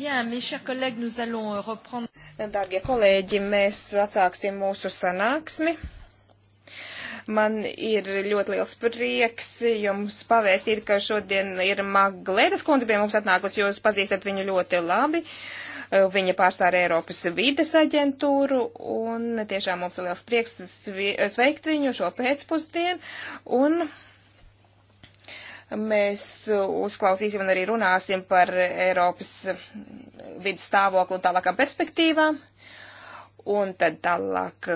Bien, mes chers collègues, nous allons reprendre. Dārgie kolēģi, mēs atsāksim mūsu sanāksmi. Man ir ļoti liels prieks jums pavēstīt, ka šodien ir Maglēdas kundze pie mums atnākusi, jūs pazīstat viņu ļoti labi. Eh, viņa pārstāv Eiropas vides aģentūru un tiešām mums ir liels prieks sveikt viņu šo pēcpusdienu. Un Mēs uzklausīsim un arī runāsim par Eiropas vidas stāvokli un tālākām perspektīvām. Un tad tālāk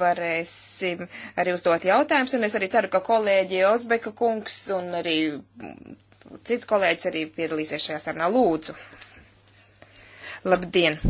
varēsim arī uzdot jautājumus, un es arī ceru, ka kolēģi Osbeka kungs un arī cits kolēģis arī piedalīsies šajā sarunā. Lūdzu! Labdien!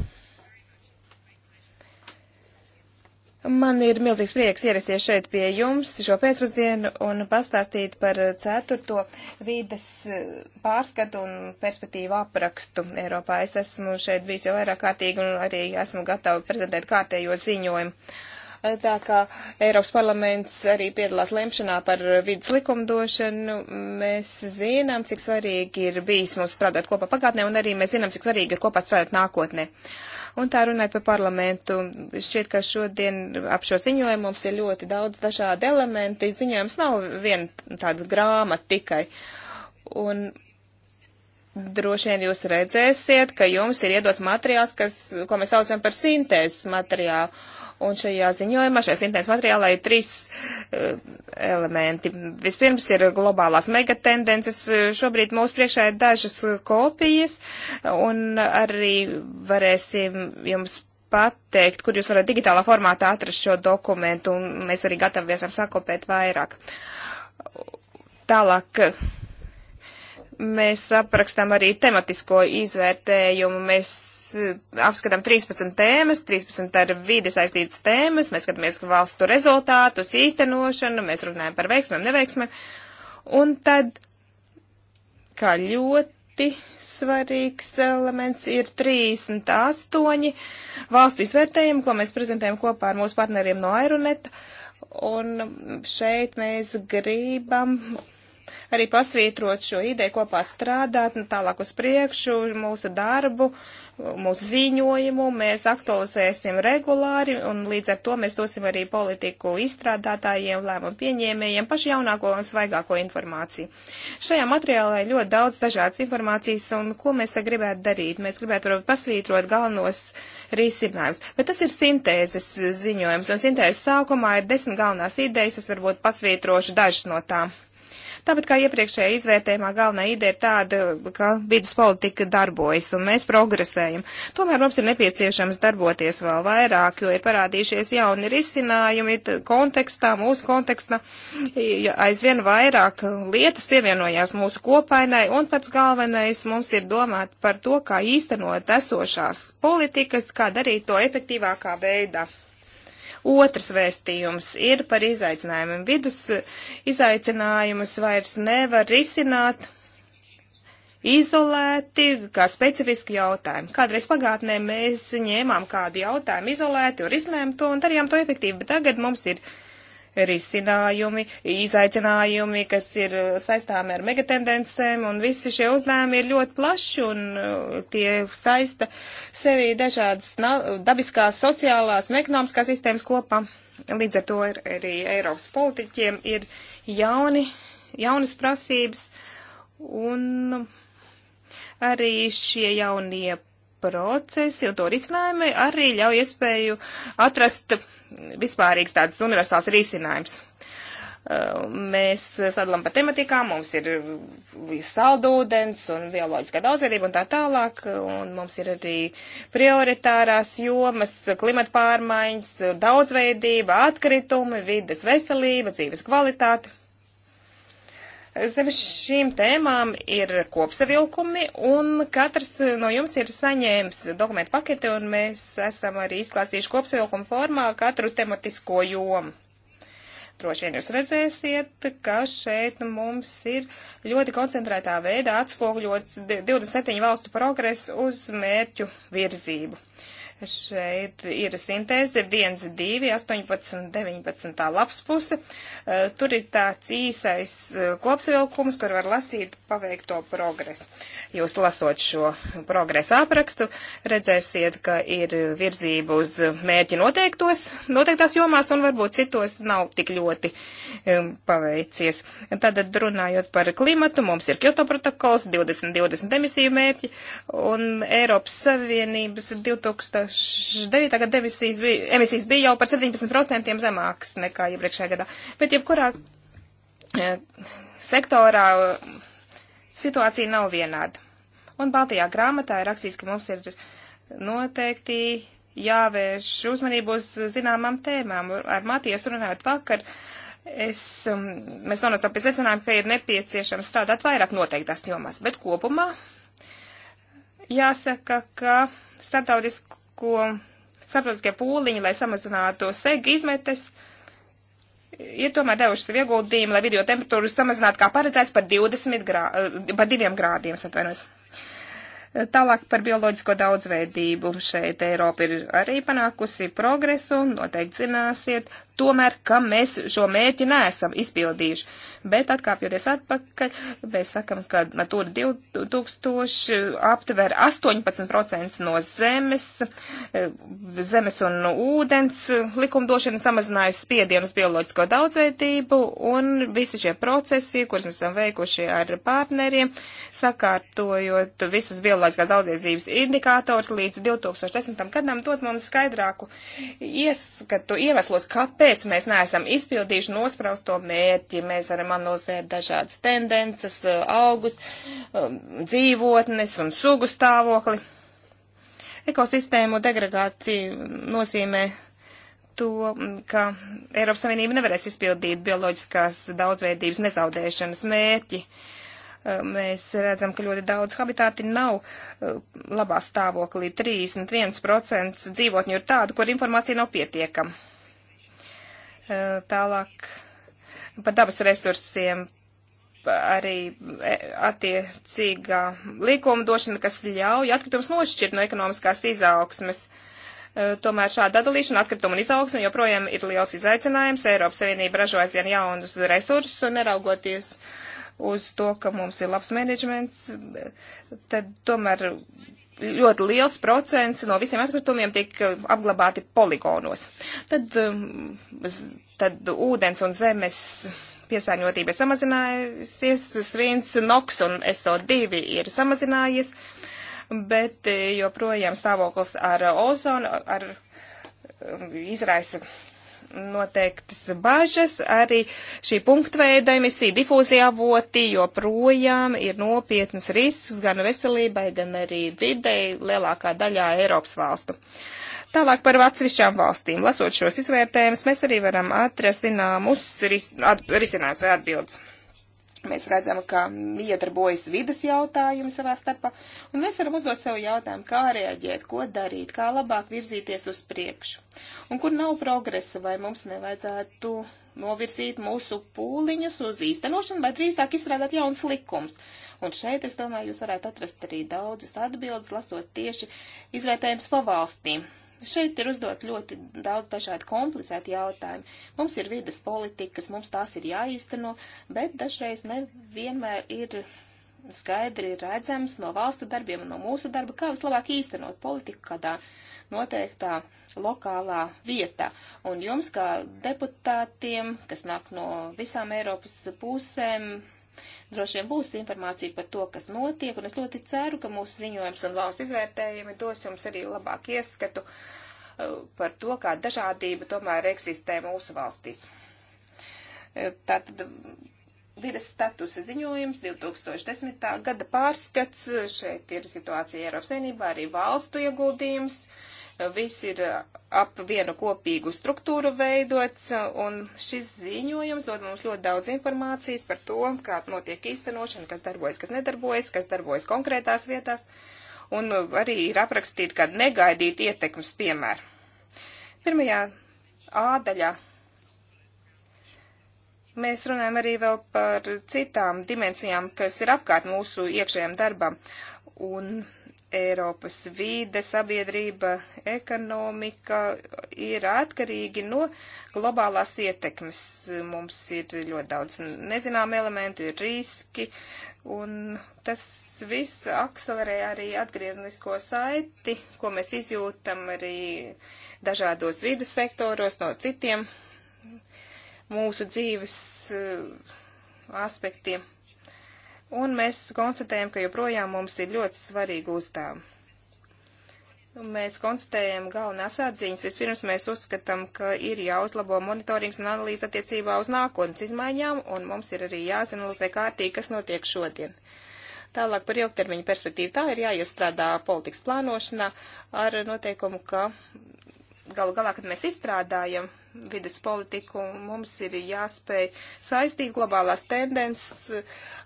Man ir milzīgs prieks ierasties šeit pie jums šo pēcpusdienu un pastāstīt par ceturto vīdes eh, pārskatu un perspektīvu aprakstu Eiropā. Es esmu šeit bijis jau vairāk kārtīgi un arī esmu gatava prezentēt kārtējo ziņojumu. Tā kā Eiropas parlaments arī piedalās lemšanā par vidas likumdošanu, mēs zinām, cik svarīgi ir bijis mums strādāt kopā pagātnē, un arī mēs zinām, cik svarīgi ir kopā strādāt nākotnē. Un tā runājot par parlamentu, šķiet, ka šodien ap šo ziņojumu mums ir ļoti daudz dažādi elementi. Ziņojums nav viena tāda grāmata tikai. Un droši vien jūs redzēsiet, ka jums ir iedots materiāls, kas, ko mēs saucam par sintēzes materiālu. Un šajā ziņojumā, šajā sintēzes materiālā ir trīs uh, elementi. Vispirms ir globālās megatendences. Šobrīd mūsu priekšā ir dažas kopijas, un arī varēsim jums pateikt, kur jūs varat digitālā formātā atrast šo dokumentu, un mēs arī gatavi esam sakopēt vairāk. Tālāk Mēs aprakstām arī tematisko izvērtējumu. Mēs eh, apskatām 13 tēmas, 13 ar vīdi saistītas tēmas. Mēs skatāmies valstu rezultātus, īstenošanu, mēs runājam par veiksmēm, neveiksmēm. Un tad, kā ļoti svarīgs elements, ir 38 valstu izvērtējumi, ko mēs prezentējam kopā ar mūsu partneriem no Aeronet. Un šeit mēs gribam arī pasvītrot šo ideju kopā strādāt, nu, tālāk uz priekšu mūsu darbu, mūsu ziņojumu. Mēs aktualizēsim regulāri un līdz ar to mēs dosim arī politiku izstrādātājiem, lēmumu pieņēmējiem pašu jaunāko un svaigāko informāciju. Šajā materiālā ir ļoti daudz dažādas informācijas un ko mēs te gribētu darīt. Mēs gribētu varbūt pasvītrot galvenos risinājumus. Bet tas ir sintēzes ziņojums un sintēzes sākumā ir desmit galvenās idejas, es varbūt pasvītrošu dažas no tām. Tāpat kā iepriekšējā izvērtējumā galvenā ideja ir tāda, ka vidas politika darbojas un mēs progresējam. Tomēr mums ir nepieciešams darboties vēl vairāk, jo ir parādījušies jauni risinājumi kontekstā, mūsu kontekstā. Aizvien vairāk lietas pievienojās mūsu kopainai un pats galvenais mums ir domāt par to, kā īstenot esošās politikas, kā darīt to efektīvākā veidā. Otrs vēstījums ir par izaicinājumiem. Vidus izaicinājumus vairs nevar risināt izolēti, kā specifisku jautājumu. Kādreiz pagātnē mēs ņēmām kādu jautājumu izolēti un risinājām to un darījām to efektīvi, bet tagad mums ir risinājumi, izaicinājumi, kas ir uh, saistāmi ar megatendencēm, un visi šie uzdevumi ir ļoti plaši, un uh, tie saista sevi dažādas dabiskās, sociālās un ekonomiskās sistēmas kopā. Līdz ar to ir, arī Eiropas politiķiem ir jauni, jaunas prasības, un arī šie jaunie procesi un to risinājumi arī ļauj iespēju atrast vispārīgs tāds universāls risinājums. Uh, mēs sadalām pa tematikām, mums ir saldūdens un bioloģiskā daudzveidība un tā tālāk, un mums ir arī prioritārās jomas, klimata pārmaiņas, daudzveidība, atkritumi, vides veselība, dzīves kvalitāte. Zem šīm tēmām ir kopsavilkumi, un katrs no jums ir saņēmis dokumentu paketi, un mēs esam arī izklāstījuši kopsavilkumu formā katru tematisko jomu. Droši vien jūs redzēsiet, ka šeit mums ir ļoti koncentrētā veidā atspoguļots 27 valstu progress uz mērķu virzību. Uh, Šeit ir sintēze 1, 2, 18, 19. lapspuse. Tur ir tāds īsais kopsavilkums, kur var lasīt paveikto progresu. Jūs lasot šo progresu aprakstu, redzēsiet, ka ir virzība uz mērķi noteiktos, noteiktās jomās un varbūt citos nav tik ļoti um, paveicies. Tātad runājot par klimatu, mums ir Kyoto protokols, 2020 emisiju mērķi un Eiropas Savienības 2000. 2009. gada devisijas bija, emisijas bija jau par 17% zemāks nekā iepriekšējā gadā. Bet jebkurā e, sektorā e, situācija nav vienāda. Un Baltijā grāmatā ir rakstīts, ka mums ir noteikti jāvērš uzmanību uz zināmām tēmām. Ar Matiesu runājot vakar, es, mēs nonācām pie secinājuma, ka ir nepieciešams strādāt vairāk noteiktās jomās. Bet kopumā jāsaka, ka starptautisku ko starptautiskie pūliņi, lai samazinātu segu izmetes, ir tomēr devuši savu ieguldījumu, lai video temperatūru samazinātu kā paredzēts par 20 grā, eh, par 2 grādiem, atvainojos. Tālāk par bioloģisko daudzveidību. Šeit Eiropa ir arī panākusi progresu, noteikti zināsiet, tomēr, ka mēs šo mērķi neesam izpildījuši. Bet atkāpjoties atpakaļ, mēs sakam, ka Natura 2000 aptver 18% no zemes, eh, zemes un ūdens likumdošana samazinājusi spiedienus bioloģisko daudzveidību un visi šie procesi, kurus mēs esam veikuši ar partneriem, sakārtojot visus bioloģiskās daudzveidības indikātors līdz 2010. gadam, dot mums skaidrāku ieskatu iemeslos, kāpēc kāpēc mēs neesam izpildījuši nospraustu mērķi. Mēs varam analizēt dažādas tendences, eh, augus, um, dzīvotnes un sugu stāvokli. Ekosistēmu degradācija nozīmē to, mm, ka Eiropas Savienība nevarēs izpildīt bioloģiskās daudzveidības nezaudēšanas mērķi uh, mēs redzam, ka ļoti daudz habitāti nav uh, labā stāvoklī. 31% dzīvotņu ir tādu, kur informācija nav pietiekama. Eh, tālāk par dabas resursiem arī eh, attiecīgā līkuma došana, kas ļauj atkritumus nošķirt no ekonomiskās izaugsmes. Eh, tomēr šāda dalīšana atkrituma un izaugsme joprojām ir liels izaicinājums. Eiropas Savienība ražo aizvien jaunus resursus un neraugoties uz to, ka mums ir labs menedžments, tad tomēr ļoti liels procents no visiem atkritumiem tiek eh, apglabāti poligonos. Tad, um, tad ūdens un zemes piesārņotība ir samazinājusies, svins, noks un SO2 ir samazinājies, bet eh, joprojām stāvoklis ar ozonu ar, um, izraisa noteiktas bažas. Arī šī punktveida emisija difūzija avoti joprojām ir nopietnas risks gan veselībai, gan arī videi lielākā daļā Eiropas valstu. Tālāk par atsevišķām valstīm. Lasot šos izvērtējumus, mēs arī varam atrast zināmus risinājumus vai atbildes. Mēs redzam, ka iedarbojas vidas jautājumi savā starpā, un mēs varam uzdot sev jautājumu, kā reaģēt, ko darīt, kā labāk virzīties uz priekšu. Un kur nav progresa, vai mums nevajadzētu novirzīt mūsu pūliņus uz īstenošanu, vai drīzāk izstrādāt jauns likums. Un šeit, es domāju, jūs varētu atrast arī daudzas atbildes, lasot tieši izvērtējums pa valstīm. Šeit ir uzdot ļoti daudz dažādi komplicēti jautājumi. Mums ir vidas politikas, mums tās ir jāīsteno, bet dažreiz nevienmēr ir skaidri redzams no valstu darbiem un no mūsu darba, kā vislabāk īstenot politiku kādā noteiktā lokālā vietā. Un jums, kā deputātiem, kas nāk no visām Eiropas pusēm, droši vien būs informācija par to, kas notiek, un es ļoti ceru, ka mūsu ziņojums un valsts izvērtējumi dos jums arī labāku ieskatu uh, par to, kā dažādība tomēr eksistē mūsu valstīs. Uh, tātad mm, vidas statusa ziņojums 2010. gada pārskats. Šeit ir situācija Eiropas Savienībā, arī valstu ieguldījums. Uh, Viss ir uh, ap vienu kopīgu struktūru veidots, uh, un šis ziņojums dod mums ļoti daudz informācijas par to, kā notiek īstenošana, kas darbojas, kas nedarbojas, kas darbojas konkrētās vietās, un uh, arī ir aprakstīti kādi negaidīti ietekmes piemēri. Pirmajā A daļā mēs runājam arī vēl par citām dimensijām, kas ir apkārt mūsu iekšējām darbam. Un Eiropas vīde, sabiedrība, ekonomika ir atkarīgi no globālās ietekmes. Mums ir ļoti daudz nezinām elementu, ir riski, un tas viss akcelerē arī atgrieznisko saiti, ko mēs izjūtam arī dažādos vidus sektoros no citiem mūsu dzīves eh, aspektiem Un mēs konstatējam, ka joprojām mums ir ļoti svarīgi uzstāv. Mēs konstatējam galvenās atziņas. Vispirms mēs uzskatām, ka ir jāuzlabo monitorings un analīze attiecībā uz nākotnes izmaiņām, un mums ir arī jāsanalizē kārtīgi, kas notiek šodien. Tālāk par ilgtermiņu perspektīvu tā ir jāiestrādā politikas plānošanā ar noteikumu, ka galu galā, kad mēs izstrādājam vides politiku. Mums ir jāspēj saistīt globālās tendences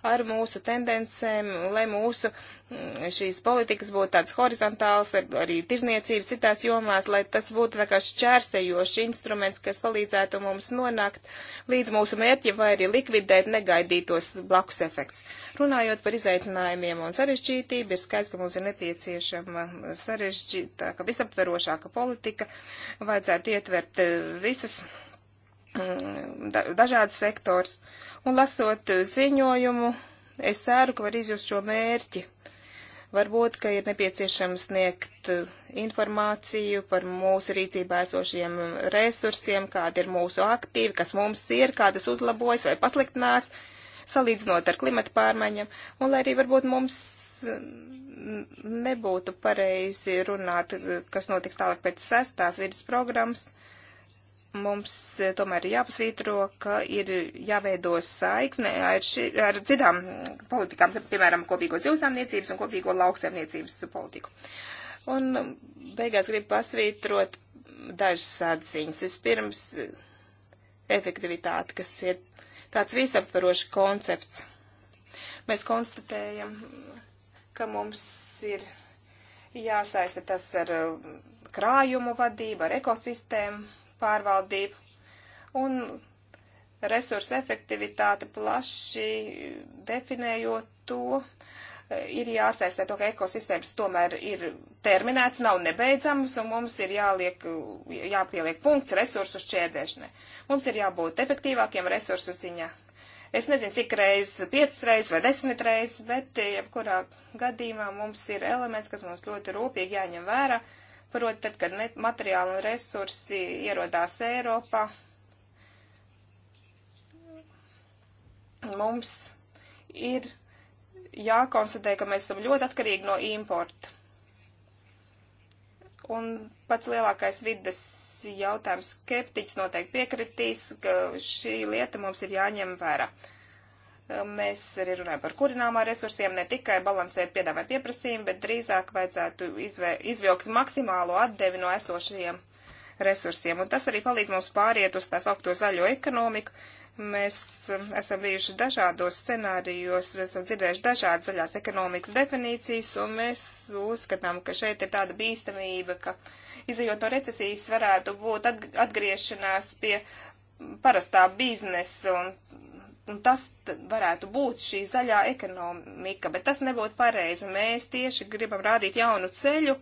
ar mūsu tendencēm, lai mūsu mm, šīs politikas būtu tādas horizontāls, arī tirzniecības citās jomās, lai tas būtu tā kā šķērsējošs instruments, kas palīdzētu mums nonākt līdz mūsu mērķim vai arī likvidēt negaidītos blakus efekts. Runājot par izaicinājumiem un sarežģītību, ir skaidrs, ka mums ir nepieciešama sarežģītāka, visaptverošāka politika, vajadzētu ietvert visu eh, visas mm, dažādas sektors. Un lasot eh, ziņojumu, es ceru, ka var izjust šo mērķi. Varbūt, ka ir nepieciešams sniegt eh, informāciju par mūsu rīcībā esošiem resursiem, kāda ir mūsu aktīvi, kas mums ir, kādas uzlabojas vai pasliktinās, salīdzinot ar klimata pārmaiņam, un lai arī varbūt mums eh, nebūtu pareizi runāt, kas notiks tālāk pēc sestās vidas programmas, mums eh, tomēr ir jāpasvītro, ka ir jāveido saiksne ar, ši, ar citām politikām, piemēram, kopīgo zivsāmniecības un kopīgo lauksaimniecības politiku. Un um, beigās gribu pasvītrot dažas atziņas. Vispirms eh, efektivitāte, kas ir tāds visaptvarošs koncepts. Mēs konstatējam, ka mums ir jāsaista tas ar um, krājumu vadību, ar ekosistēmu pārvaldību. Un resursu efektivitāte plaši definējot to, e, ir jāsaistē to, ka ekosistēmas tomēr ir terminēts, nav nebeidzamas, un mums ir jāliek, jāpieliek punkts resursu šķērdēšanai. Mums ir jābūt efektīvākiem resursu ziņā. Es nezinu, cik reizes, piecas reizes vai desmit reizes, bet jebkurā gadījumā mums ir elements, kas mums ļoti rūpīgi jāņem vērā. Uh, Proti, tad, kad materiāli un resursi ierodās Eiropā, mums ir jākonstatē, ka mēs esam ļoti atkarīgi no importa. Un pats lielākais vidas jautājums skeptiķis noteikti piekritīs, ka šī lieta mums ir jāņem vērā. Uh, Mēs arī runājam par kurināmā resursiem, ne tikai balansēt piedāvājumu pieprasījumu, bet drīzāk vajadzētu izvē, izvilkt maksimālo atdevi no esošajiem resursiem. Un tas arī palīdz mums pāriet uz tā saukto zaļo ekonomiku. Mēs um, esam bijuši dažādos scenārijos, esam dzirdējuši dažādas zaļās ekonomikas definīcijas, un mēs uzskatām, ka šeit ir tāda bīstamība, ka izējot no recesijas varētu būt atgriešanās pie parastā biznesa un Un tas varētu būt šī zaļā ekonomika, bet tas nebūtu pareizi. Mēs tieši gribam rādīt jaunu ceļu,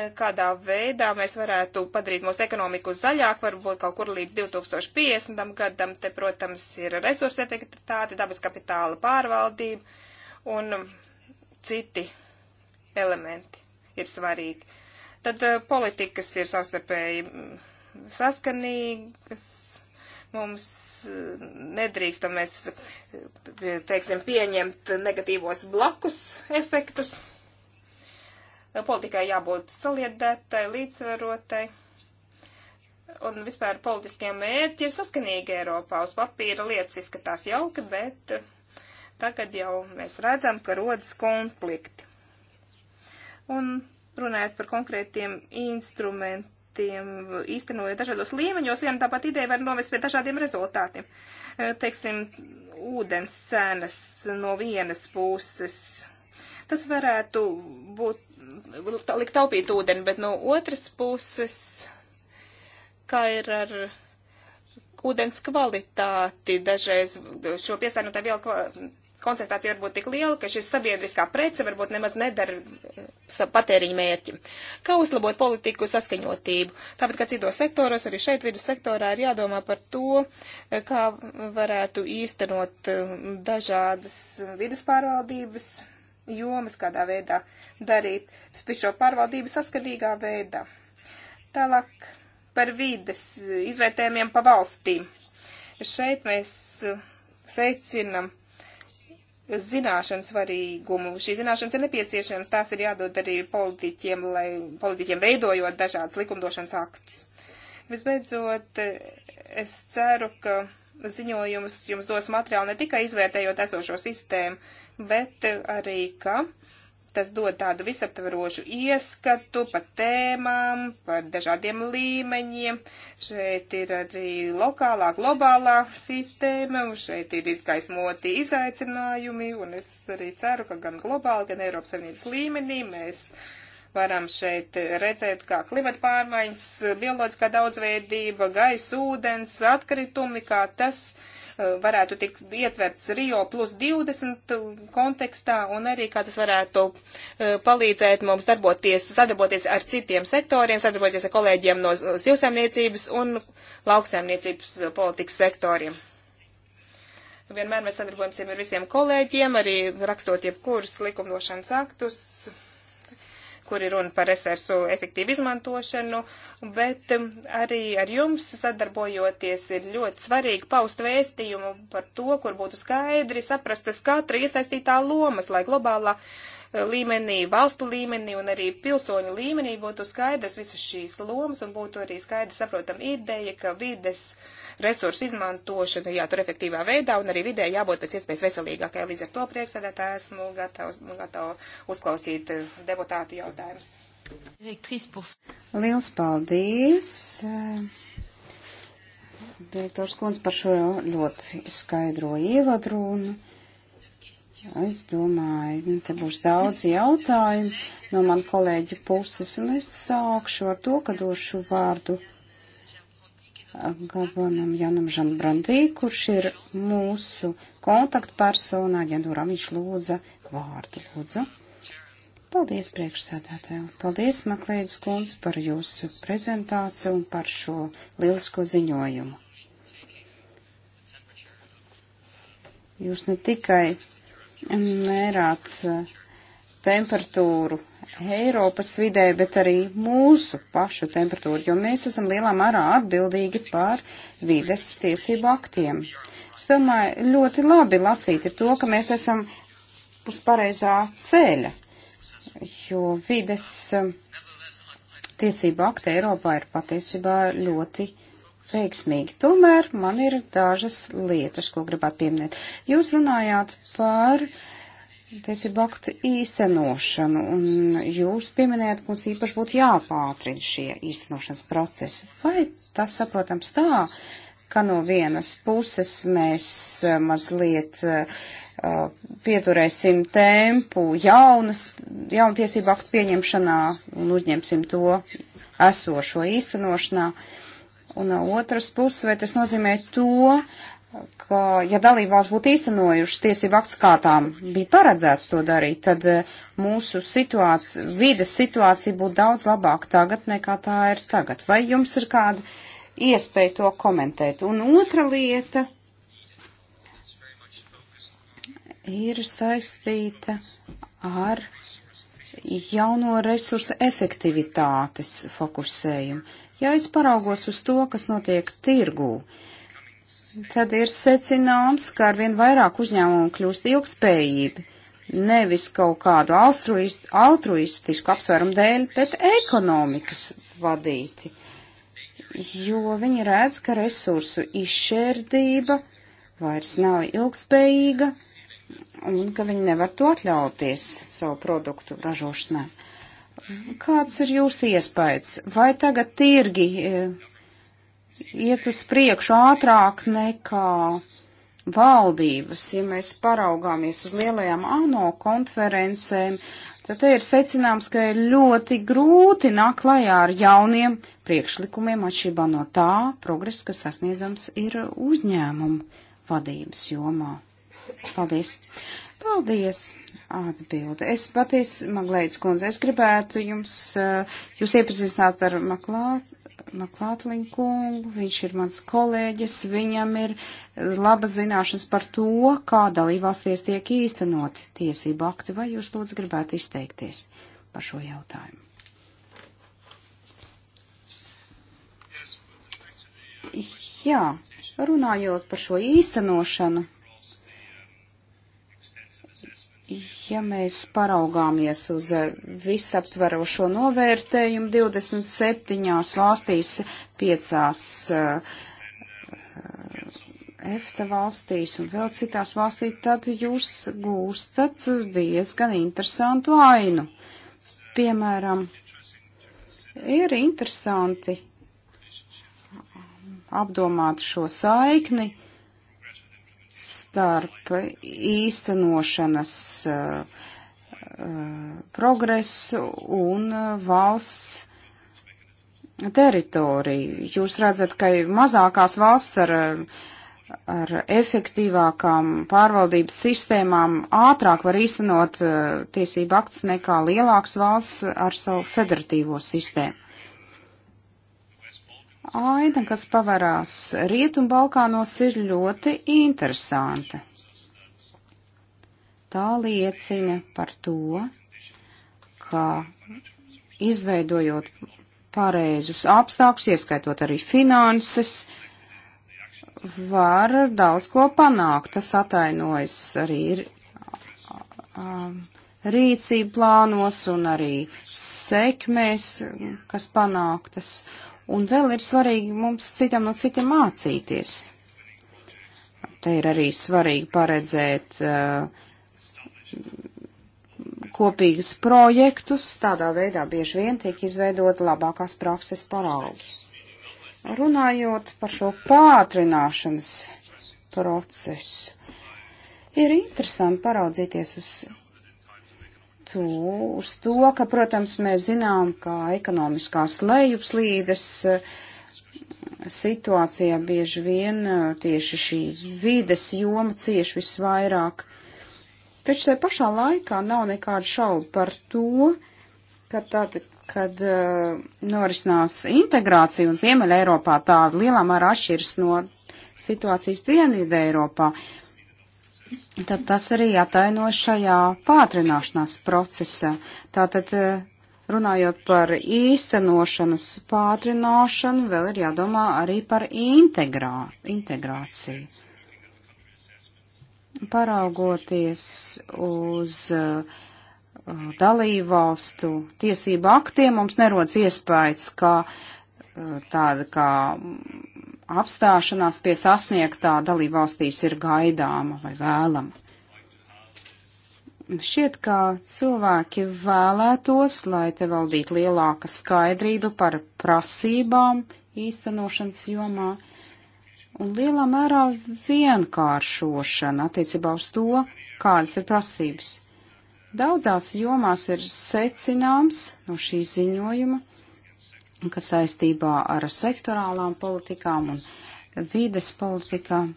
e, kādā veidā mēs varētu padarīt mūsu ekonomiku zaļāku, varbūt kaut kur līdz 2050. gadam. Te, protams, ir resursa efektivitāte, dabas kapitāla pārvaldība un citi elementi ir svarīgi. Tad e, politikas ir savstarpēji saskanīgas Mums eh, nedrīkstam mēs, eh, teiksim, pieņemt negatīvos blakus efektus. Eh, politikai jābūt saliedētai, līdzsverotai. Un vispār politiskie mērķi ir saskanīgi Eiropā. Uz papīra lietas izskatās jauki, bet tagad jau mēs redzam, ka rodas konflikti. Un runājot par konkrētiem instrumentiem projektiem īstenojot dažādos līmeņos, viena tāpat ideja var novest pie dažādiem rezultātiem. Eh, teiksim, ūdens cenas no vienas puses. Tas varētu būt, likt taupīt ūdeni, bet no otras puses, kā ir ar ūdens kvalitāti, dažreiz šo piesārņotāju vielu koncentrācija var būt tik liela, ka šis sabiedriskā prece varbūt nemaz nedara eh, patēriņa mērķi. Kā uzlabot politiku saskaņotību? Tāpat kā citos sektoros, arī šeit vidus sektorā ir jādomā par to, eh, kā varētu īstenot eh, dažādas vidus pārvaldības jomas, kādā veidā darīt šo pārvaldību saskatīgā veidā. Tālāk par vides izvērtējumiem pa valstīm. Šeit mēs secinam zināšanu svarīgumu. Šī zināšanas ir nepieciešams, tās ir jādod arī politiķiem, lai politiķiem veidojot dažādas likumdošanas aktus. Visbeidzot, es ceru, ka ziņojums jums dos materiālu ne tikai izvērtējot esošo sistēmu, bet arī, ka uh, Tas dod tādu visaptverošu ieskatu par tēmām, par dažādiem līmeņiem. Šeit ir arī lokālā, globālā sistēma, un šeit ir izgaismoti izaicinājumi, un es arī ceru, ka gan globāli, gan Eiropas Savienības līmenī mēs varam šeit redzēt, kā klimata pārmaiņas, bioloģiskā daudzveidība, gaisa, ūdens, atkritumi, kā tas varētu tikt ietverts Rio plus 20 kontekstā un arī kā tas varētu eh, palīdzēt mums darboties, sadarboties ar citiem sektoriem, sadarboties ar kolēģiem no zivsaimniecības un lauksaimniecības politikas sektoriem. Vienmēr mēs sadarbojamies ar visiem kolēģiem, arī rakstot jebkurus likumdošanas aktus kur ir runa par resursu efektīvu izmantošanu, bet um, arī ar jums sadarbojoties ir ļoti svarīgi paust vēstījumu par to, kur būtu skaidri saprastas katra iesaistītā lomas, lai globālā uh, līmenī, valstu līmenī un arī pilsoņu līmenī būtu skaidrs visas šīs lomas un būtu arī skaidri saprotama ideja, ka vides uh, resursu izmantošana jātur efektīvā veidā un arī vidē jābūt pēc iespējas veselīgākai. Līdz ar to priekšsēdētā esmu gatavs, gatava uzklausīt eh, deputātu jautājumus. Liels paldies! Eh, direktors Kunz par šo ļoti skaidro ievadrunu. Es domāju, nu, te būs daudz jautājumu no man kolēģa puses, un es sākšu ar to, ka došu vārdu Gabonam Janam Žanbrandī, kurš ir mūsu kontaktpersonā, ģendūrā viņš lūdza vārdu, lūdzu. Paldies priekšsēdētājiem, paldies Maklēdz kundz par jūsu prezentāciju un par šo lielisko ziņojumu. Jūs ne tikai mērāt eh, temperatūru Eiropas vidē, bet arī mūsu pašu temperatūru, jo mēs esam lielā mērā atbildīgi par vides tiesību aktiem. Es domāju, ļoti labi lasīt ir to, ka mēs esam uz pareizā ceļa, jo vides um, tiesību akti Eiropā ir patiesībā ļoti veiksmīgi. Tomēr man ir dažas lietas, ko gribētu pieminēt. Jūs runājāt par uh, tiesību aktu īstenošanu, un jūs pieminējat, ka mums īpaši būtu jāpātrina šie īstenošanas procesi. Vai tas saprotams tā, ka no vienas puses mēs eh, mazliet uh, pieturēsim tempu jaunas, jaunu tiesību aktu pieņemšanā un uzņemsim to esošo īstenošanā, un no otras puses, vai tas nozīmē to, ka, ja dalībvalsts būtu īstenojušas tiesību akts, kā tām bija paredzēts to darīt, tad eh, mūsu situācija, vides situācija būtu daudz labāka tagad nekā tā ir tagad. Vai jums ir kāda iespēja to komentēt? Un otra lieta ir saistīta ar jauno resursu efektivitātes fokusējumu. Ja es paraugos uz to, kas notiek tirgū, uh, tad ir secināms, ka arvien vairāk uzņēmumu kļūst ilgspējīgi. Nevis kaut kādu altruist, altruistisku apsvērumu dēļ, bet ekonomikas vadīti. Jo viņi redz, ka resursu izšķērdība vairs nav ilgspējīga un ka viņi nevar to atļauties savu produktu ražošanai. Kāds ir jūsu iespējas? Vai tagad tirgi eh, iet uz priekšu ātrāk nekā valdības. Ja mēs paraugāmies uz lielajām ANO konferencēm, tad te ir secināms, ka ir ļoti grūti nāk klajā ar jauniem priekšlikumiem atšķirībā no tā progresa, kas sasniedzams ir uzņēmumu vadības jomā. Paldies! Paldies! Atbilde. Es patiesi, Maglēdz kundze, es gribētu jums, eh, jūs iepazīstināt ar Maklā, Maklātliņu kungu, viņš ir mans kolēģis, viņam ir eh, laba zināšanas par to, kā dalībvalstīs tiek īstenot tiesību akti, vai jūs lūdzu gribētu izteikties par šo jautājumu? Jā, runājot par šo īstenošanu, Ja mēs paraugāmies uz eh, visaptverošo novērtējumu 27 valstīs, 5 eh, EFTA valstīs un vēl citās valstīs, tad jūs gūstat diezgan interesantu ainu. Piemēram, ir interesanti apdomāt šo saikni starp īstenošanas eh, eh, progresu un eh, valsts teritoriju. Jūs redzat, ka mazākās valsts ar, ar efektīvākām pārvaldības sistēmām ātrāk var īstenot tiesību akts nekā lielāks valsts ar savu federatīvo sistēmu aina, kas pavarās Rietumu Balkānos, ir ļoti interesanta. Tā liecina par to, ka izveidojot pareizus apstākļus, ieskaitot arī finanses, var daudz ko panākt. Tas atainojas arī ir, rīcību plānos un arī sekmēs, kas panāktas. Uh, Un vēl ir svarīgi mums citam no citiem mācīties. Te ir arī svarīgi paredzēt uh, kopīgus projektus, tādā veidā bieži vien tiek izveidot labākās prakses paraugus. Runājot par šo pātrināšanas procesu, ir interesanti paraudzīties uz to, uz to, ka, protams, mēs zinām, ka ekonomiskās lejupslīdes eh, situācijā bieži vien eh, tieši šī vides joma cieši visvairāk. Taču tai pašā laikā nav nekāda šauba par to, ka tad, kad uh, norisinās integrācija un Ziemeļa Eiropā tā lielā mērā atšķiras no situācijas Dienvidē Eiropā. Uh, tad tas arī ataino šajā pātrināšanās procesā. Tātad, eh, runājot par īstenošanas pātrināšanu, vēl ir jādomā arī par integrā, integrāciju. Paraugoties uz uh, eh, dalību valstu tiesību aktiem, mums nerodas iespējas, ka uh, tāda kā apstāšanās pie sasniegtā dalībvalstīs ir gaidāma vai vēlama. Šķiet, ka cilvēki vēlētos, lai te valdītu lielāka skaidrība par prasībām īstenošanas jomā un lielā mērā vienkāršošana attiecībā uz to, kādas ir prasības. Daudzās jomās ir secināms no šī ziņojuma, kas saistībā ar sektorālām politikām un vides politikām,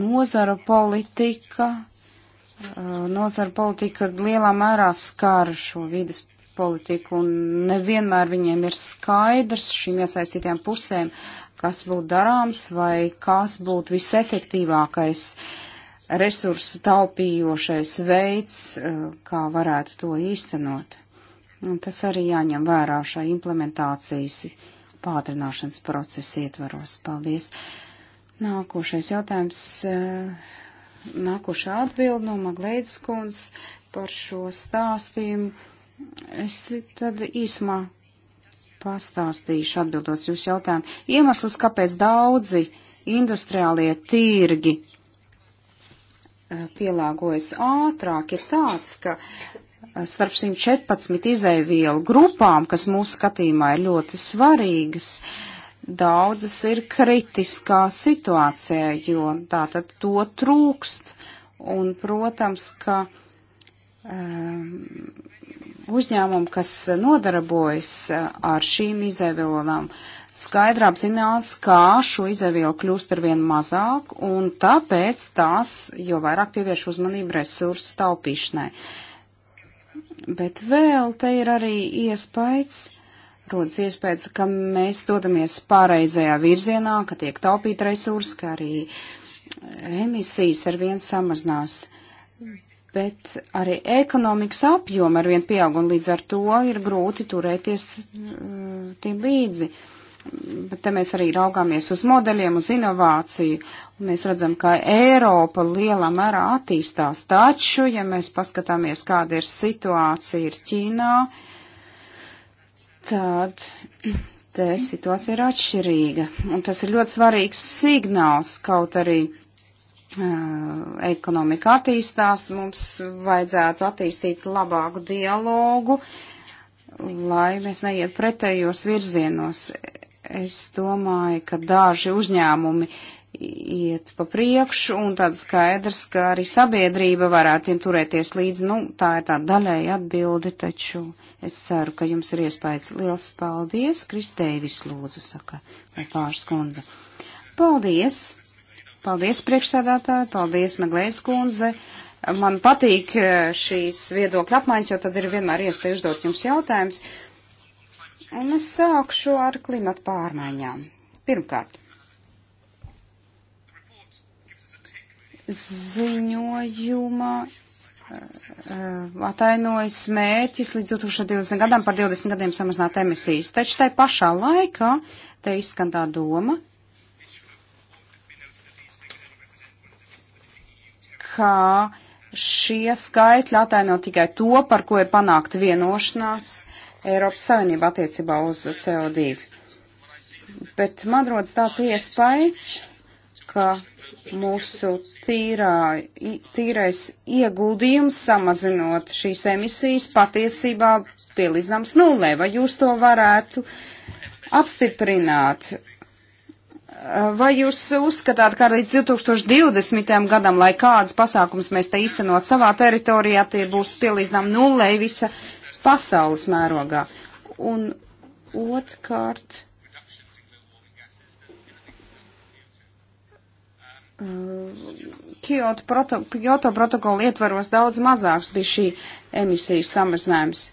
nozaru politika, uh, nozaru politika lielā mērā skar šo vides politiku un nevienmēr viņiem ir skaidrs šīm iesaistītām pusēm, kas būtu darāms vai kas būtu visefektīvākais resursu taupījošais veids, uh, kā varētu to īstenot. Un tas arī jāņem vērā šai implementācijas pātrināšanas procesa ietvaros. Paldies. Nākošais jautājums, eh, nākošā atbild no Maglēdas kundzes par šo stāstījumu. Es tad īsumā pastāstīšu atbildot jūsu jautājumu. Iemesls, kāpēc daudzi industriālie tirgi eh, pielāgojas ātrāk, ir tāds, ka starp šīm 14 izēvielu grupām, kas mūsu skatījumā ir ļoti svarīgas, daudzas ir kritiskā situācijā, jo tātad to trūkst. Un, protams, ka um, uzņēmumi, kas nodarbojas eh, ar šīm izēvielām, skaidri apzinās, kā šo izēvielu kļūst ar vien mazāk, un tāpēc tās jo vairāk pievērš uzmanību resursu taupīšanai. Uh, Bet vēl te ir arī iespējas, rodas iespējas, ka mēs dodamies pārreizējā virzienā, ka tiek taupīt resursi, ka arī emisijas ar vien samazinās. Bet arī ekonomikas apjoma ar vien pieaug un līdz ar to ir grūti turēties mm, tiem līdzi. Uh, Bet te mēs arī raugāmies uz modeļiem, uz inovāciju, un mēs redzam, ka Eiropa lielā mērā attīstās. Taču, ja mēs paskatāmies, kāda ir situācija ir Ķīnā, tad te situācija ir atšķirīga. Un tas ir ļoti svarīgs signāls, kaut arī uh, ekonomika attīstās, mums vajadzētu attīstīt labāku dialogu, lai mēs neiet pretējos virzienos Es domāju, ka daži uzņēmumi iet pa priekšu un tāds skaidrs, ka arī sabiedrība varētu tiem turēties līdzi. Nu, tā ir tā daļēja atbildi, taču es ceru, ka jums ir iespējas. Liels paldies, Kristēvis lūdzu, saka, vai pāris kundze. Paldies! Paldies, priekšsēdētāji, paldies, Meglējas kundze. Man patīk eh, šīs viedokļa apmaiņas, jo tad ir vienmēr iespēja uzdot jums jautājumus. Un es sākšu ar klimatu pārmaiņām. Pirmkārt, ziņojuma eh, atainojas mērķis līdz 2020 gadam par 20 gadiem samazināt emisijas. Taču tai pašā laikā te izskan tā doma, ka šie skaitļi ataino tikai to, par ko ir panākt vienošanās Eiropas Savienība attiecībā uz CO2. Bet man rodas tāds iespējas, ka mūsu tīrā, tīrais ieguldījums samazinot šīs emisijas patiesībā pielīdzināms nulē. Vai jūs to varētu apstiprināt? Vai jūs uzskatāt, ka līdz 2020. gadam, lai kādas pasākums mēs te īstenot savā teritorijā, tie būs pielīdzinām nulē visa pasaules mērogā. Un otrkārt. Uh, Kyoto, proto, Kyoto protokola ietvaros daudz mazāks bija šī emisiju samazinājums.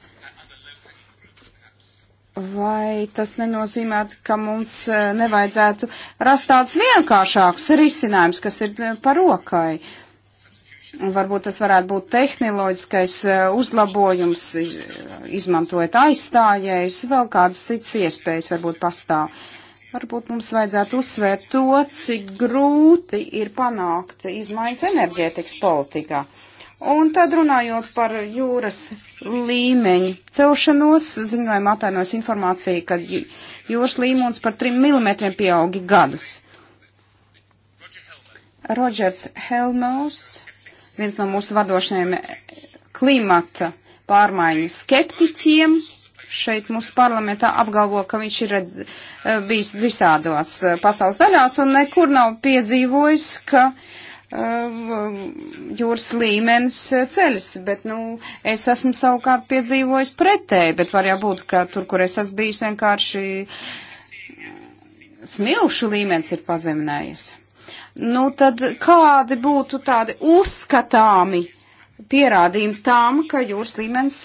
Vai tas nenozīmē, ka mums uh, nevajadzētu rast tāds vienkāršāks risinājums, kas ir uh, par rokai? Uh, Un varbūt tas varētu būt tehnoloģiskais e, uzlabojums, izmantojot aizstājējus, vēl kādas citas iespējas varbūt pastāv. Varbūt mums vajadzētu uzsvērt to, cik grūti ir panākt izmaiņas enerģētikas politikā. Un tad runājot par jūras līmeņu celšanos, ziņojumā attainos informācija, ka jūras līmenis par 3 mm pieaugi gadus. Rodžers Helmels viens no mūsu vadošajiem klimata pārmaiņu skeptiķiem šeit mūsu parlamentā apgalvo, ka viņš ir redz, e, bijis visādās e, pasaules daļās un nekur nav piedzīvojis, ka e, jūras līmenis ceļas, bet, nu, es esmu savukārt piedzīvojis pretēji, bet var jau būt, ka tur, kur es esmu bijis, vienkārši smilšu līmenis ir pazeminājies nu tad kādi būtu tādi uzskatāmi pierādījumi tam, ka jūras līmenis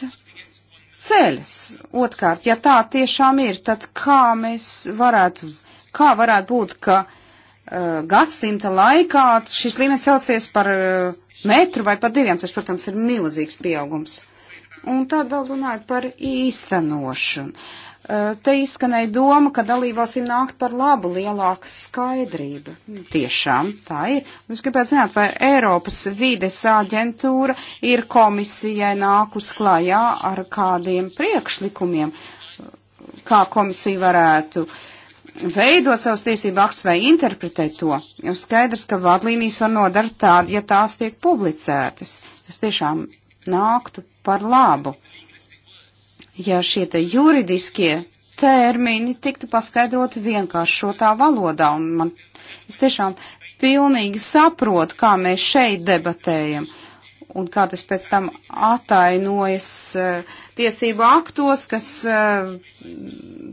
ceļas? Otkārt, ja tā tiešām ir, tad kā mēs varētu, kā varētu būt, ka uh, gadsimta laikā šis līmenis celsies par uh, metru vai pat diviem, tas, protams, ir milzīgs pieaugums. Un tad vēl runājot par īstenošanu. Eh, te izskanēja doma, ka dalībvalstīm nākt par labu lielāka skaidrība. Nu, tiešām tā ir. Es gribētu zināt, vai Eiropas vides aģentūra ir komisijai nākus klajā ar kādiem priekšlikumiem, kā komisija varētu veidot savus tiesību aktus vai interpretēt to. Jo skaidrs, ka vadlīnijas var nodara tādi, ja tās tiek publicētas. Tas tiešām nāktu par labu ja šie te juridiskie termini tiktu paskaidroti vienkāršotā valodā, un man, es tiešām pilnīgi saprotu, kā mēs šeit debatējam. Uh, un kā tas pēc tam atainojas e, tiesību aktos, kas e,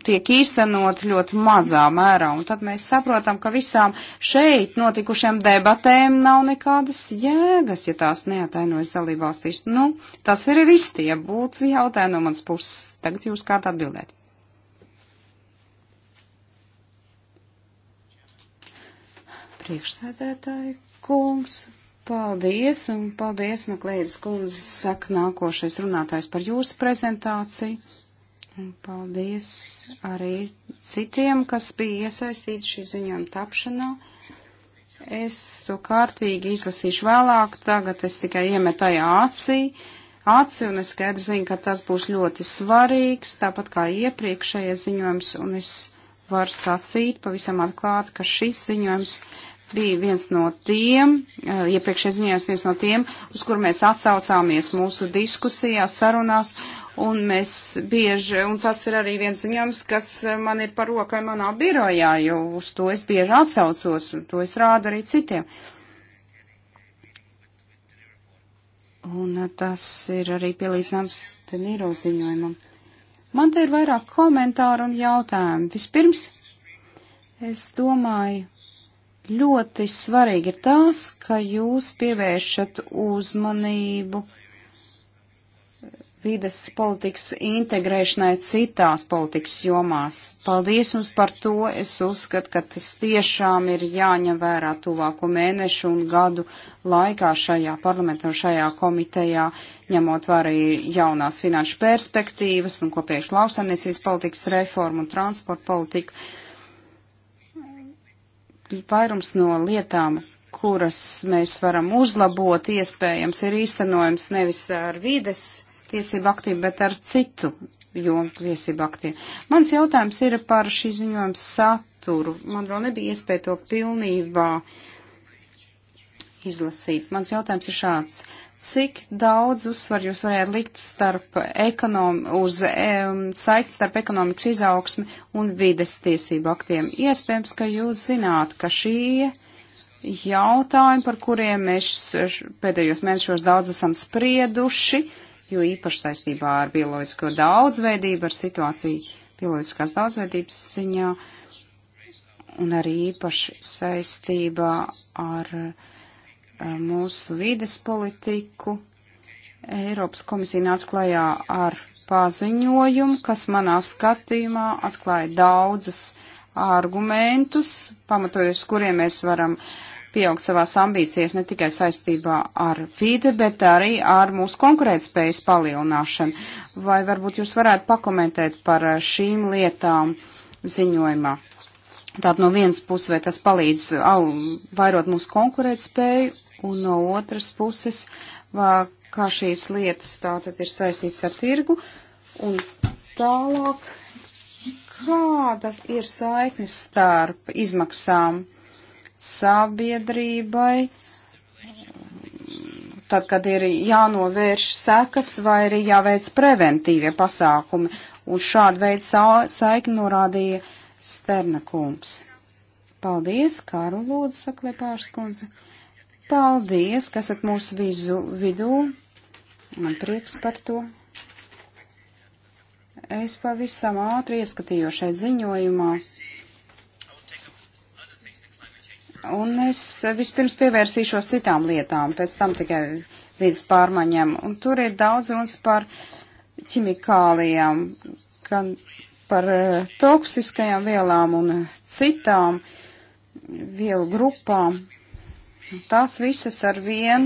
tiek īstenot ļoti mazā mērā. Un tad mēs saprotam, ka visām šeit notikušiem debatēm nav nekādas jēgas, ja tās neatainojas dalībvalstīs. Nu, tas ir viss tie būtu jautājumi no manas puses. Tagad jūs kārt atbildēt. Priekšsēdētāji, kungs, Paldies, un paldies, Maklēdas kundze, saka nākošais runātājs par jūsu prezentāciju. Un paldies arī citiem, kas bija iesaistīti šī ziņojuma tapšanā. Es to kārtīgi izlasīšu vēlāk, tagad es tikai iemetāju acī. Aci, un es skaidri zinu, ka tas būs ļoti svarīgs, tāpat kā iepriekšējais ziņojums, un es varu sacīt pavisam atklāti, ka šis ziņojums bija viens no tiem, eh, iepriekšējais ziņās viens no tiem, uz kur mēs atsaucāmies mūsu diskusijās, sarunās, un mēs bieži, un tas ir arī viens ziņojums, kas eh, man ir par rokai manā birojā, jo uz to es bieži atsaucos, un to es rādu arī citiem. Un eh, tas ir arī pielīdzināms Tenīro ziņojumam. Man te ir vairāk komentāru un jautājumu. Vispirms, es domāju, ļoti svarīgi ir tas, ka jūs pievēršat uzmanību vides politikas integrēšanai citās politikas jomās. Paldies jums par to. Es uzskatu, ka tas tiešām ir jāņem vērā tuvāko mēnešu un gadu laikā šajā parlamentā un šajā komitejā, ņemot vērā jaunās finanšu perspektīvas un kopējas lauksaimniecības politikas reformu un transporta politiku vairums no lietām, kuras mēs varam uzlabot, iespējams, ir īstenojams nevis ar vides tiesību aktīvu, bet ar citu jomu tiesību aktīvu. Mans jautājums ir par šī ziņojuma saturu. Man vēl nebija iespēja to pilnībā izlasīt. Mans jautājums ir šāds. Uh, Cik daudz uzsvar jūs varētu likt starp ekonom, uz um, saiti starp ekonomikas izaugsmi un vides tiesību aktiem? Iespējams, ka jūs zināt, ka šie jautājumi, par kuriem mēs pēdējos mēnešos daudz esam sprieduši, jo īpaši saistībā ar bioloģisko daudzveidību, ar situāciju bioloģiskās daudzveidības ziņā un arī īpaši saistībā ar uh, mūsu vides politiku, Eiropas komisija nāca klajā ar paziņojumu, kas manā skatījumā atklāja daudzus argumentus, pamatojoties, kuriem mēs varam pieaugt savās ambīcijas ne tikai saistībā ar vide, bet arī ar mūsu konkurētspējas palielināšanu. Vai varbūt jūs varētu pakomentēt par šīm lietām ziņojumā? Tātad no vienas puses, vai tas palīdz au, vairot mūsu konkurētspēju, un no otras puses, vā, kā šīs lietas tātad ir saistīts ar tirgu, un tālāk, kāda ir saikne starp izmaksām sabiedrībai, tad, kad ir jānovērš sekas vai arī jāveic preventīvie pasākumi, un šādu veidu sa saikni norādīja Sternakums. Paldies, Kāru Lūdzu, saklēpārs kundze. Paldies, kas esat mūsu vizu vidū. Man prieks par to. Es pavisam ātri ieskatījos šai ziņojumā. Un es vispirms pievērsīšos citām lietām, pēc tam tikai vidas pārmaiņām. Un tur ir daudz runas par ķimikālijām, gan par eh, toksiskajām vielām un eh, citām vielu grupām. Tās visas ar vien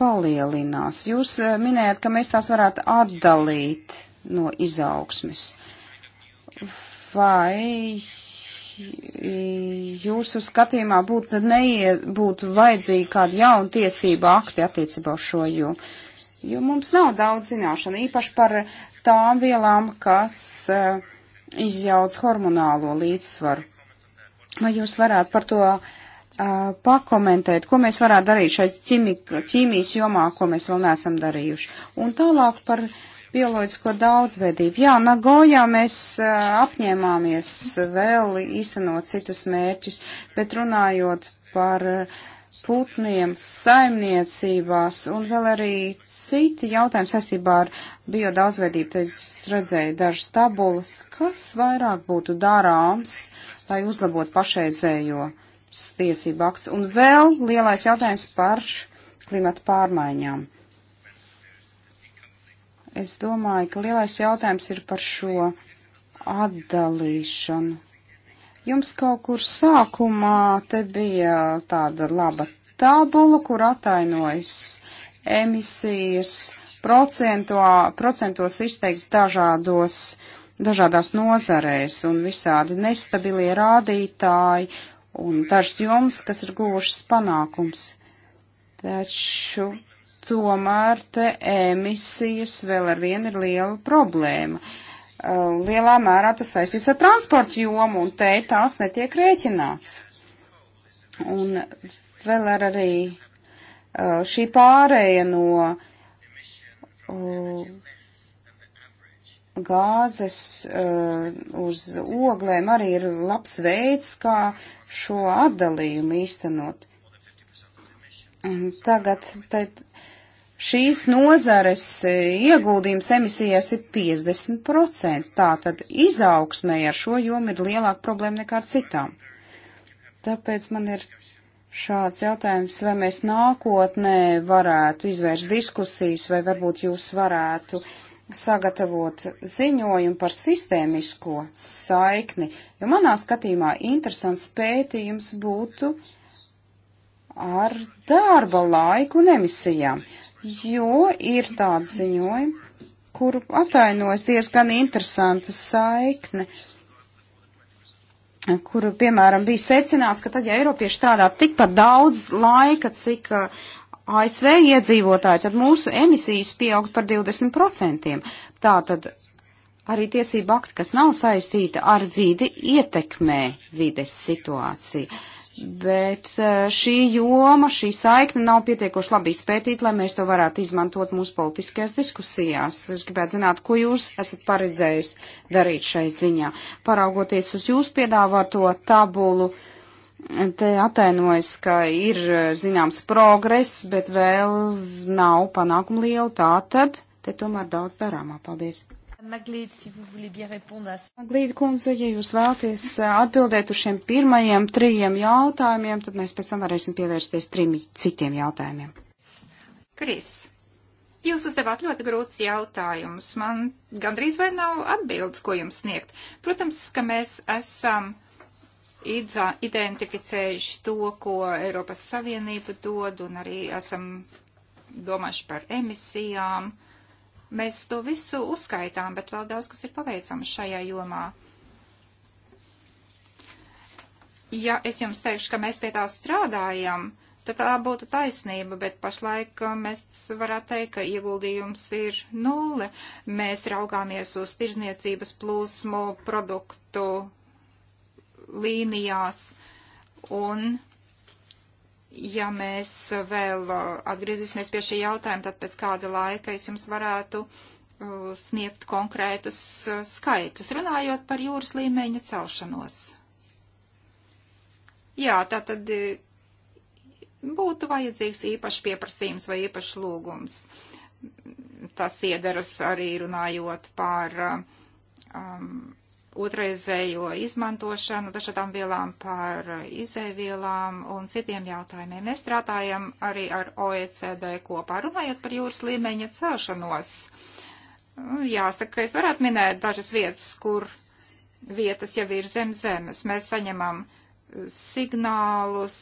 palielinās. Jūs eh, minējat, ka mēs tās varētu atdalīt no izaugsmes. Vai jūsu skatījumā būtu, neie, būtu vajadzīgi kāda jauna tiesība akti attiecībā uz šo jomu? Jo mums nav daudz zināšanu, īpaši par tām vielām, kas uh, izjauc hormonālo līdzsvaru. Vai jūs varētu par to uh, pakomentēt, ko mēs varētu darīt šai ķīmijas jomā, ko mēs vēl neesam darījuši. Un tālāk par bioloģisko daudzveidību. Jā, Nagojā mēs apņēmāmies vēl īstenot citus mērķus, bet runājot par putniem, saimniecībās un vēl arī citi jautājumi saistībā ar biodaudzveidību. Te es redzēju dažas tabulas, kas vairāk būtu darāms, lai uzlabotu pašreizējo tiesību akts. Un vēl lielais jautājums par klimata pārmaiņām. Es domāju, ka lielais jautājums ir par šo atdalīšanu. Jums kaut kur sākumā te bija tāda laba tabula, kur atainojas emisijas procento, procentos izteikts dažādos, dažādās nozarēs un visādi nestabilie rādītāji un dažas jomas, kas ir guvušas panākums. Taču tomēr te emisijas vēl ar vienu ir liela problēma. Uh, lielā mērā tas saistīs ar transportu jomu, un te tās netiek rēķināts. Un vēl ar arī uh, šī pārēja no uh, gāzes uz oglēm arī ir labs veids, kā šo atdalījumu īstenot. Tagad šīs nozares ieguldījums emisijās ir 50%, tātad izaugsmē ar šo jomu ir lielāka problēma nekā ar citām. Tāpēc man ir šāds jautājums, vai mēs nākotnē varētu izvērst diskusijas, vai varbūt jūs varētu uh, sagatavot ziņojumu par sistēmisko saikni, jo manā skatījumā interesants pētījums būtu ar darba laiku un emisijām, jo ir tāds ziņojumi, kuru atainojas diezgan interesanta saikne, kuru, piemēram, bija secināts, ka tad, ja Eiropieši strādā tikpat daudz laika, cik uh, ASV iedzīvotāji, tad mūsu emisijas pieaug par 20%. Tātad arī tiesība akti, kas nav saistīta ar vidi, ietekmē vides situāciju. Bet e, šī joma, šī saikne nav pietiekoši labi izpētīta, lai mēs to varētu izmantot mūsu politiskajās diskusijās. Es gribētu zināt, ko jūs esat paredzējis darīt šai ziņā. Paraugoties uz jūsu piedāvāto tabulu, uh, Te atainojas, ka ir e, zināms progress, bet vēl nav panākumu liela. Tā tad te tomēr daudz darāmā. Paldies. Maglīd, si Maglīd kundze, ja jūs vēlaties e, atbildēt uz šiem pirmajiem trījiem jautājumiem, tad mēs pēc tam varēsim pievērsties trim citiem jautājumiem. Kris, jūs uzdevāt ļoti grūts jautājumus. Man gandrīz vai nav atbildes, ko jums sniegt. Protams, ka mēs esam identificējuši to, ko Eiropas Savienība dod, un arī esam domājuši par emisijām. Mēs to visu uzskaitām, bet vēl daudz kas ir paveicams šajā jomā. Ja es jums teikšu, ka mēs pie tā strādājam, tad tā būtu taisnība, bet pašlaik uh, mēs varētu teikt, ka ieguldījums ir nulle. Mēs raugāmies uz tirzniecības plūsmu, produktu līnijās. Un, ja mēs vēl uh, atgriezīsimies pie šī jautājuma, tad pēc kāda laika es jums varētu uh, sniegt konkrētus uh, skaitus, runājot par jūras līmeņa celšanos. Jā, tā tad būtu vajadzīgs īpašs pieprasījums vai īpašs lūgums. Tas iederas arī runājot par um, otraizējo izmantošanu, dažādām vielām par izēvielām un citiem jautājumiem. Mēs strādājam arī ar OECD kopā, runājot par jūras līmeņa celšanos. Jāsaka, ka es varētu minēt dažas vietas, kur vietas jau ir zem zemes. Mēs saņemam signālus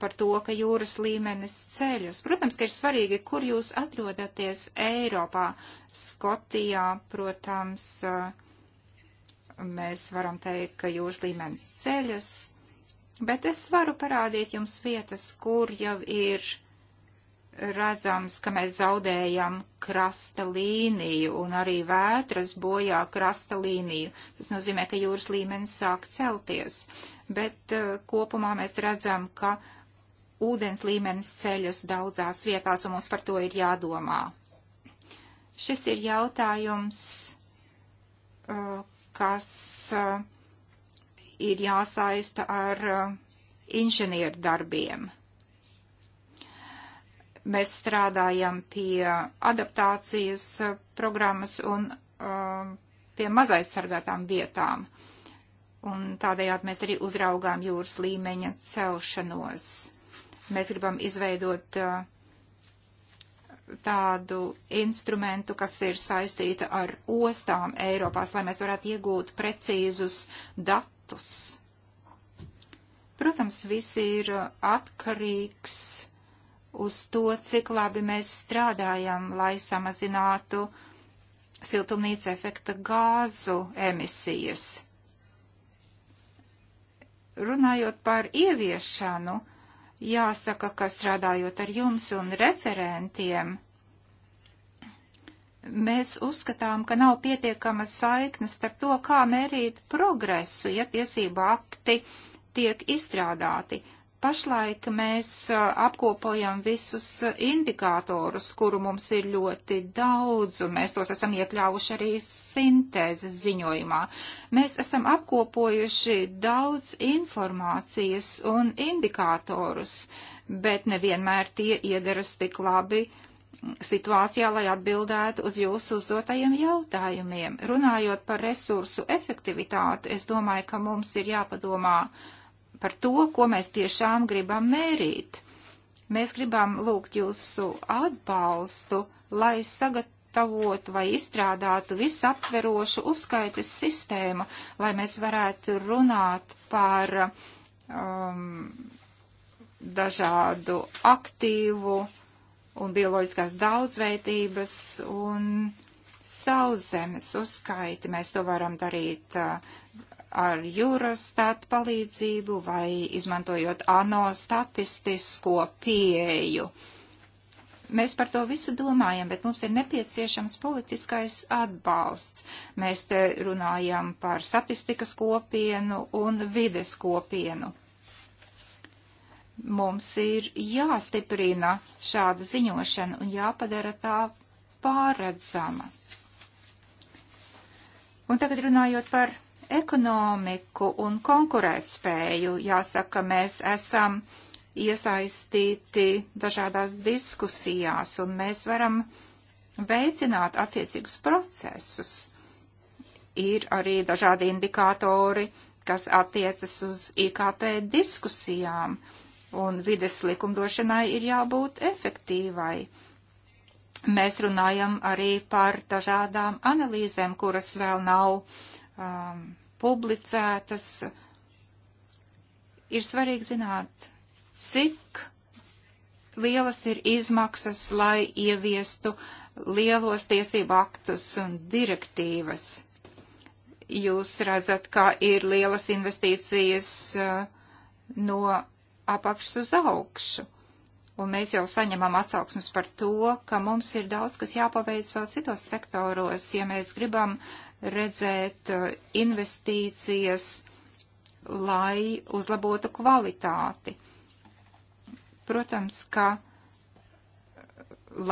par to, ka jūras līmenis ceļas. Protams, ka ir svarīgi, kur jūs atrodaties Eiropā. Skotijā, protams, uh, mēs varam teikt, ka jūras līmenis ceļas, bet es varu parādīt jums vietas, kur jau ir redzams, ka mēs zaudējam krasta līniju un arī vētras bojā krasta līniju. Tas nozīmē, ka jūras līmenis sāk celties, bet uh, kopumā mēs redzam, ka ūdens līmenis ceļas daudzās vietās un mums par to ir jādomā. Šis ir jautājums, uh, kas uh, ir jāsaista ar inženieru darbiem Mēs strādājam pie adaptācijas eh, programmas un um, pie mazaizsargātām vietām. Un tādējādi mēs arī uzraugām jūras līmeņa celšanos. Mēs gribam izveidot uh, tādu instrumentu, kas ir saistīta ar ostām Eiropās, lai mēs varētu iegūt precīzus datus. Protams, viss ir atkarīgs uz to, cik labi mēs strādājam, lai samazinātu siltumnīca efekta gāzu emisijas. Runājot par ieviešanu, jāsaka, ka strādājot ar jums un referentiem, mēs uzskatām, ka nav pietiekama saiknes starp to, kā mērīt progresu, ja tiesība akti tiek izstrādāti. Pašlaik mēs apkopojam visus indikātorus, kuru mums ir ļoti daudz, un mēs tos esam iekļāvuši arī sintēzes ziņojumā. Mēs esam apkopojuši daudz informācijas un indikātorus, bet nevienmēr tie iedaras tik labi situācijā, lai atbildētu uz jūsu uzdotajiem jautājumiem. Runājot par resursu efektivitāti, es domāju, ka mums ir jāpadomā par to, ko mēs tiešām gribam mērīt. Mēs gribam lūgt jūsu atbalstu, lai sagatavotu vai izstrādātu visaptverošu uzskaites sistēmu, lai mēs varētu runāt par um, dažādu aktīvu un bioloģiskās daudzveidības un sauszemes uzskaiti. Mēs to varam darīt uh, ar Eurostat palīdzību vai izmantojot ANO statistisko pieeju. Mēs par to visu domājam, bet mums ir nepieciešams politiskais atbalsts. Mēs te runājam par statistikas kopienu un vides kopienu. Mums ir jāstiprina šāda ziņošana un jāpadara tā pārredzama. Un tagad runājot par ekonomiku un konkurētspēju. Jāsaka, mēs esam iesaistīti dažādās diskusijās un mēs varam veicināt attiecīgus procesus. Ir arī dažādi indikātori, kas attiecas uz IKP diskusijām, un vides likumdošanai ir jābūt efektīvai. Mēs runājam arī par dažādām analīzēm, kuras vēl nav um, publicētas. Ir svarīgi zināt, cik lielas ir izmaksas, lai ieviestu lielos tiesību aktus un direktīvas. Jūs redzat, kā ir lielas investīcijas uh, no apakšas uz augšu. Un mēs jau saņemam atsauksmes par to, ka mums ir daudz, kas jāpaveic vēl citos sektoros, ja mēs gribam uh, redzēt uh, investīcijas, lai uzlabotu kvalitāti. Protams, ka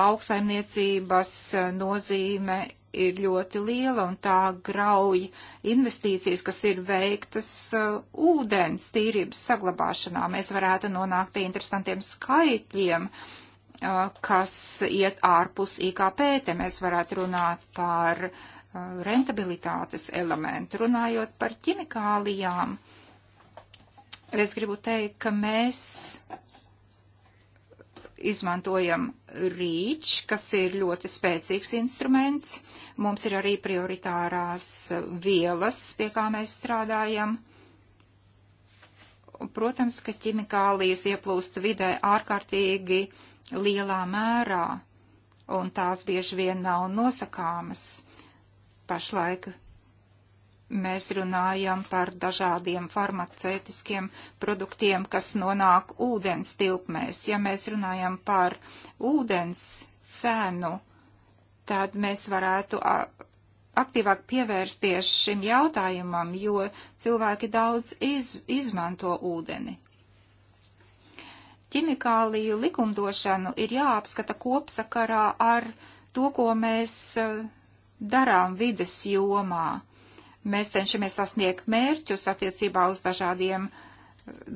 lauksaimniecības uh, nozīme ir ļoti liela un tā grauj investīcijas, kas ir veiktas uh, ūdens tīrības saglabāšanā. Mēs varētu nonākt pie interesantiem skaitļiem, uh, kas iet ārpus IKP. Te mēs varētu runāt par uh, Eh, rentabilitātes elementu. Runājot par ķimikālijām, es gribu teikt, ka mēs izmantojam rīč, kas ir ļoti spēcīgs instruments. Mums ir arī prioritārās vielas, pie kā mēs strādājam. Protams, ka ķimikālijas ieplūst vidē ārkārtīgi lielā mērā, un tās bieži vien nav nosakāmas. Pašlaik mēs runājam par dažādiem farmaceitiskiem produktiem, kas nonāk ūdens tilpmēs. Ja mēs runājam par ūdens cenu, tad mēs varētu aktīvāk pievērsties šim jautājumam, jo cilvēki daudz iz, izmanto ūdeni. Ķimikāliju likumdošanu ir jāapskata kopsakarā ar to, ko mēs uh, darām vides jomā. Mēs cenšamies sasniegt mērķus attiecībā uz dažādiem,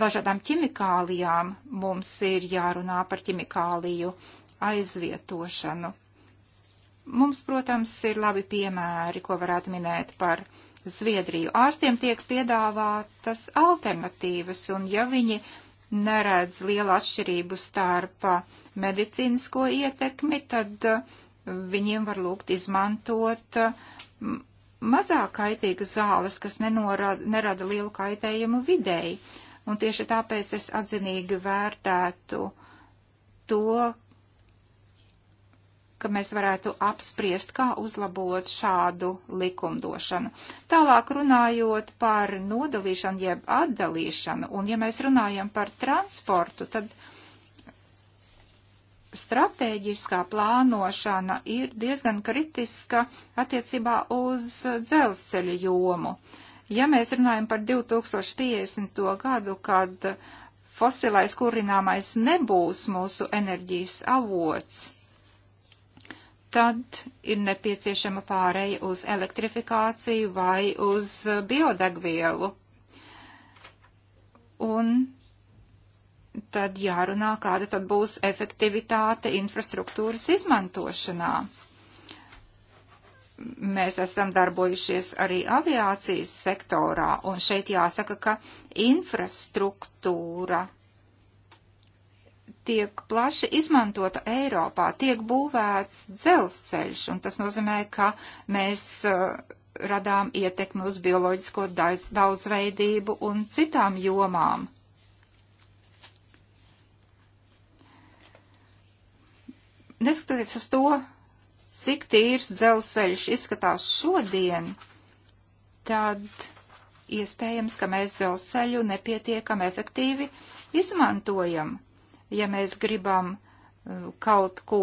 dažādām ķimikālijām. Mums ir jārunā par ķimikāliju aizvietošanu. Mums, protams, ir labi piemēri, ko varētu minēt par Zviedriju. Ārstiem tiek piedāvātas alternatīvas, un ja viņi neredz lielu atšķirību starp medicīnisko ietekmi, tad uh, viņiem var lūgt izmantot mazāk kaitīgas zāles, kas nenorada, nerada lielu kaitējumu videi. Un tieši tāpēc es atzinīgi vērtētu to, ka mēs varētu apspriest, kā uzlabot šādu likumdošanu. Tālāk runājot par nodalīšanu jeb atdalīšanu, un ja mēs runājam par transportu, tad stratēģiskā plānošana ir diezgan kritiska attiecībā uz dzelzceļa jomu. Ja mēs runājam par 2050. gadu, kad fosilais kurināmais nebūs mūsu enerģijas avots, tad ir nepieciešama pārēja uz elektrifikāciju vai uz biodegvielu. Un tad jārunā, kāda tad būs efektivitāte infrastruktūras izmantošanā. Mēs esam darbojušies arī aviācijas sektorā, un šeit jāsaka, ka infrastruktūra tiek plaši izmantota Eiropā, tiek būvēts dzelzceļš, un tas nozīmē, ka mēs uh, radām ietekmi uz bioloģisko daudz, daudzveidību un citām jomām. neskatoties uz to, cik tīrs dzelzceļš izskatās šodien, tad iespējams, ka mēs dzelzceļu nepietiekam efektīvi izmantojam. Ja mēs gribam uh, kaut ko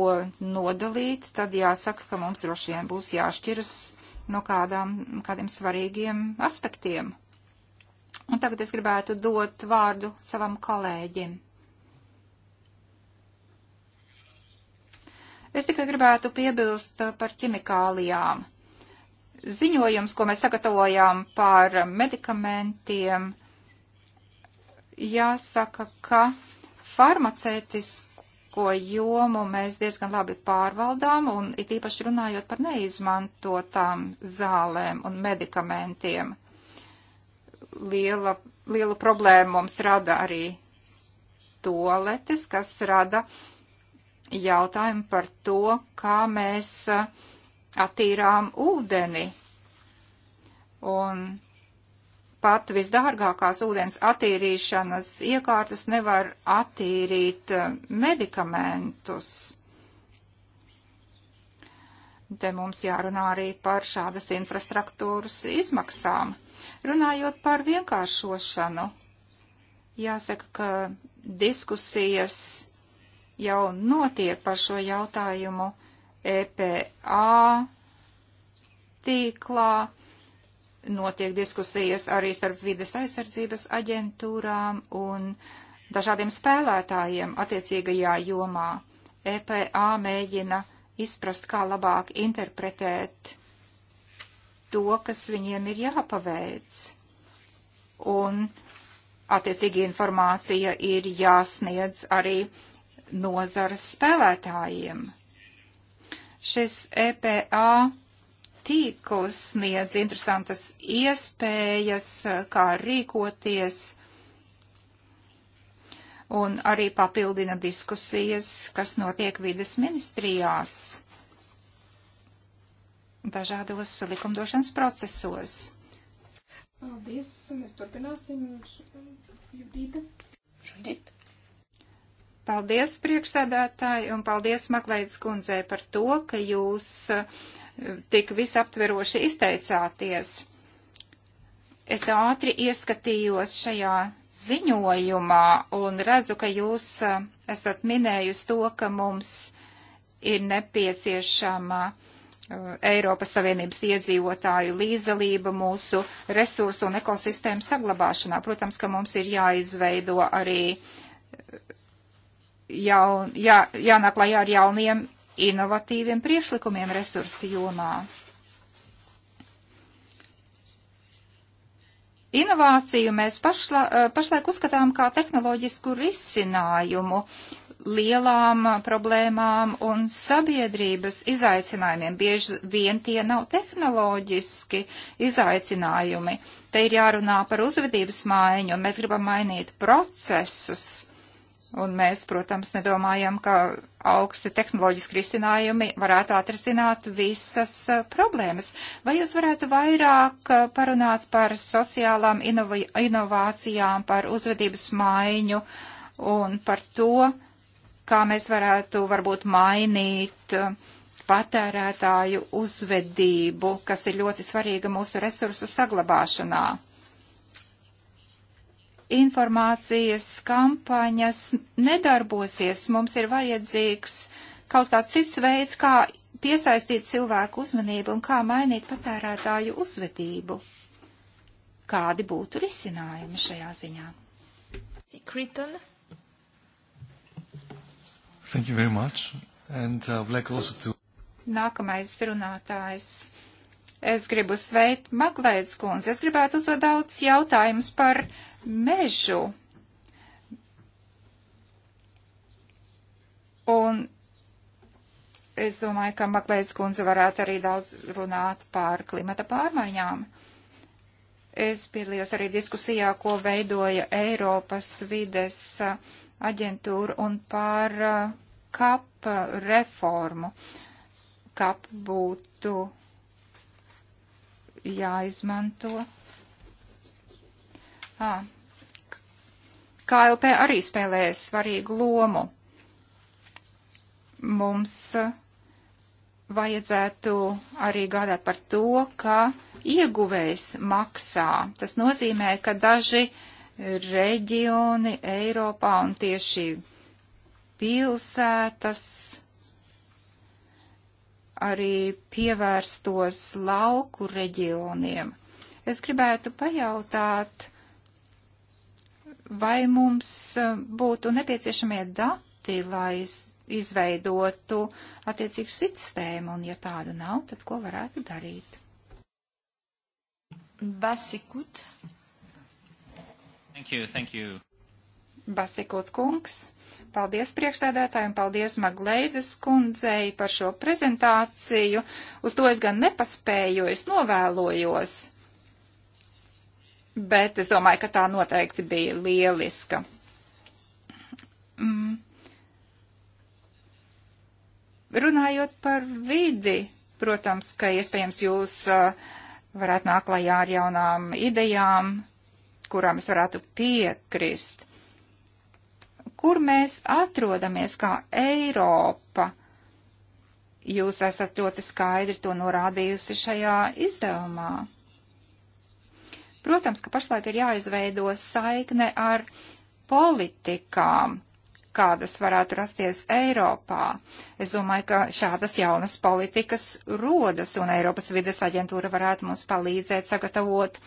nodalīt, tad jāsaka, ka mums droši vien būs jāšķiras no kādām, kādiem svarīgiem aspektiem. Un tagad es gribētu dot vārdu savam kolēģim. Es tikai gribētu piebilst uh, par ķimikālijām. Ziņojums, ko mēs sagatavojām par medikamentiem, jāsaka, ka farmacētisko jomu mēs diezgan labi pārvaldām, un it īpaši runājot par neizmantotām zālēm un medikamentiem. Liela, lielu problēmu mums rada arī toaletes, kas rada uh, jautājumu par to, kā mēs uh, attīrām ūdeni. Un pat visdārgākās ūdens attīrīšanas iekārtas nevar attīrīt uh, medikamentus. Te mums jārunā arī par šādas infrastruktūras izmaksām. Runājot par vienkāršošanu, jāsaka, ka diskusijas jau notiek par šo jautājumu EPA tīklā. Notiek diskusijas arī starp vides aizsardzības aģentūrām un dažādiem spēlētājiem attiecīgajā jomā. EPA mēģina izprast, kā labāk interpretēt to, kas viņiem ir jāpaveic. Un attiecīgi informācija ir jāsniedz arī uh, nozares spēlētājiem. Šis EPA tīkls sniedz interesantas iespējas, kā rīkoties, un arī papildina diskusijas, kas notiek vides ministrijās dažādos likumdošanas procesos. Paldies, mēs turpināsim šodien. Paldies priekšsēdētāji un paldies Maklēdas kundzē par to, ka jūs eh, tik visaptveroši izteicāties. Es ātri ieskatījos šajā ziņojumā un redzu, ka jūs eh, esat minējusi to, ka mums ir nepieciešama eh, Eiropas Savienības iedzīvotāju līdzdalība mūsu resursu un ekosistēmu saglabāšanā. Protams, ka mums ir jāizveido arī jaun, jā, jānāk klajā ar jauniem inovatīviem priešlikumiem resursu jomā. Inovāciju mēs pašla, eh, pašlaik uzskatām kā tehnoloģisku risinājumu lielām eh, problēmām un sabiedrības izaicinājumiem. Bieži vien tie nav tehnoloģiski izaicinājumi. Te ir jārunā par uzvedības maiņu, un mēs gribam mainīt procesus Un mēs, protams, nedomājam, ka augsti tehnoloģiski risinājumi varētu atrisināt visas problēmas. Vai jūs varētu vairāk parunāt par sociālām inova inovācijām, par uzvedības maiņu un par to, kā mēs varētu varbūt mainīt patērētāju uzvedību, kas ir ļoti svarīga mūsu resursu saglabāšanā? informācijas kampaņas nedarbosies. Mums ir vajadzīgs kaut kāds cits veids, kā piesaistīt cilvēku uzmanību un kā mainīt patērētāju uzvedību. Kādi būtu risinājumi šajā ziņā? Kriton. Thank you very much. And uh, like also to... Nākamais runātājs. Es gribu sveikt Maklēdz kundzi. Es gribētu uzdot daudz jautājumus par uh, mežu. Un es domāju, ka Maklēdz kundze varētu arī daudz runāt par klimata pārmaiņām. Es piedalījos arī diskusijā, ko veidoja Eiropas vides aģentūra un par uh, kap reformu. Kap būtu jāizmanto À. KLP arī spēlē svarīgu lomu. Mums vajadzētu arī gādāt par to, ka ieguvējs maksā. Tas nozīmē, ka daži reģioni Eiropā un tieši pilsētas arī pievērstos lauku reģioniem. Es gribētu pajautāt, vai mums e, būtu nepieciešamie dati, lai izveidotu attiecīgu sistēmu, un ja tādu nav, tad ko varētu darīt? Basikut. Thank you, thank you. Basikut kungs. Paldies priekšsēdētājiem, paldies Magleidas kundzei par šo prezentāciju. Uz to es gan nepaspēju, es novēlojos bet es domāju, ka tā noteikti bija lieliska. Mm. Runājot par vidi, protams, ka iespējams jūs uh, varētu nākt klajā ar jaunām idejām, kurām es varētu piekrist. Kur mēs atrodamies kā Eiropa? Jūs esat ļoti skaidri to norādījusi šajā izdevumā. Protams, ka pašlaik ir jāizveido saikne ar politikām, kādas varētu rasties Eiropā. Es domāju, ka šādas jaunas politikas rodas, un Eiropas vides aģentūra varētu mums palīdzēt sagatavot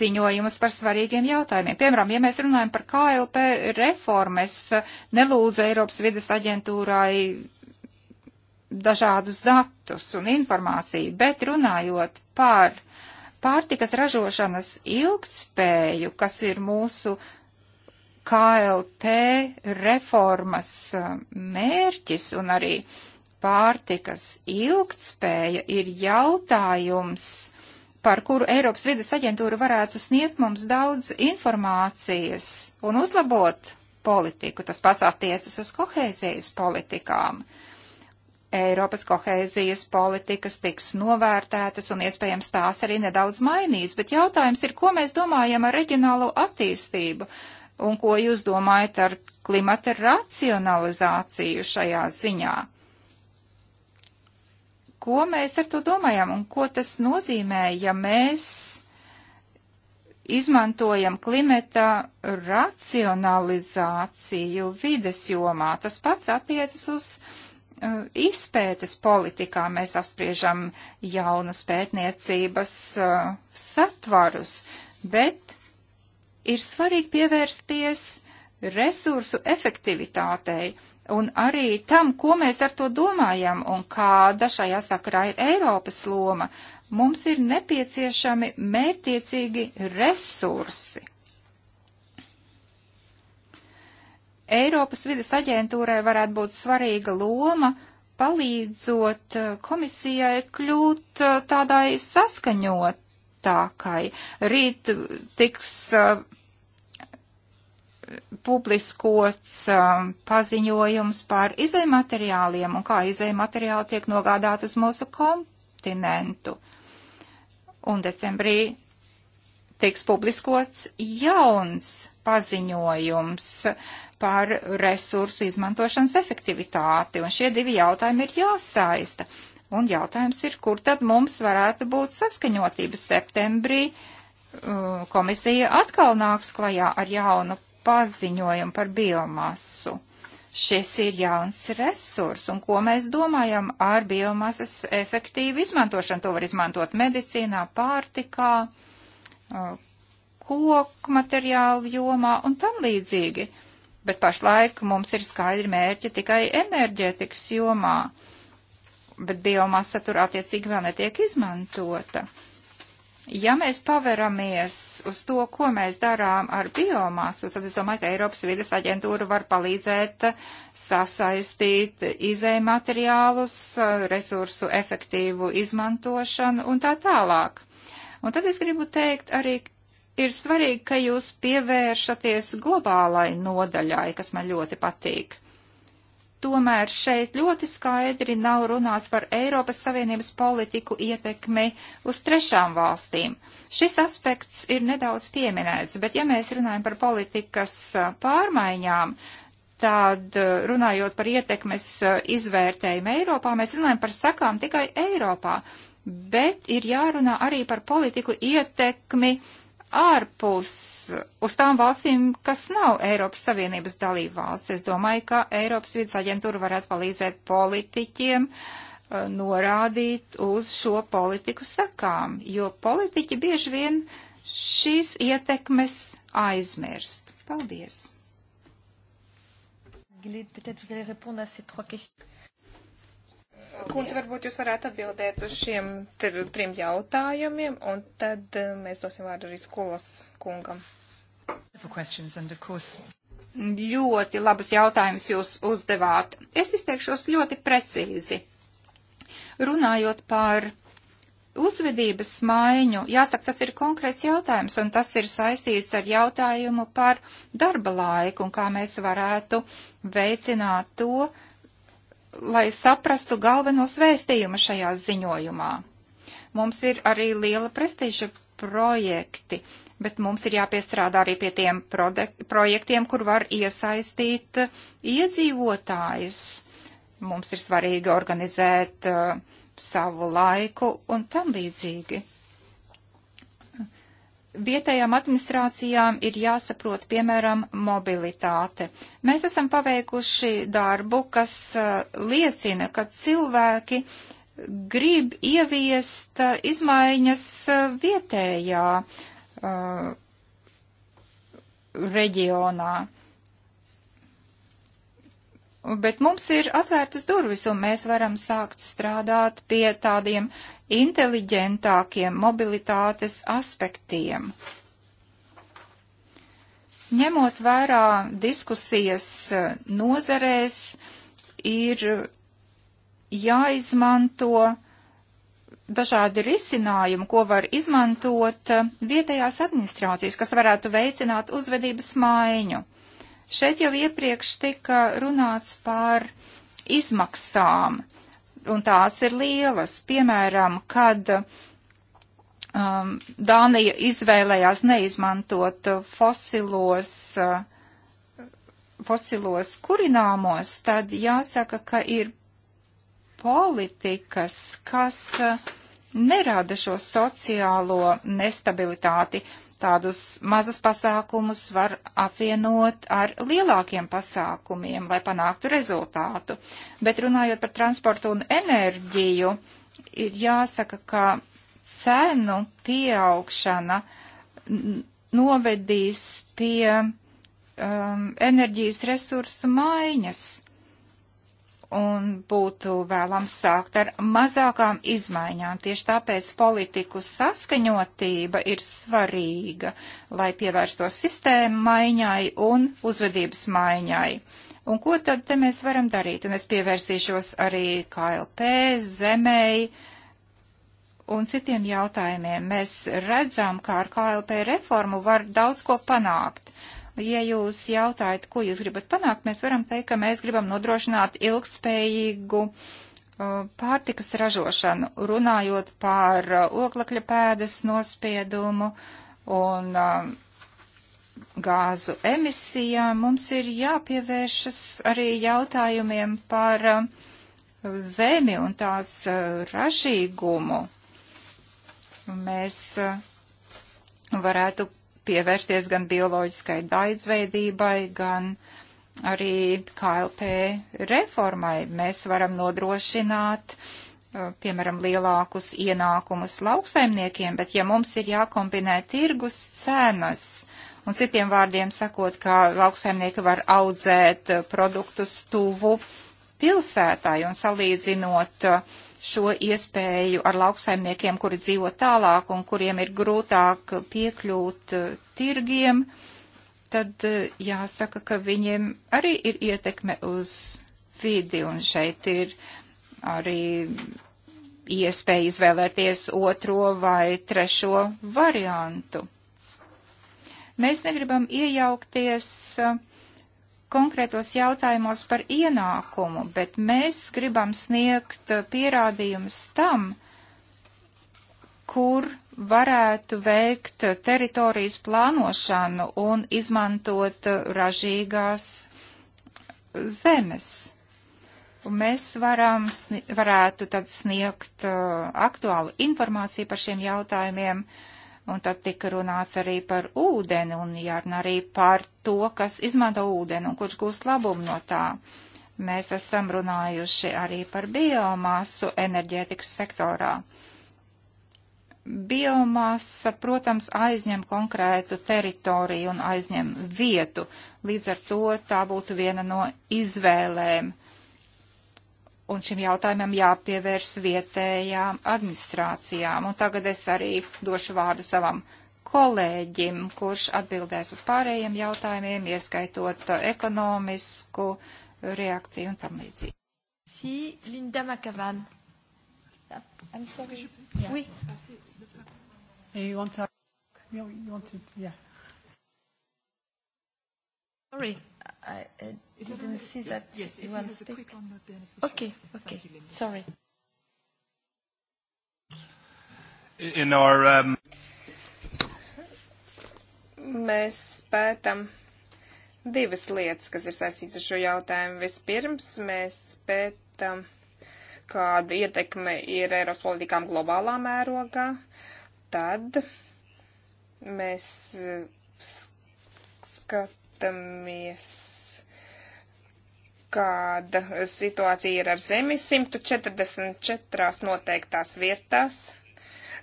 ziņojumus par svarīgiem jautājumiem. Piemēram, ja mēs runājam par KLP reformu, es nelūdzu Eiropas vides aģentūrai dažādus datus un informāciju, bet runājot par pārtikas ražošanas ilgtspēju, kas ir mūsu KLP reformas um, mērķis un arī pārtikas ilgtspēja ir jautājums, par kuru Eiropas vides aģentūra varētu sniegt mums daudz informācijas un uzlabot politiku. Tas pats attiecas uz kohēzijas politikām. Uh, Eiropas kohēzijas politikas tiks novērtētas un iespējams tās arī nedaudz mainīs, bet jautājums ir, ko mēs domājam ar reģionālo attīstību un ko jūs domājat ar klimata racionalizāciju šajā ziņā? Ko mēs ar to domājam un ko tas nozīmē, ja mēs izmantojam klimata racionalizāciju vides jomā? Tas pats attiecas uz Eh, izpētes politikā mēs apspriežam jaunus pētniecības uh, satvarus, bet ir svarīgi pievērsties resursu efektivitātei un arī tam, ko mēs ar to domājam un kāda šajā sakarā ir Eiropas loma. Mums ir nepieciešami mērtiecīgi resursi. Eiropas vidas aģentūrai varētu būt svarīga loma, palīdzot eh, komisijai kļūt eh, tādai saskaņotākai. Rīt eh, tiks uh, publiskots um, paziņojums par izējumateriāliem un kā izējumateriāli tiek nogādāt uz mūsu kontinentu. Un decembrī tiks publiskots jauns paziņojums par resursu izmantošanas efektivitāti, un šie divi jautājumi ir jāsaista. Un jautājums ir, kur tad mums varētu būt saskaņotība septembrī? Uh, komisija atkal nāks klajā ar jaunu paziņojumu par biomasu. Šis ir jauns resurs, un ko mēs domājam ar biomasas efektīvu izmantošanu? To var izmantot medicīnā, pārtikā, uh, koku materiālu jomā un tam līdzīgi bet pašlaik mums ir skaidri mērķi tikai enerģētikas jomā, bet biomasa tur attiecīgi vēl netiek izmantota. Ja mēs paveramies uz to, ko mēs darām ar biomasu, tad es domāju, ka Eiropas vides aģentūra var palīdzēt sasaistīt izēju materiālus, resursu efektīvu izmantošanu un tā tālāk. Un tad es gribu teikt arī ir svarīgi, ka jūs pievēršaties globālai nodaļai, kas man ļoti patīk. Tomēr šeit ļoti skaidri nav runāts par Eiropas Savienības politiku ietekmi uz trešām valstīm. Šis aspekts ir nedaudz pieminēts, bet ja mēs runājam par politikas pārmaiņām, tad runājot par ietekmes izvērtējumu Eiropā, mēs runājam par sakām tikai Eiropā, bet ir jārunā arī par politiku ietekmi uh, ārpus uz tām valstīm, kas nav Eiropas Savienības dalība valsts. Es domāju, ka Eiropas vidas aģentūra varētu palīdzēt politiķiem eh, norādīt uz šo politiku sakām, jo politiķi bieži vien šīs ietekmes aizmirst. Paldies! Kundze, varbūt jūs varētu atbildēt uz šiem trim jautājumiem, un tad eh, mēs dosim vārdu arī skolas kungam. Ļoti labas jautājumas jūs uzdevāt. Es izteikšos ļoti precīzi. Runājot par uzvedības maiņu, jāsaka, tas ir konkrēts jautājums, un tas ir saistīts ar jautājumu par darba laiku un kā mēs varētu veicināt to, lai saprastu galvenos vēstījumus šajā ziņojumā. Mums ir arī liela prestīža projekti, bet mums ir jāpiestrādā arī pie tiem projektiem, kur var iesaistīt iedzīvotājus. Mums ir svarīgi organizēt uh, savu laiku un tam līdzīgi vietējām administrācijām ir jāsaprot, piemēram, mobilitāte. Mēs esam paveikuši darbu, kas uh, liecina, ka cilvēki grib ieviest uh, izmaiņas uh, vietējā uh, reģionā. Bet mums ir atvērtas durvis, un mēs varam sākt strādāt pie tādiem uh, inteliģentākiem mobilitātes aspektiem. Ņemot vērā diskusijas e, nozarēs, ir jāizmanto dažādi risinājumi, ko var izmantot e, vietējās administrācijas, kas varētu veicināt uzvedības maiņu. Šeit jau iepriekš tika runāts par izmaksām. Uh, un tās ir lielas. Piemēram, kad um, Dānija izvēlējās neizmantot fosilos, uh, fosilos kurināmos, tad jāsaka, ka ir politikas, kas uh, nerada šo sociālo nestabilitāti. Uh, tādus mazus pasākumus var apvienot ar lielākiem pasākumiem, lai panāktu rezultātu. Bet runājot par transportu un enerģiju, ir jāsaka, ka cenu pieaugšana novedīs pie um, enerģijas resursu maiņas un būtu vēlams sākt ar mazākām izmaiņām. Tieši tāpēc politiku saskaņotība ir svarīga, lai pievērstos sistēmu maiņai un uzvedības maiņai. Un ko tad te mēs varam darīt? Un es pievērsīšos arī KLP, zemēji un citiem jautājumiem. Mēs redzam, kā ar KLP reformu var daudz ko panākt Ja jūs jautājat, ko jūs gribat panākt, mēs varam teikt, ka mēs gribam nodrošināt ilgspējīgu uh, pārtikas ražošanu, runājot par uh, oglekļa pēdas nospiedumu un uh, gāzu emisijām, mums ir jāpievēršas arī jautājumiem par zemi un tās ražīgumu. Mēs varētu pievērsties gan bioloģiskai daudzveidībai, gan arī KLP reformai. Mēs varam nodrošināt, uh, piemēram, lielākus ienākumus lauksaimniekiem, bet ja mums ir jākombinē tirgus cenas, un citiem vārdiem sakot, ka lauksaimnieki var audzēt uh, produktus tuvu pilsētāju un salīdzinot uh, šo iespēju ar lauksaimniekiem, kuri dzīvo tālāk un kuriem ir grūtāk piekļūt eh, tirgiem, tad eh, jāsaka, ka viņiem arī ir ietekme uz vidi un šeit ir arī iespēja izvēlēties otro vai trešo variantu. Mēs negribam iejaukties uh, konkrētos jautājumos par ienākumu, bet mēs gribam sniegt uh, pierādījumus tam, kur varētu veikt uh, teritorijas plānošanu un izmantot uh, ražīgās zemes. Un mēs varam, varētu tad sniegt aktuālu informāciju par šiem jautājumiem uh, Un tad tika runāts arī par ūdeni un jārunā arī par to, kas izmanto ūdeni un kurš gūst labumu no tā. Mēs esam runājuši arī par biomasu enerģētikas sektorā. Biomasa, protams, aizņem konkrētu teritoriju un aizņem vietu, līdz ar to tā būtu viena no izvēlēm un šim jautājumam jāpievērš vietējām administrācijām. Un tagad es arī došu vārdu savam kolēģim, kurš atbildēs uz pārējiem jautājumiem, ieskaitot ekonomisku reakciju un tam līdzīgi. Si, Linda Makavan. I'm sorry. Yeah. Oui. You want to, you want to, yeah. Sorry, I, I didn't see that. Yes, if you want to speak. Okay, okay, sorry. In our, um... Mēs pētam divas lietas, kas ir saistītas ar šo jautājumu. Vispirms mēs pētam, kāda ietekme ir Eiropas politikām globālā mērogā. Tad mēs skatām skatāmies, kāda situācija ir ar zemi 144 noteiktās vietās.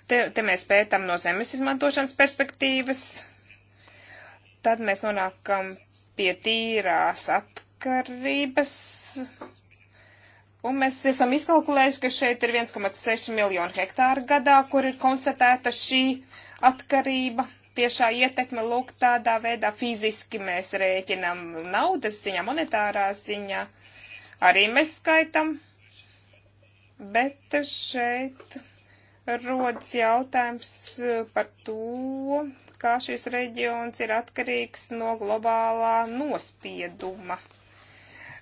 Te, te mēs pētām no zemes izmantošanas perspektīvas. Tad mēs nonākam pie tīrās atkarības. Un mēs esam izkalkulējuši, ka šeit ir 1,6 miljonu hektāru gadā, kur ir konstatēta šī atkarība tiešā ietekme, lūk, tādā veidā fiziski mēs rēķinam naudas ziņā, monetārā ziņā, arī mēs skaitam, bet šeit rodas jautājums eh, par to, kā šis reģions ir atkarīgs no globālā nospieduma.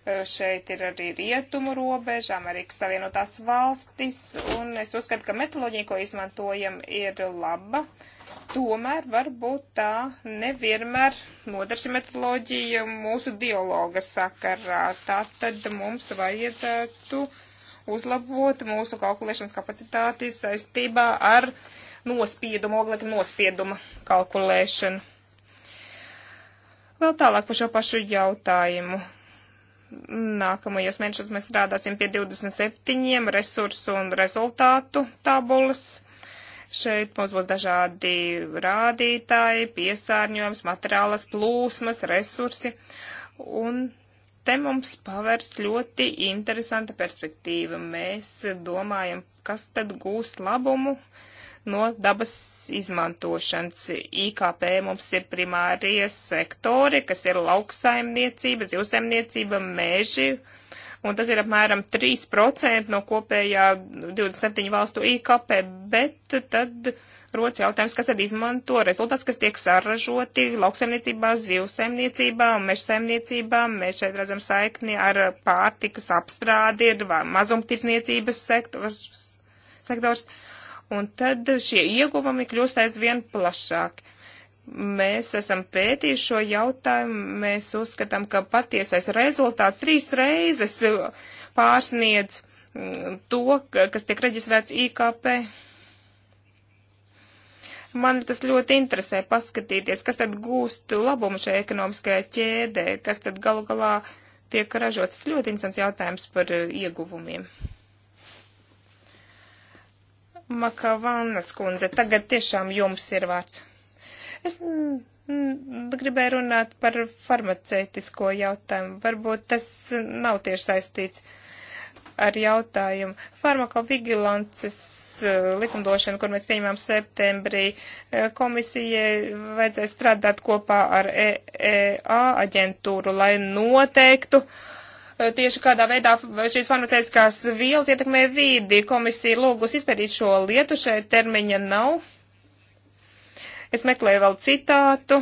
Šeit ir arī rietumu robeža, Amerikas Savienotās valstis, un es uzskatu, ka metoloģija, ko izmantojam, ir laba. Tomēr varbūt tā nevienmēr nodarši metoloģija mūsu dialoga sakarā. Tātad mums vajadzētu uzlabot mūsu kalkulēšanas kapacitāti saistībā ar nospiedumu, oglekļa nospieduma kalkulēšanu. Vēl tālāk par šo pašu jautājumu. Nākamajos mēnešos mēs strādāsim pie 27 resursu un rezultātu tabulas. Šeit mums būs dažādi rādītāji, piesārņojums, materiālas plūsmas, resursi. Un te mums pavērs ļoti interesanta perspektīva. Mēs domājam, kas tad gūs labumu no dabas izmantošanas. IKP mums ir primārie sektori, kas ir lauksaimniecība, zivsaimniecība, meži, un tas ir apmēram 3% no kopējā 27 valstu IKP, bet tad rodas jautājums, kas tad izmanto rezultāts, kas tiek saražoti lauksaimniecībā, zivsaimniecībā un mežsaimniecībā. Mēs šeit redzam saikni ar pārtikas apstrādi, ir mazumtirdzniecības sektors, sektors un tad šie ieguvumi kļūst aizvien plašāki. Mēs esam pētījuši šo jautājumu, mēs uzskatām, ka patiesais rezultāts trīs reizes pārsniedz mm, to, kas tiek reģistrēts IKP. Man tas ļoti interesē paskatīties, kas tad gūst labumu šajā ekonomiskajā ķēdē, kas tad galu galā tiek ražots. Tas ļoti interesants jautājums par eh, ieguvumiem. Makavānas kundze, tagad tiešām jums ir vārds. Es gribēju runāt par farmaceitisko jautājumu. Varbūt tas nav tieši saistīts ar jautājumu. Farmakovigilances e, likumdošana, kur mēs pieņemam septembrī, e, komisijai vajadzēja strādāt kopā ar EEA aģentūru, lai noteiktu, uh, tieši kādā veidā šīs farmaceitiskās vielas ietekmē vīdi. Komisija lūgus izpētīt šo lietu, šeit termiņa nav. Es meklēju vēl citātu.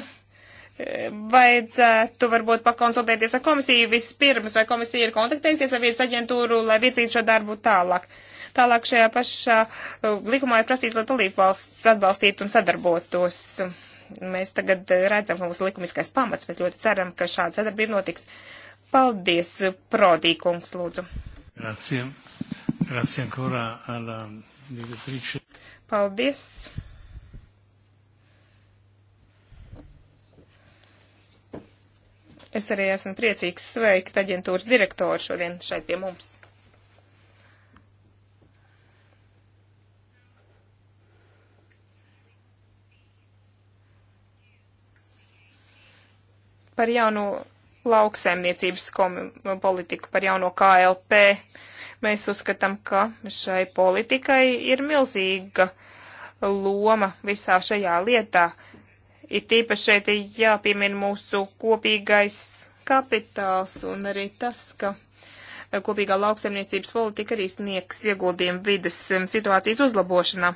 Vajadzētu varbūt pakonsultēties ar komisiju vispirms, vai komisija ir kontaktējusies ar vietas aģentūru, lai virzītu šo darbu tālāk. Tālāk šajā pašā uh, likumā ir prasīts, lai dalībvalsts atbalstītu un sadarbotos. Mēs tagad redzam, ka mūsu likumiskais pamats, mēs ļoti ceram, ka šāda sadarbība notiks. Uh, Paldies, Prodīkungs, lūdzu. Grazie. Grazie ancora alla direttrice. Paldies. Es arī esmu priecīgs sveikt aģentūras direktoru šodien šeit pie mums. Par jaunu lauksaimniecības politiku, par jauno KLP. Mēs uzskatām, ka šai politikai ir milzīga loma visā šajā lietā. Ir tīpaši šeit jāpiemin mūsu kopīgais kapitāls un arī tas, ka kopīgā lauksaimniecības politika arī sniegs ieguldījumu vides situācijas uzlabošanā.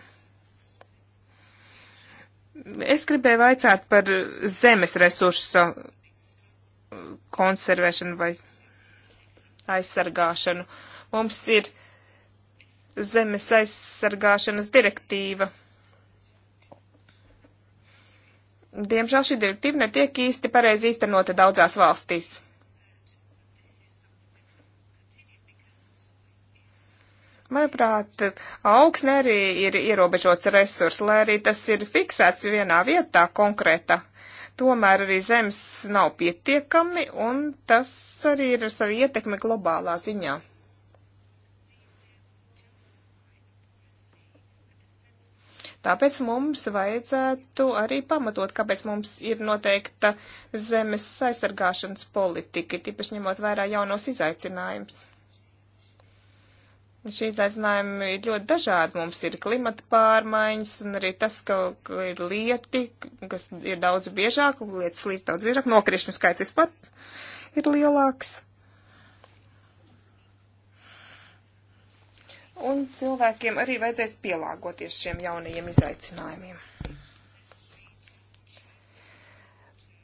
Es gribēju vaicāt par zemes resursa konservēšanu vai aizsargāšanu. Mums ir zemes aizsargāšanas direktīva. Diemžēl šī direktīva netiek īsti pareizi īstenota daudzās valstīs. Manuprāt, augsne arī ir ierobežots resurs, lai arī tas ir fiksēts vienā vietā konkrēta tomēr arī zemes nav pietiekami, un tas arī ir ar savu ietekmi globālā ziņā. Tāpēc mums vajadzētu arī pamatot, kāpēc mums ir noteikta zemes aizsargāšanas politika, tīpaši ņemot vērā jaunos izaicinājumus. Šie izaicinājumi ir ļoti dažādi. Mums ir klimata pārmaiņas un arī tas, ka ir lieti, kas ir daudz biežāk, lietas līdz daudz biežāk, nokrišņu skaits vispār ir lielāks. Un cilvēkiem arī vajadzēs pielāgoties šiem jaunajiem izaicinājumiem.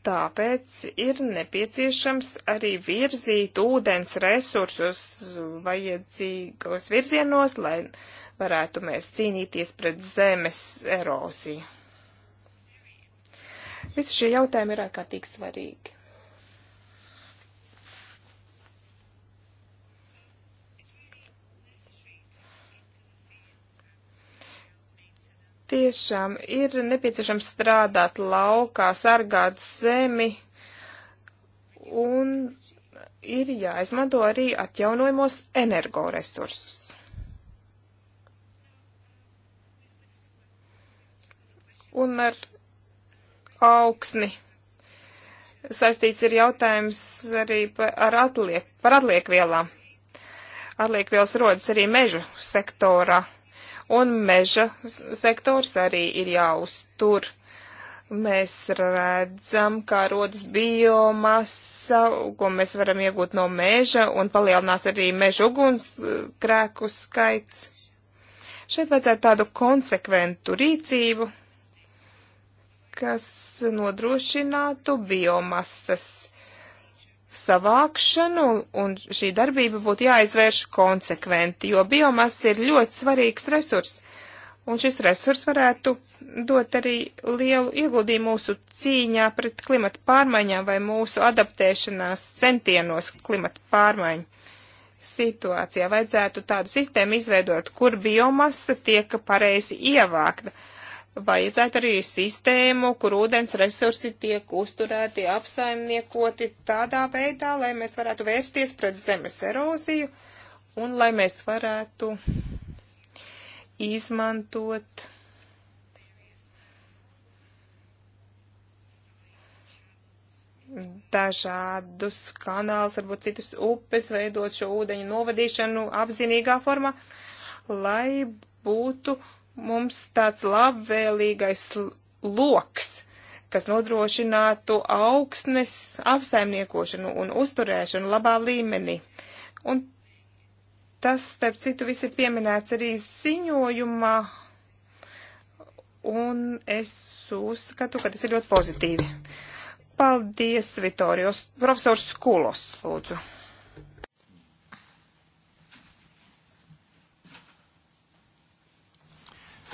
Tāpēc ir nepieciešams arī virzīt ūdens resursus vajadzīgos virzienos, lai varētu mēs cīnīties pret zemes eroziju. Visi šie jautājumi ir ārkārtīgi svarīgi. tiešām ir nepieciešams strādāt laukā, sargāt zemi un ir jāizmanto arī atjaunojamos energoresursus. Un ar augsni saistīts ir jautājums arī par, atliek, par atliekvielām. Atliekvielas rodas arī mežu sektorā un meža sektors arī ir jāuztur. Mēs redzam, kā rodas biomasa, ko mēs varam iegūt no meža, un palielinās arī meža ugunskrēku skaits. Šeit vajadzētu tādu konsekventu rīcību, kas nodrošinātu biomasas savākšanu, un šī darbība būtu jāizvērš konsekventi, jo biomasa ir ļoti svarīgs resurs, un šis resurs varētu dot arī lielu ieguldījumu mūsu cīņā pret klimata pārmaiņām vai mūsu adaptēšanās centienos klimata pārmaiņu situācijā. Vajadzētu tādu sistēmu izveidot, kur biomasa tiek pareizi ievākta. Uh, vajadzētu arī sistēmu, kur ūdens resursi tiek uzturēti, apsaimniekoti tādā veidā, lai mēs varētu vērsties pret zemes eroziju un lai mēs varētu izmantot dažādus kanālus, varbūt citas upes, veidot šo ūdeņu novadīšanu apzinīgā formā, lai būtu uh, mums tāds labvēlīgais loks, kas nodrošinātu augsnes apsaimniekošanu un uzturēšanu labā līmenī. Un tas, starp citu, viss ir pieminēts arī ziņojumā, un es uzskatu, ka tas ir ļoti pozitīvi. Paldies, Vitorijos. Profesors Skulos, lūdzu.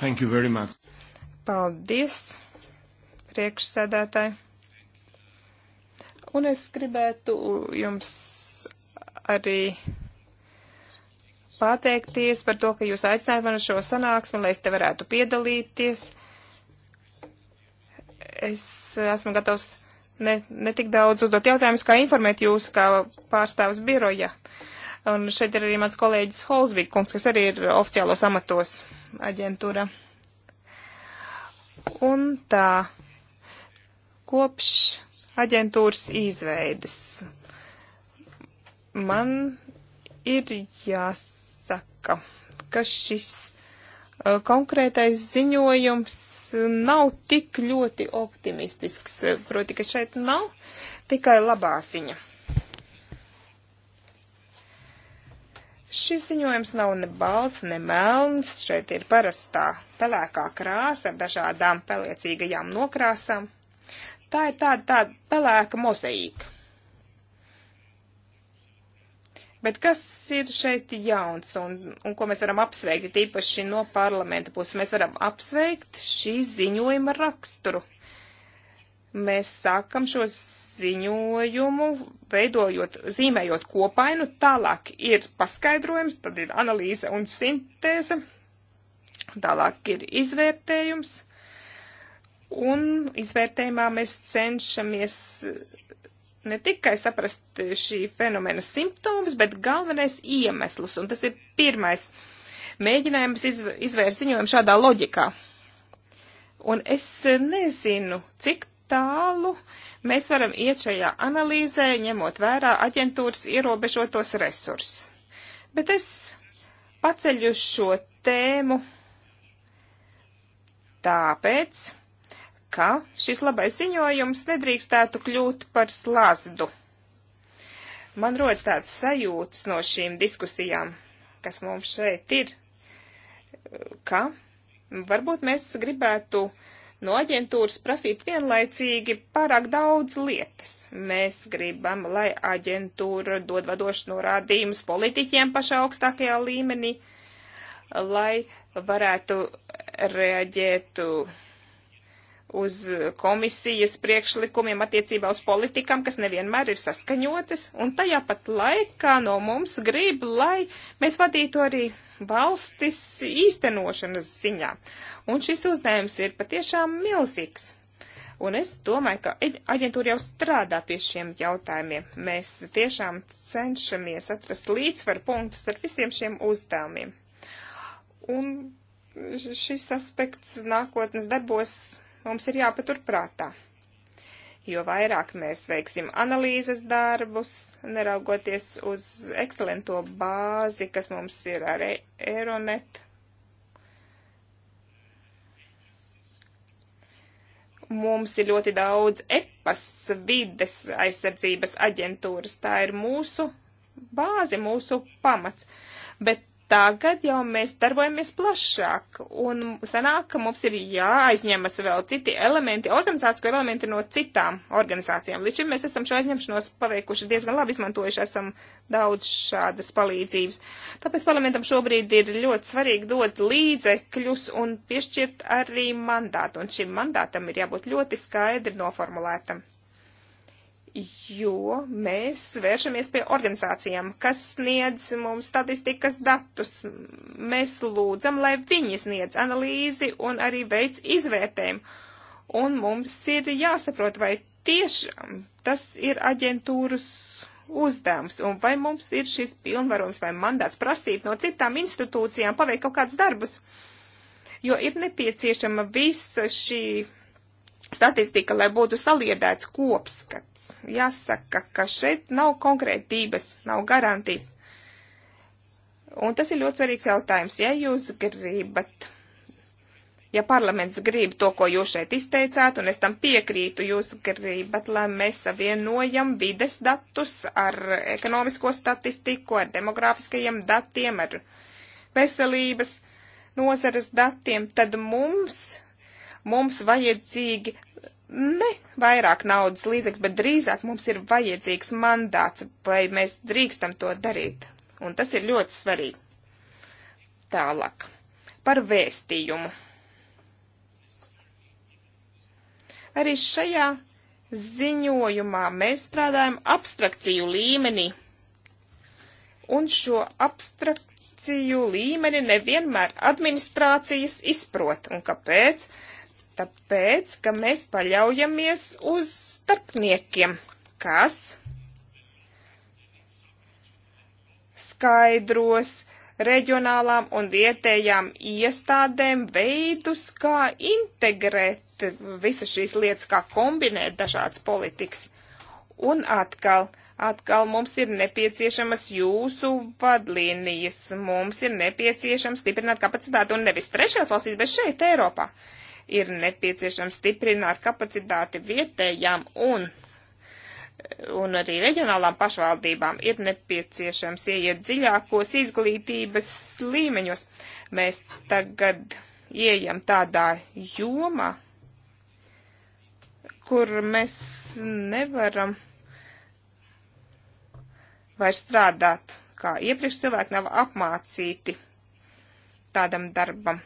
Thank you very much. Paldies, priekšsēdētāji. Un es gribētu jums arī pateikties par to, ka jūs aicinājāt man uz šo sanāksmi, lai es te varētu piedalīties. Es esmu gatavs ne, ne tik daudz uzdot jautājumus, kā informēt jūs kā pārstāvs biroja. Uh, Un šeit ir arī mans kolēģis Holzvig kungs, kas arī ir oficiālos amatos aģentūra. Un tā, kopš aģentūras izveides man ir jāsaka, ka šis konkrētais ziņojums nav tik ļoti optimistisks, proti, ka šeit nav tikai labā ziņa. Šis ziņojums nav ne balts, ne melns, šeit ir parastā pelēkā krāsa ar dažādām peliecīgajām nokrāsām. Tā ir tāda, tāda pelēka mozaīka. Bet kas ir šeit jauns un, un ko mēs varam apsveikt, tīpaši no parlamenta puses? Mēs varam apsveikt šī ziņojuma raksturu. Mēs sākam šos ziņojumu, veidojot, zīmējot kopainu, tālāk ir paskaidrojums, tad ir analīze un sintēze, tālāk ir izvērtējums, un izvērtējumā mēs cenšamies eh, ne tikai saprast šī fenomena simptomus, bet galvenais iemeslus, un tas ir pirmais mēģinājums izv izvērst ziņojumu šādā loģikā. Un es eh, nezinu, cik tālu mēs varam iet šajā analīzē, ņemot vērā aģentūras ierobežotos resursus. Bet es paceļu šo tēmu tāpēc, ka šis labais ziņojums nedrīkstētu kļūt par slazdu. Man rodas tāds sajūtas no šīm diskusijām, kas mums šeit ir, ka varbūt mēs gribētu uh, no aģentūras prasīt vienlaicīgi pārāk daudz lietas. Mēs gribam, lai aģentūra dod vadošas norādījumus politiķiem pašā augstākajā līmenī, lai varētu reaģēt uz komisijas priekšlikumiem attiecībā uz politikām, kas nevienmēr ir saskaņotas, un tajā pat laikā no mums grib, lai mēs vadītu arī valstis īstenošanas ziņā. Un šis uzdevums ir patiešām milzīgs. Un es domāju, ka aģentūra jau strādā pie šiem jautājumiem. Mēs tiešām cenšamies atrast līdzsvaru punktus ar visiem šiem uzdevumiem. Un šis aspekts nākotnes darbos mums ir jāpaturprātā. prātā jo vairāk mēs veiksim analīzes darbus, neraugoties uz ekscelento bāzi, kas mums ir ar Eironet. Mums ir ļoti daudz EPAS vides aizsardzības aģentūras. Tā ir mūsu bāze, mūsu pamats. Bet tagad jau mēs darbojamies plašāk, un sanāk, ka mums ir jāaizņemas vēl citi elementi, organizāciju elementi no citām organizācijām. Līdz šim mēs esam šo aizņemšanos paveikuši diezgan labi, izmantojuši esam daudz šādas palīdzības. Tāpēc parlamentam šobrīd ir ļoti svarīgi dot līdzekļus un piešķirt arī mandātu, un šim mandātam ir jābūt ļoti skaidri noformulētam jo mēs vēršamies pie organizācijām, kas sniedz mums statistikas datus. Mēs lūdzam, lai viņi sniedz analīzi un arī veids izvērtēm. Un mums ir jāsaprot, vai tiešām tas ir aģentūras uzdevums, un vai mums ir šis pilnvarums vai mandāts prasīt no citām institūcijām paveikt kaut kādus darbus. Jo ir nepieciešama visa šī statistika, lai būtu saliedēts kopskats. Jāsaka, ka šeit nav konkrētības, nav garantijas. Un tas ir ļoti svarīgs jautājums. Ja jūs gribat, ja parlaments grib to, ko jūs šeit izteicāt, un es tam piekrītu, jūs gribat, lai mēs savienojam vides datus ar ekonomisko statistiku, ar demografiskajiem datiem, ar veselības nozares datiem, tad mums mums vajadzīgi ne vairāk naudas līdzekļu, bet drīzāk mums ir vajadzīgs mandāts, vai mēs drīkstam to darīt. Un tas ir ļoti svarīgi. Tālāk par vēstījumu. Arī šajā ziņojumā mēs strādājam abstrakciju līmenī. Un šo abstrakciju līmeni nevienmēr administrācijas izprot. Un kāpēc? Uh, Tāpēc, ka mēs paļaujamies uz starpniekiem, kas skaidros reģionālām un vietējām iestādēm veidus, kā integrēt visas šīs lietas, kā kombinēt dažādas politikas. Un atkal, atkal mums ir nepieciešamas jūsu vadlīnijas, mums ir nepieciešams stiprināt kapacitāti un nevis trešās valstīs, bet šeit Eiropā ir nepieciešams stiprināt kapacitāti vietējām un, un arī reģionālām pašvaldībām. Ir nepieciešams ieiet dziļākos izglītības līmeņos. Mēs tagad ieejam tādā jomā, kur mēs nevaram vairs strādāt, kā iepriekš cilvēki nav apmācīti tādam darbam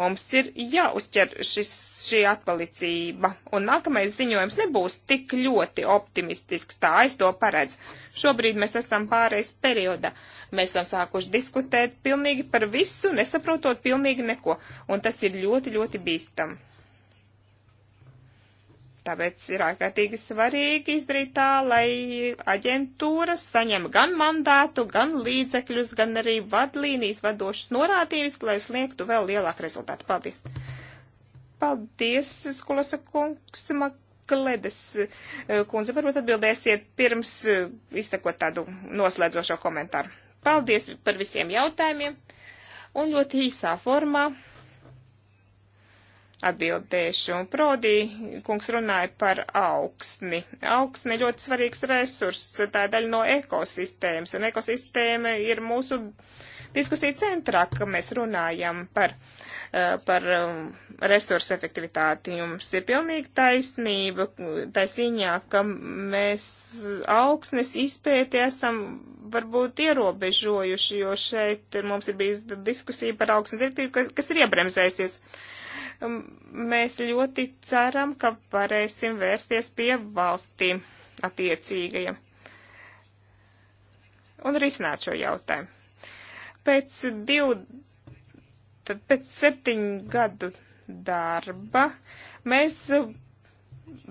Mums ir jāuzķer šis, šī atpalicība, un nākamais ziņojums nebūs tik ļoti optimistisks, tā es to paredzu. Šobrīd mēs esam pārējais perioda. Mēs esam sākuši diskutēt pilnīgi par visu, nesaprotot pilnīgi neko, un tas ir ļoti, ļoti bīstam. Tāpēc ir ārkārtīgi svarīgi izdarīt tā, lai aģentūras saņem gan mandātu, gan līdzekļus, gan arī vadlīnijas vadošas norādījumus, lai sniegtu vēl lielāku rezultātu. Paldies! Paldies, skolasa kungs, Makledes eh, kundze, varbūt atbildēsiet pirms eh, izsakot tādu noslēdzošo komentāru. Paldies par visiem jautājumiem un ļoti īsā formā atbildēšu. Prodī kungs runāja par augsni. Augsne ļoti svarīgs resurss, tā ir daļa no ekosistēmas, un ekosistēma ir mūsu diskusija centrā, ka mēs runājam par, eh, par um, resursu efektivitāti. Jums ir pilnīgi taisnība, taisiņā, ka mēs augsnes izpēti esam varbūt ierobežojuši, jo šeit mums ir bijis diskusija par augsnes direktīvu, kas, kas ir iebremzēsies. Uh, Um, mēs ļoti ceram, ka varēsim vērsties pie valstīm attiecīgajiem un risināt šo jautājumu. Pēc, div, tad, pēc septiņu gadu darba mēs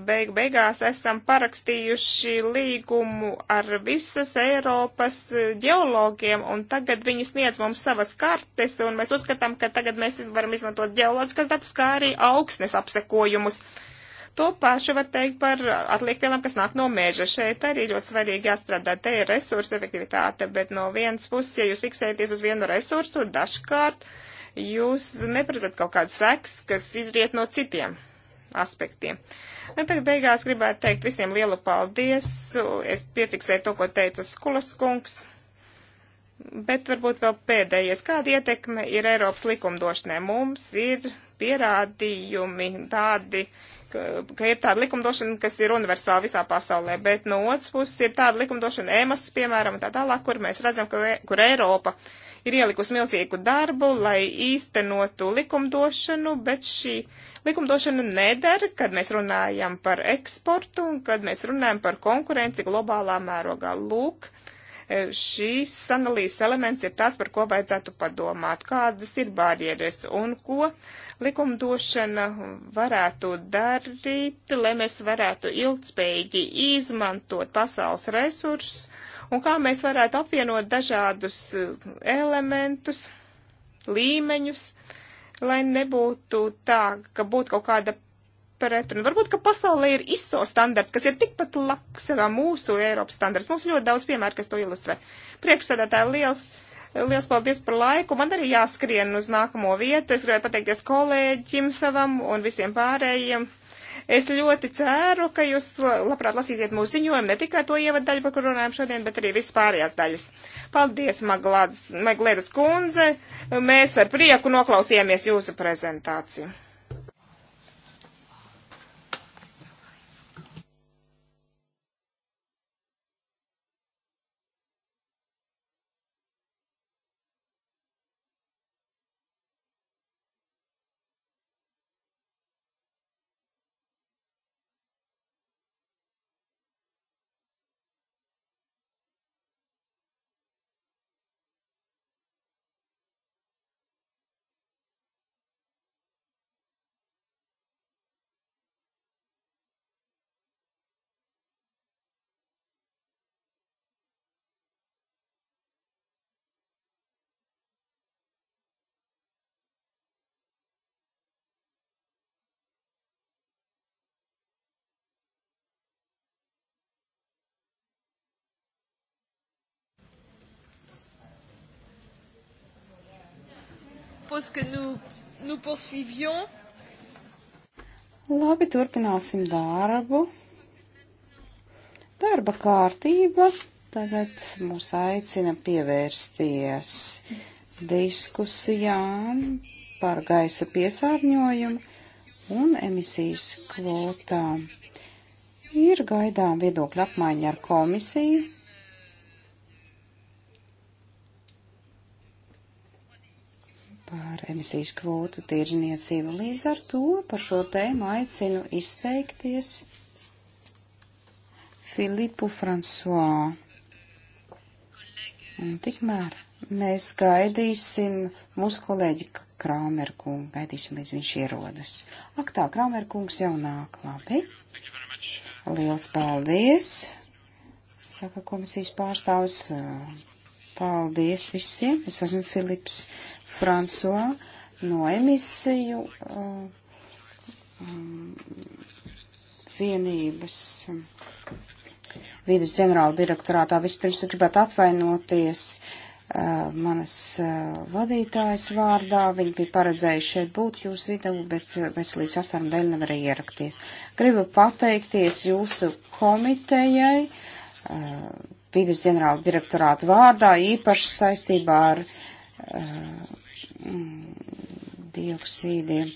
beig beigās esam parakstījuši līgumu ar visas Eiropas ģeologiem, un tagad viņi sniedz mums savas kartes, un mēs uzskatām, ka tagad mēs varam izmantot ģeoloģiskas datus, kā arī augsnes apsekojumus. To pašu var teikt par atliekvielām, kas nāk no meža. Šeit arī ļoti svarīgi jāstrādā. Te ir resursu efektivitāte, bet no vienas puses, ja jūs fiksējaties uz vienu resursu, dažkārt jūs neparedzat kaut kādas seks, kas izriet no citiem aspektiem. Nu, tagad beigās gribētu teikt visiem lielu paldies. Es piefiksēju to, ko teica Skulas kungs. Bet varbūt vēl pēdējais, kāda ietekme ir Eiropas likumdošanai? Mums ir pierādījumi tādi, ka, ka ir tāda likumdošana, kas ir universāla visā pasaulē, bet no otras puses ir tāda likumdošana, EMAS, piemēram, un tā tālāk, kur mēs redzam, ka, kur Eiropa uh, ir ielikusi milzīgu darbu, lai īstenotu likumdošanu, bet šī likumdošana nedara, kad mēs runājam par eksportu un kad mēs runājam par konkurenci globālā mērogā. Lūk, e, šīs analīzes elements ir tāds, par ko vajadzētu padomāt, kādas ir barjeras un ko likumdošana varētu darīt, lai mēs varētu ilgspējīgi izmantot pasaules resursus un kā mēs varētu apvienot dažādus eh, elementus, līmeņus, lai nebūtu tā, ka būtu kaut kāda pretruna. Varbūt, ka pasaulē ir ISO standarts, kas ir tikpat labs kā mūsu Eiropas standarts. Mums ļoti daudz piemēru, kas to ilustrē. Priekšsēdētāji, liels, liels paldies par laiku. Man arī jāskrien uz nākamo vietu. Es gribēju pateikties kolēģim savam un visiem pārējiem. Es ļoti ceru, ka jūs labprāt lasīsiet mūsu ziņojumu, ne tikai to ievadu daļu, par kur runājam šodien, bet arī viss pārējās daļas. Paldies, Maglēdas kundze! Mēs ar prieku noklausījāmies jūsu prezentāciju. propose que nous, nous poursuivions. Labi, turpināsim darbu. Darba kārtība tagad mūs aicina pievērsties diskusijām par gaisa piesārņojumu un emisijas kvotām. Ir gaidām viedokļa apmaiņa ar komisiju par emisijas kvotu tirzniecību. Līdz ar to par šo tēmu aicinu izteikties Filipu Fransuā. Un tikmēr mēs gaidīsim mūsu kolēģi Kraumerkungu, gaidīsim līdz viņš ierodas. Ak tā, Kraumerkungs jau nāk, labi. Liels paldies, saka komisijas pārstāvis. Paldies visiem, es esmu Filips. Uh, Fransuā no emisiju uh, um, vienības um, vidas ģenerāla direktorātā. Vispirms gribētu atvainoties uh, manas uh, vadītājas vārdā. Viņi bija paredzējuši šeit būt jūsu vidū, bet veselības asaram dēļ nevarēja ierakties. Gribu pateikties jūsu komitejai, uh, vidas ģenerāla direktorāta vārdā, īpaši saistībā ar uh, dioksīdiem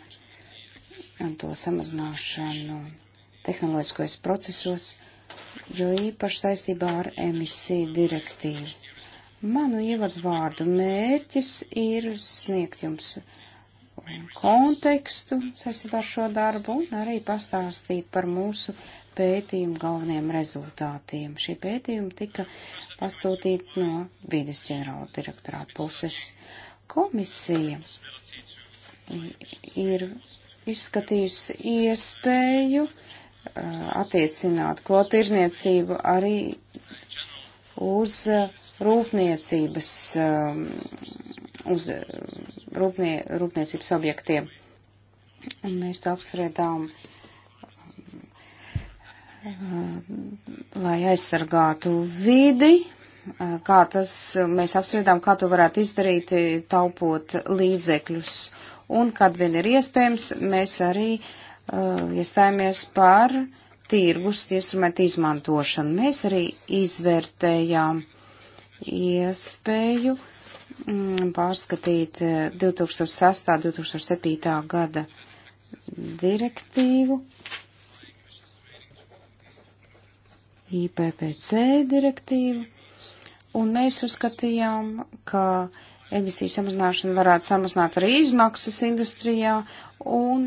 un to samazināšanu tehnoloģiskos procesos, jo īpaši saistībā ar emisiju direktīvu. Manu ievadu vārdu mērķis ir sniegt jums kontekstu saistībā ar šo darbu un arī pastāstīt par mūsu pētījumu galvenajiem rezultātiem. Šī pētījuma tika pasūtīta no vides ģenerāla direktorāta puses. Komisija ir izskatījusi iespēju attiecināt kvotirzniecību arī uz rūpniecības, uz rūpnie, rūpniecības objektiem. Un mēs to apspriedām, lai aizsargātu vidi Eh, kā tas mēs apspriedām, kā to varētu izdarīt, eh, taupot līdzekļus. Un, kad vien ir iespējams, mēs arī uh, iestājāmies par tirgus instrumentu izmantošanu. Mēs arī izvērtējām iespēju mm, pārskatīt 2008. 2007. gada direktīvu, IPPC direktīvu Un mēs uzskatījām, ka emisiju samazināšana varētu samazināt arī izmaksas industrijā un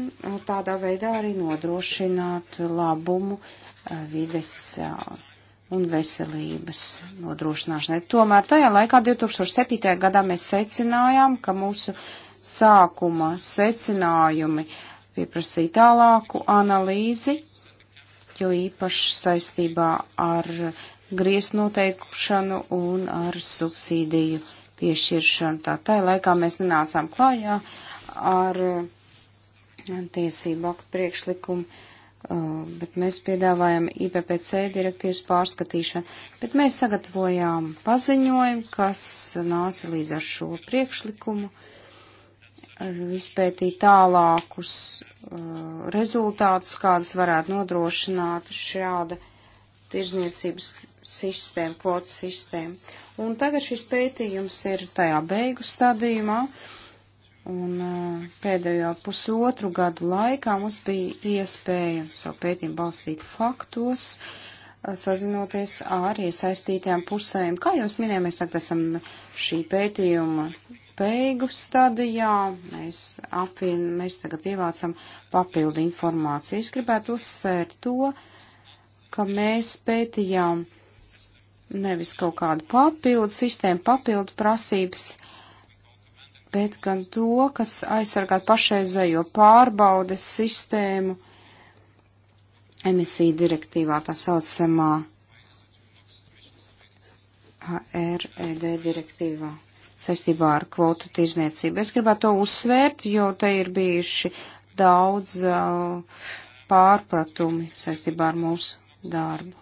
tādā veidā arī nodrošināt labumu eh, vides eh, un veselības nodrošināšanai. Tomēr tajā laikā 2007. gadā mēs secinājām, ka mūsu sākuma secinājumi pieprasīja tālāku analīzi, jo īpaši saistībā ar griezt noteikšanu un ar subsīdiju piešķiršanu. Tā tā laikā mēs nenācām klājā ar eh, tiesību aktu priekšlikumu, eh, bet mēs piedāvājam IPPC direktīvas pārskatīšanu. Bet mēs sagatavojām paziņojumu, kas nāca līdz ar šo priekšlikumu, izpētīt tālākus eh, rezultātus, kādas varētu nodrošināt šāda tirzniecības sistēmu, kvotu sistēmu. Un tagad šis pētījums ir tajā beigu stadījumā, un pēdējo pusotru gadu laikā mums bija iespēja savu pētījumu balstīt faktos, sazinoties ar iesaistītajām pusēm. Kā jau es minēju, mēs tagad esam šī pētījuma beigu stadijā, mēs, apvien, mēs tagad ievācam papildu informāciju. Es gribētu uzsvērt to, ka mēs pētījām uh, nevis kaut kādu papildu sistēmu, papildu prasības, bet gan to, kas aizsargātu pašreizējo pārbaudes sistēmu emisiju direktīvā tā saucamā ARED direktīvā saistībā ar kvotu tirzniecību. Es gribētu to uzsvērt, jo te ir bijuši daudz uh, pārpratumi saistībā ar mūsu darbu.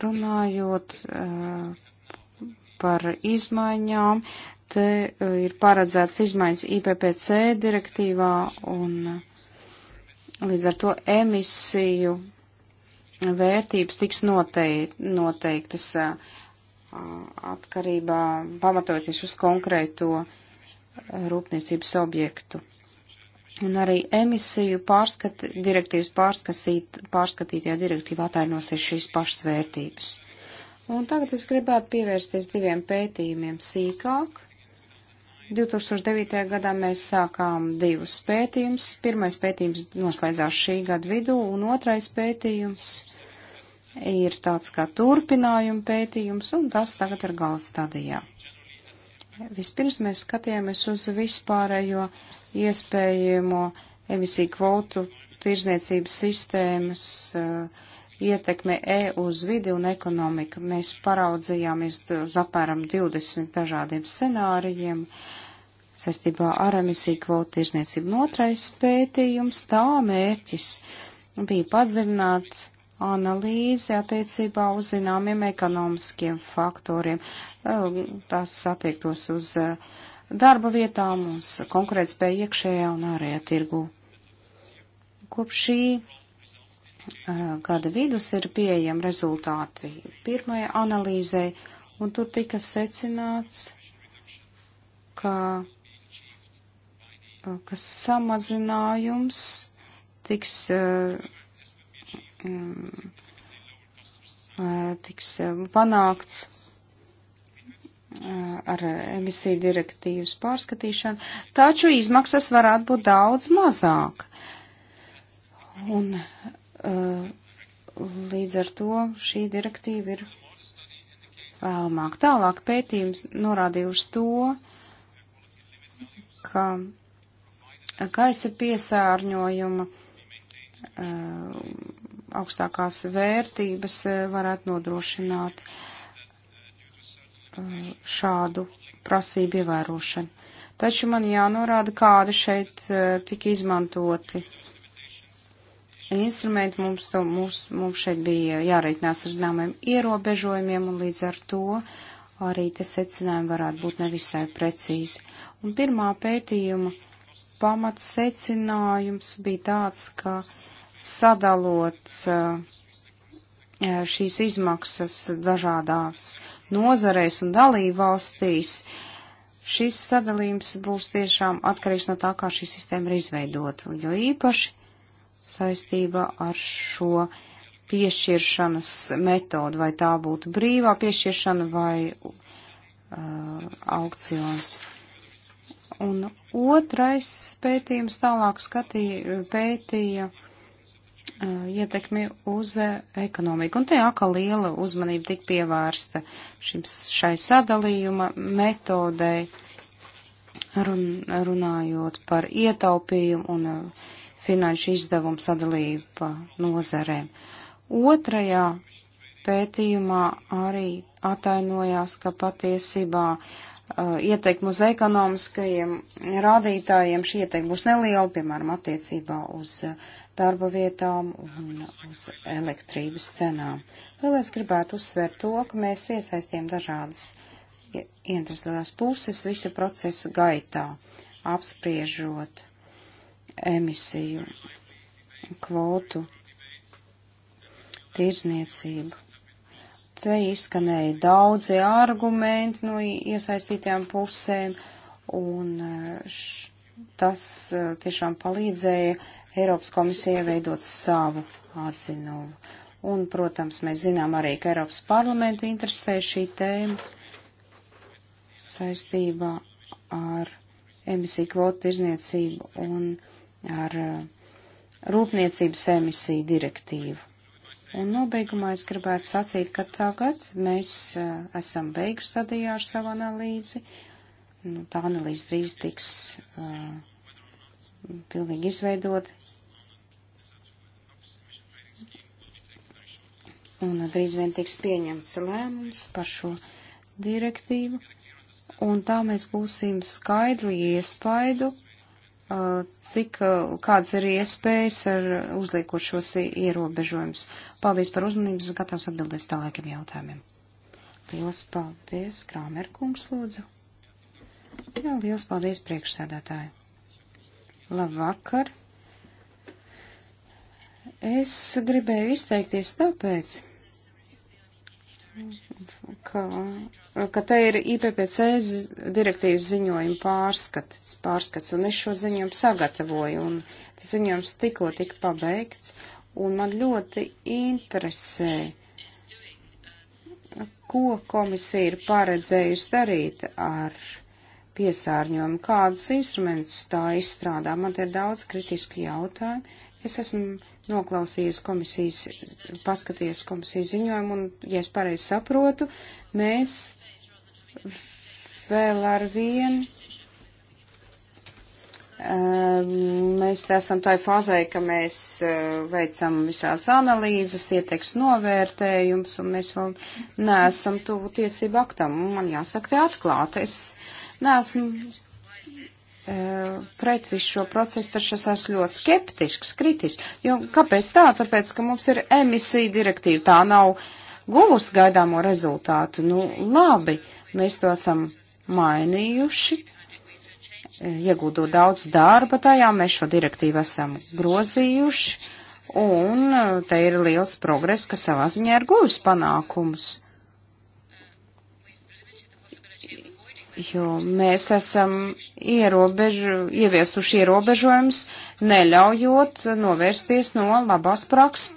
Runājot eh, par izmaiņām, te eh, ir paredzēts izmaiņas IPPC direktīvā un eh, līdz ar to emisiju vērtības tiks noteik noteiktas atkarībā pamatoties uz konkrēto rūpniecības objektu. Un arī emisiju pārskat, direktīvas pārskatīt, pārskatītajā direktīvā atainosies šīs pašas vērtības. Un tagad es gribētu pievērsties diviem pētījumiem sīkāk. 2009. gadā mēs sākām divus pētījumus. Pirmais pētījums noslēdzās šī gada vidū, un otrais pētījums ir tāds kā turpinājuma pētījums, un tas tagad ir gala stadijā. Vispirms mēs skatījāmies uz vispārējo. Jo iespējamo emisiju kvotu tirzniecības sistēmas uh, ietekme E uz vidi un ekonomiku. Mēs paraudzījāmies uz apmēram 20 dažādiem scenārijiem saistībā ar emisiju kvotu tirzniecību. Otrais pētījums tā mērķis bija padziļināt analīzi attiecībā uz zināmiem ekonomiskiem faktoriem. Uh, tas attiektos uz uh, darba vietām, uz konkurētspēju iekšējā un ārējā tirgu. Kopš šī gada vidus ir pieejami rezultāti pirmajai analīzē, un tur tika secināts, ka, ka samazinājums tiks, tiks panākts ar emisiju direktīvas pārskatīšanu, taču izmaksas varētu būt daudz mazāk. Un uh, līdz ar to šī direktīva ir vēlamāk. Tālāk pētījums norādīja uz to, ka gaisa piesārņojuma uh, augstākās vērtības uh, varētu nodrošināt uh, šādu prasību ievērošanu. Taču man jānorāda, kādi šeit e, tika izmantoti instrumenti. Mums, to, mums, mums šeit bija jārēķinās ar zināmiem ierobežojumiem, un līdz ar to arī te secinājumi varētu būt nevisai precīzi. Un pirmā pētījuma pamats secinājums bija tāds, ka sadalot e, e, šīs izmaksas dažādās nozareis un dalību valstīs, šis sadalījums būs tiešām atkarīgs no tā, kā šī sistēma ir izveidota, jo īpaši saistībā ar šo piešķiršanas metodu, vai tā būtu brīvā piešķiršana vai uh, aukcijons. Un otrais pētījums tālāk skatīja, pētīja uh, Uh, ietekmi uz uh, ekonomiku. Un te atkal liela uzmanība tik pievērsta šim, šai sadalījuma metodei, run, runājot par ietaupījumu un uh, finanšu izdevumu sadalību pa nozarēm. Otrajā pētījumā arī atainojās, ka patiesībā uh, ieteikumu uz ekonomiskajiem rādītājiem šī ieteikuma būs neliela, piemēram, attiecībā uz uh, darba vietām un uz elektrības cenām. Vēl es gribētu uzsvērt to, ka mēs iesaistījām dažādas interesētās puses visa procesa gaitā, apspriežot emisiju, kvotu, tirzniecību te izskanēja daudzi argumenti no iesaistītajām pusēm, un eh, š, tas eh, tiešām palīdzēja Eiropas komisija veidot savu atzinumu. Un, protams, mēs zinām arī, ka Eiropas parlamentu interesē šī tēma saistībā ar emisiju kvotu tirzniecību un ar uh, rūpniecības emisiju direktīvu. Un nobeigumā es gribētu sacīt, ka tagad mēs uh, esam beigu stadijā ar savu analīzi. Nu, tā analīze drīz tiks uh, pilnīgi izveidota. un drīz vien tiks pieņemts lēmums par šo direktīvu, un tā mēs būsim skaidru iespaidu, uh, cik, uh, kāds ir iespējas ar uzliekošos ierobežojums. Paldies par uzmanības un gatavs atbildēt tālākiem jautājumiem. Lielas paldies, Krāmerkungs, lūdzu. Jā, liels paldies, priekšsēdētāji. Labvakar. Es gribēju izteikties tāpēc, ka, ka te ir IPPC direktīvas ziņojuma pārskats, pārskats, un es šo ziņojumu sagatavoju, un tas ziņojums tikko tika pabeigts, un man ļoti interesē, ko komisija ir paredzējusi darīt ar piesārņojumu, kādus instrumentus tā izstrādā. Man te ir daudz kritisku jautājumu. Es esmu noklausījus komisijas, paskatījus komisijas ziņojumu, un, ja es pareizi saprotu, mēs vēl ar vienu. Eh, mēs esam tajā fāzē, ka mēs eh, veicam visās analīzes, ieteiks novērtējums, un mēs vēl neesam tuvu tiesību aktam. Man jāsaka, te atklāti, es neesmu pret visu šo procesu, taču es esmu ļoti skeptisks, kritisks. Jo kāpēc tā? Tāpēc, ka mums ir emisija direktīva, tā nav guvusi gaidāmo rezultātu. Nu, labi, mēs to esam mainījuši, ieguldot daudz darba tajā, mēs šo direktīvu esam grozījuši, un te ir liels progress, kas savā ziņā ir guvis panākums. jo mēs esam ierobežu, ieviesuši ierobežojums, neļaujot novērsties no labās prakses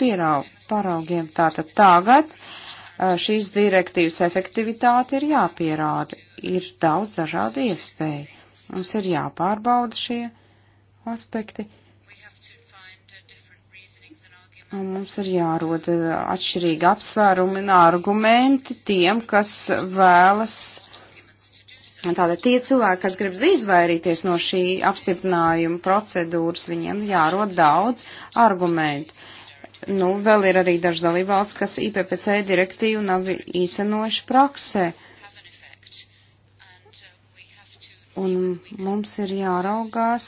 paraugiem. Tātad tagad šīs direktīvas efektivitāte ir jāpierāda. Ir daudz dažādu iespēju. Mums ir jāpārbauda šie aspekti. Un mums ir jāroda atšķirīgi apsvērumi un argumenti tiem, kas vēlas uh, Tātad tie cilvēki, kas grib izvairīties no šī apstiprinājuma procedūras, viņiem jārod daudz argumentu. Nu, vēl ir arī daži dalībvalsts, kas IPPC direktīvu nav īstenojuši praksē. Un mums ir jāraugās,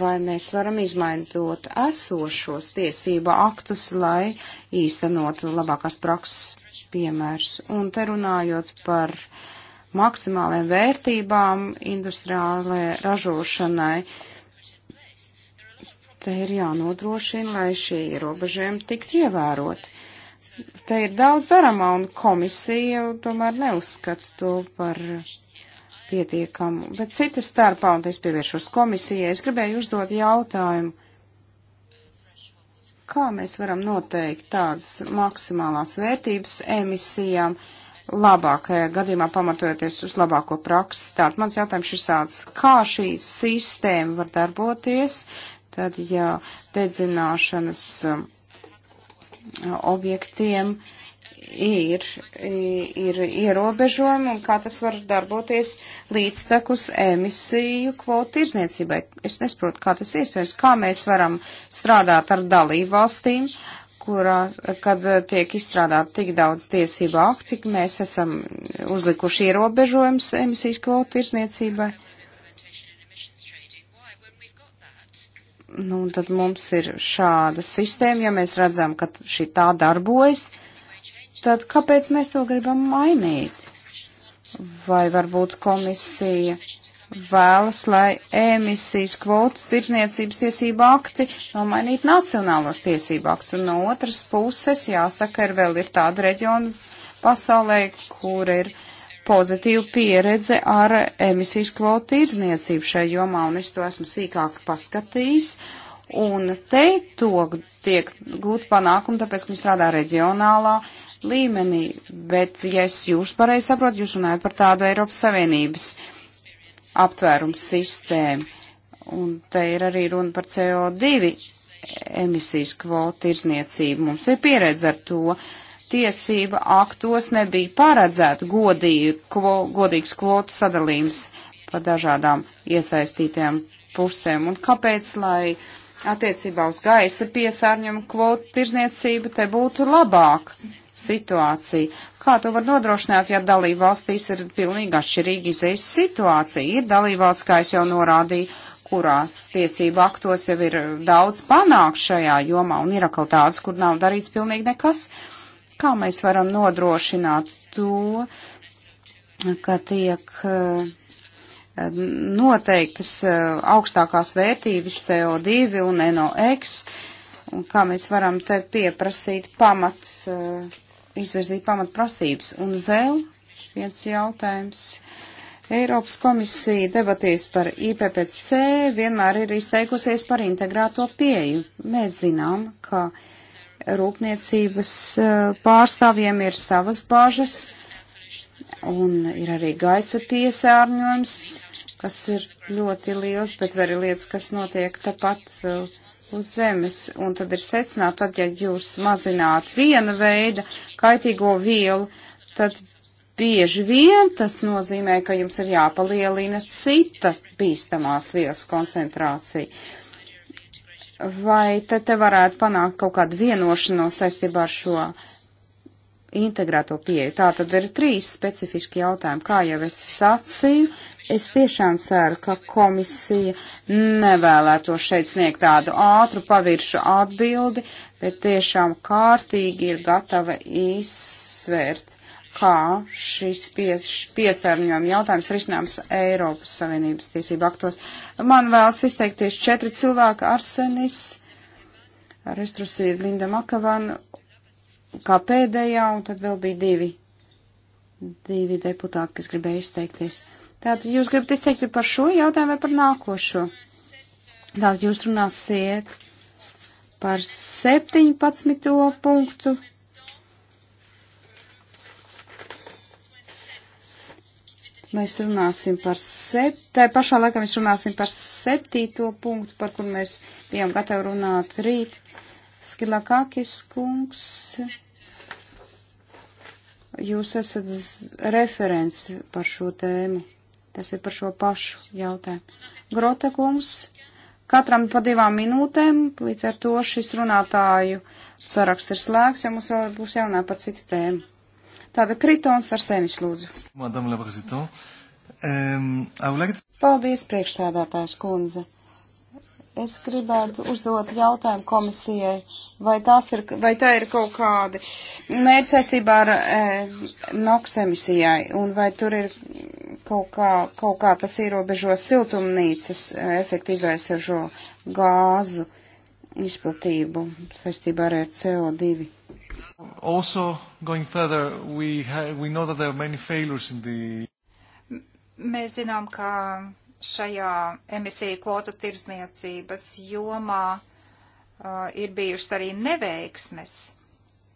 vai mēs varam izmantot esošos tiesību aktus, lai īstenotu labākās prakses piemērs. Un te runājot par maksimāliem vērtībām industriālajai ražošanai, te ir jānodrošina, lai šie ierobežojumi tiktu ievēroti. Te ir daudz darāmā, un komisija tomēr neuzskata to par pietiekamu. Bet citas starpā, un es pievēršos komisijai, es gribēju uzdot jautājumu Kā mēs varam noteikt tādas maksimālās vērtības emisijām labākajā gadījumā pamatojoties uz labāko praksi? Tātad mans jautājums ir tāds, kā šī sistēma var darboties, tad ja dedzināšanas um, objektiem uh, ir, ir ierobežojumi un kā tas var darboties līdztekus emisiju kvotu izniecībai. Es nesaprotu, kā tas iespējams, kā mēs varam strādāt ar dalību valstīm, kurā, kad tiek izstrādāt tik daudz tiesību akti, mēs esam uzlikuši ierobežojums emisijas kvotu izniecībai. Nu, tad mums ir šāda sistēma, ja mēs redzam, ka šī tā darbojas, uh, tad kāpēc mēs to gribam mainīt? Vai varbūt komisija vēlas, lai emisijas kvotu tirdzniecības tiesību akti nomainītu nacionālos tiesību aktus. Un no otras puses, jāsaka, ir vēl ir tāda reģiona pasaulē, kur ir pozitīva pieredze ar emisijas kvotu tirdzniecību šai jomā, un es to esmu sīkāk paskatījis. Un te to tiek gūt panākumu, tāpēc, ka viņi strādā reģionālā uh, līmenī, bet, ja es jūs pareizi saprotu, jūs runājat par tādu Eiropas Savienības aptvērumu sistēmu, un te ir arī runa par CO2 emisijas kvotu tirzniecību. Mums ir pieredze ar to. Tiesība aktos nebija paredzēta godīgi, kvo, godīgs kvotu sadalījums pa dažādām iesaistītajām pusēm. Un kāpēc, lai attiecībā uz gaisa piesārņojumu kvotu tirzniecība te būtu labāka? situāciju. Kā to var nodrošināt, ja dalība valstīs ir pilnīgi atšķirīga izējas situācija? Ir dalība valsts, kā es jau norādīju, kurās tiesību aktos jau ir daudz panākt šajā jomā, un ir atkal tāds, kur nav darīts pilnīgi nekas. Kā mēs varam nodrošināt to, ka tiek eh, noteiktas eh, augstākās vērtības CO2 un NOx, un kā mēs varam te pieprasīt pamat uh, izvirzīt pamatprasības. Un vēl viens jautājums. Eiropas komisija debatīs par IPPC vienmēr ir izteikusies par integrēto pieju. Mēs zinām, ka rūpniecības eh, pārstāvjiem ir savas bāžas un ir arī gaisa piesārņojums kas ir ļoti liels, bet var arī lietas, kas notiek tepat uh, uz zemes. Un tad ir secināt, tad, ja jūs mazināt viena veida kaitīgo vielu, tad bieži vien tas nozīmē, ka jums ir jāpalielina citas bīstamās vielas koncentrācija. Vai te, te varētu panākt kaut kādu vienošanos saistībā ar šo integrēto pieeju? Tā tad ir trīs specifiski jautājumi, kā jau es sacīju Es tiešām ceru, ka komisija nevēlēto šeit sniegt tādu ātru paviršu atbildi, bet tiešām kārtīgi ir gatava izsvērt, kā šis pies, piesārņojuma jautājums risināms Eiropas Savienības tiesību aktos. Man vēlas izteikties četri cilvēki - Arsenis, Restrusī Linda Makavan, kā pēdējā, un tad vēl bija divi, divi deputāti, kas gribēja izteikties. Tātad jūs gribat izteikt par šo jautājumu vai par nākošo? Tātad jūs runāsiet par 17. punktu. Mēs runāsim par septiņu, tā pašā laikā mēs runāsim par septīto punktu, par kur mēs bijām gatavi runāt rīt. Skilakakis kungs, jūs esat referents par šo tēmu. Tas ir par šo pašu jautājumu. Grota kungs, katram pa divām minūtēm, līdz ar to šis runātāju saraksts ir slēgts, jo mums vēl būs jārunā par citu tēmu. Tāda kritons ar sēniņš lūdzu. Madame la Présidente, um, I would like to... Paldies, priekšsēdētājs kundze. Es gribētu uzdot jautājumu komisijai, vai, ir, vai tā ir kaut kāda mērķa saistībā ar e, NOX emisijai, un vai tur ir kaut kā, kaut kā tas ierobežo siltumnīcas e, efektu izraisošo gāzu izplatību saistībā ar CO2. Also, going further, we, ha, we know that there are many failures in the... M mēs zinām, ka šajā emisiju kvotu tirzniecības jomā uh, ir bijušas arī neveiksmes.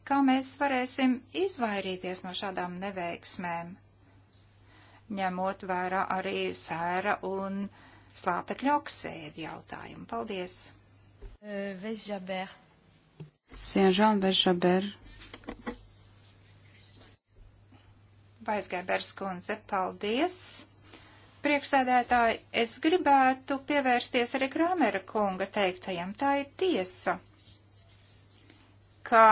Kā mēs varēsim izvairīties no šādām neveiksmēm, ņemot vērā arī sēra un slāpekļa oksēdu jautājumu? Paldies! Euh, Vesjaber. Siežan Vesjaber. Vaisgēbers kundze, paldies! priekšsēdētāji, es gribētu pievērsties arī Krāmera kunga teiktajam. Tā ir tiesa, ka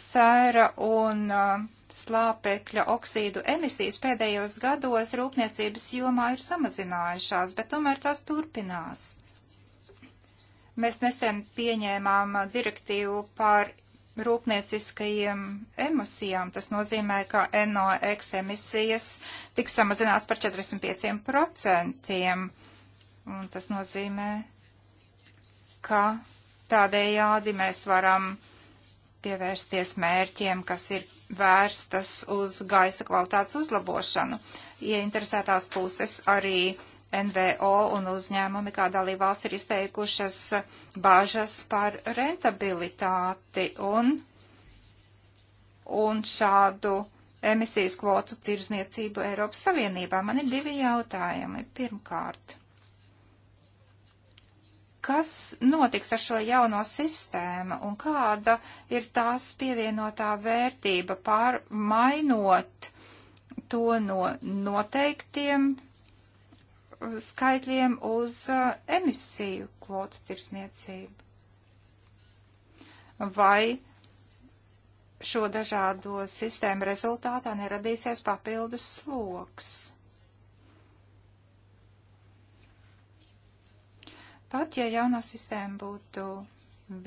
sēra un uh, slāpekļa oksīdu emisijas pēdējos gados rūpniecības jomā ir samazinājušās, bet tomēr tās turpinās. Mēs nesen pieņēmām direktīvu par rūpnieciskajiem emisijām. Tas nozīmē, ka NOx emisijas tiks samazinās par 45%. Un tas nozīmē, ka tādējādi mēs varam pievērsties mērķiem, kas ir vērstas uz gaisa kvalitātes uzlabošanu. Ieinteresētās puses arī NVO un uzņēmumi kā dalībvalsts ir izteikušas bāžas par rentabilitāti un, un šādu emisijas kvotu tirzniecību Eiropas Savienībā. Man ir divi jautājumi. Pirmkārt, kas notiks ar šo jauno sistēmu un kāda ir tās pievienotā vērtība pārmainot to no noteiktiem skaitļiem uz eh, emisiju kvotu tirsniecību. Vai šo dažādo sistēmu rezultātā neradīsies papildus sloks? Pat ja jaunā sistēma būtu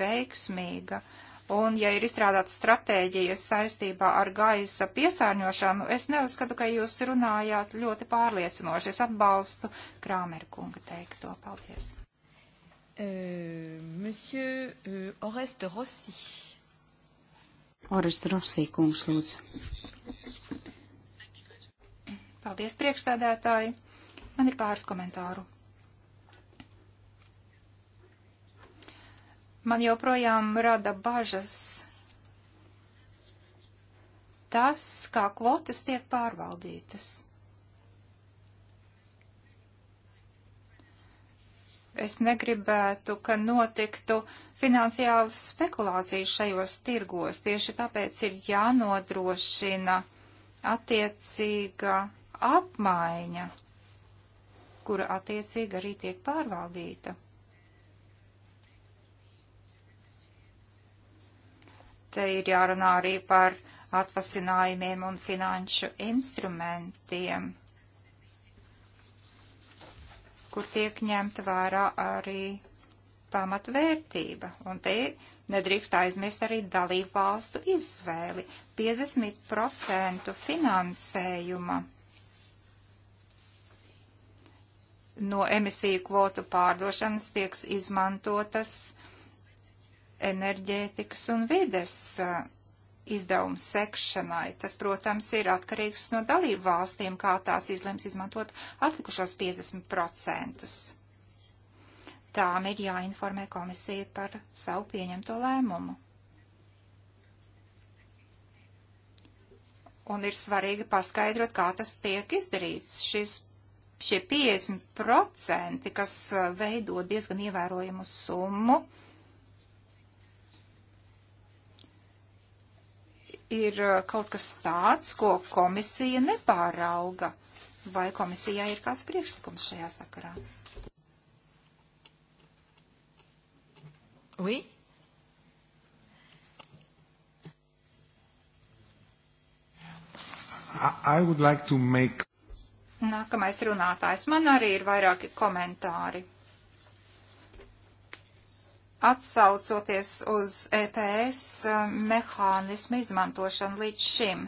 veiksmīga, uh, Un, ja ir izstrādāts stratēģijas saistībā ar gaisa piesārņošanu, es neuzskatu, ka jūs runājāt ļoti pārliecinoši. Es atbalstu Krāmeru kunga teikto. Paldies. Uh, monsieur uh, eh, Oreste Rossi. Oreste Rossi kungs, lūdzu. Paldies, priekšstādētāji. Man ir pāris komentāru. man joprojām rada bažas tas, kā kvotas tiek pārvaldītas. Es negribētu, ka notiktu finansiālas spekulācijas šajos tirgos. Tieši tāpēc ir jānodrošina attiecīga apmaiņa, kura attiecīgi arī tiek pārvaldīta. te ir jārunā arī par atvasinājumiem un finanšu instrumentiem, kur tiek ņemta vērā arī pamatvērtība. Un te nedrīkst aizmirst arī dalību valstu izvēli. 50% finansējuma no emisiju kvotu pārdošanas tiek izmantotas enerģētikas un vides izdevumu sekšanai. Tas, protams, ir atkarīgs no dalību valstīm, kā tās izlems izmantot atlikušos 50%. Tām ir jāinformē komisija par savu pieņemto lēmumu. Un ir svarīgi paskaidrot, kā tas tiek izdarīts. Šis, šie 50%, kas veido diezgan ievērojumu summu, uh, ir uh, kaut kas tāds, ko komisija nepārauga. Vai komisijā ir kāds priekšlikums šajā sakarā? Oui? I, I would like to make. Nākamais runātājs. Man arī ir vairāki komentāri atsaucoties uz EPS um, mehānismu izmantošanu līdz šim.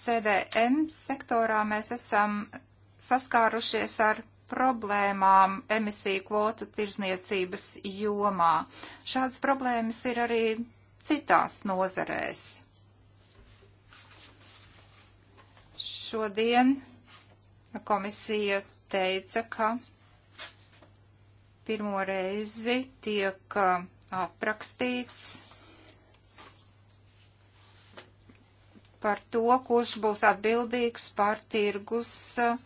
CDM sektorā mēs esam saskārušies ar problēmām emisiju kvotu tirzniecības jomā. Šādas problēmas ir arī citās nozarēs. Šodien komisija teica, ka pirmo reizi tiek uh, aprakstīts par to, kurš būs atbildīgs par tirgus uh,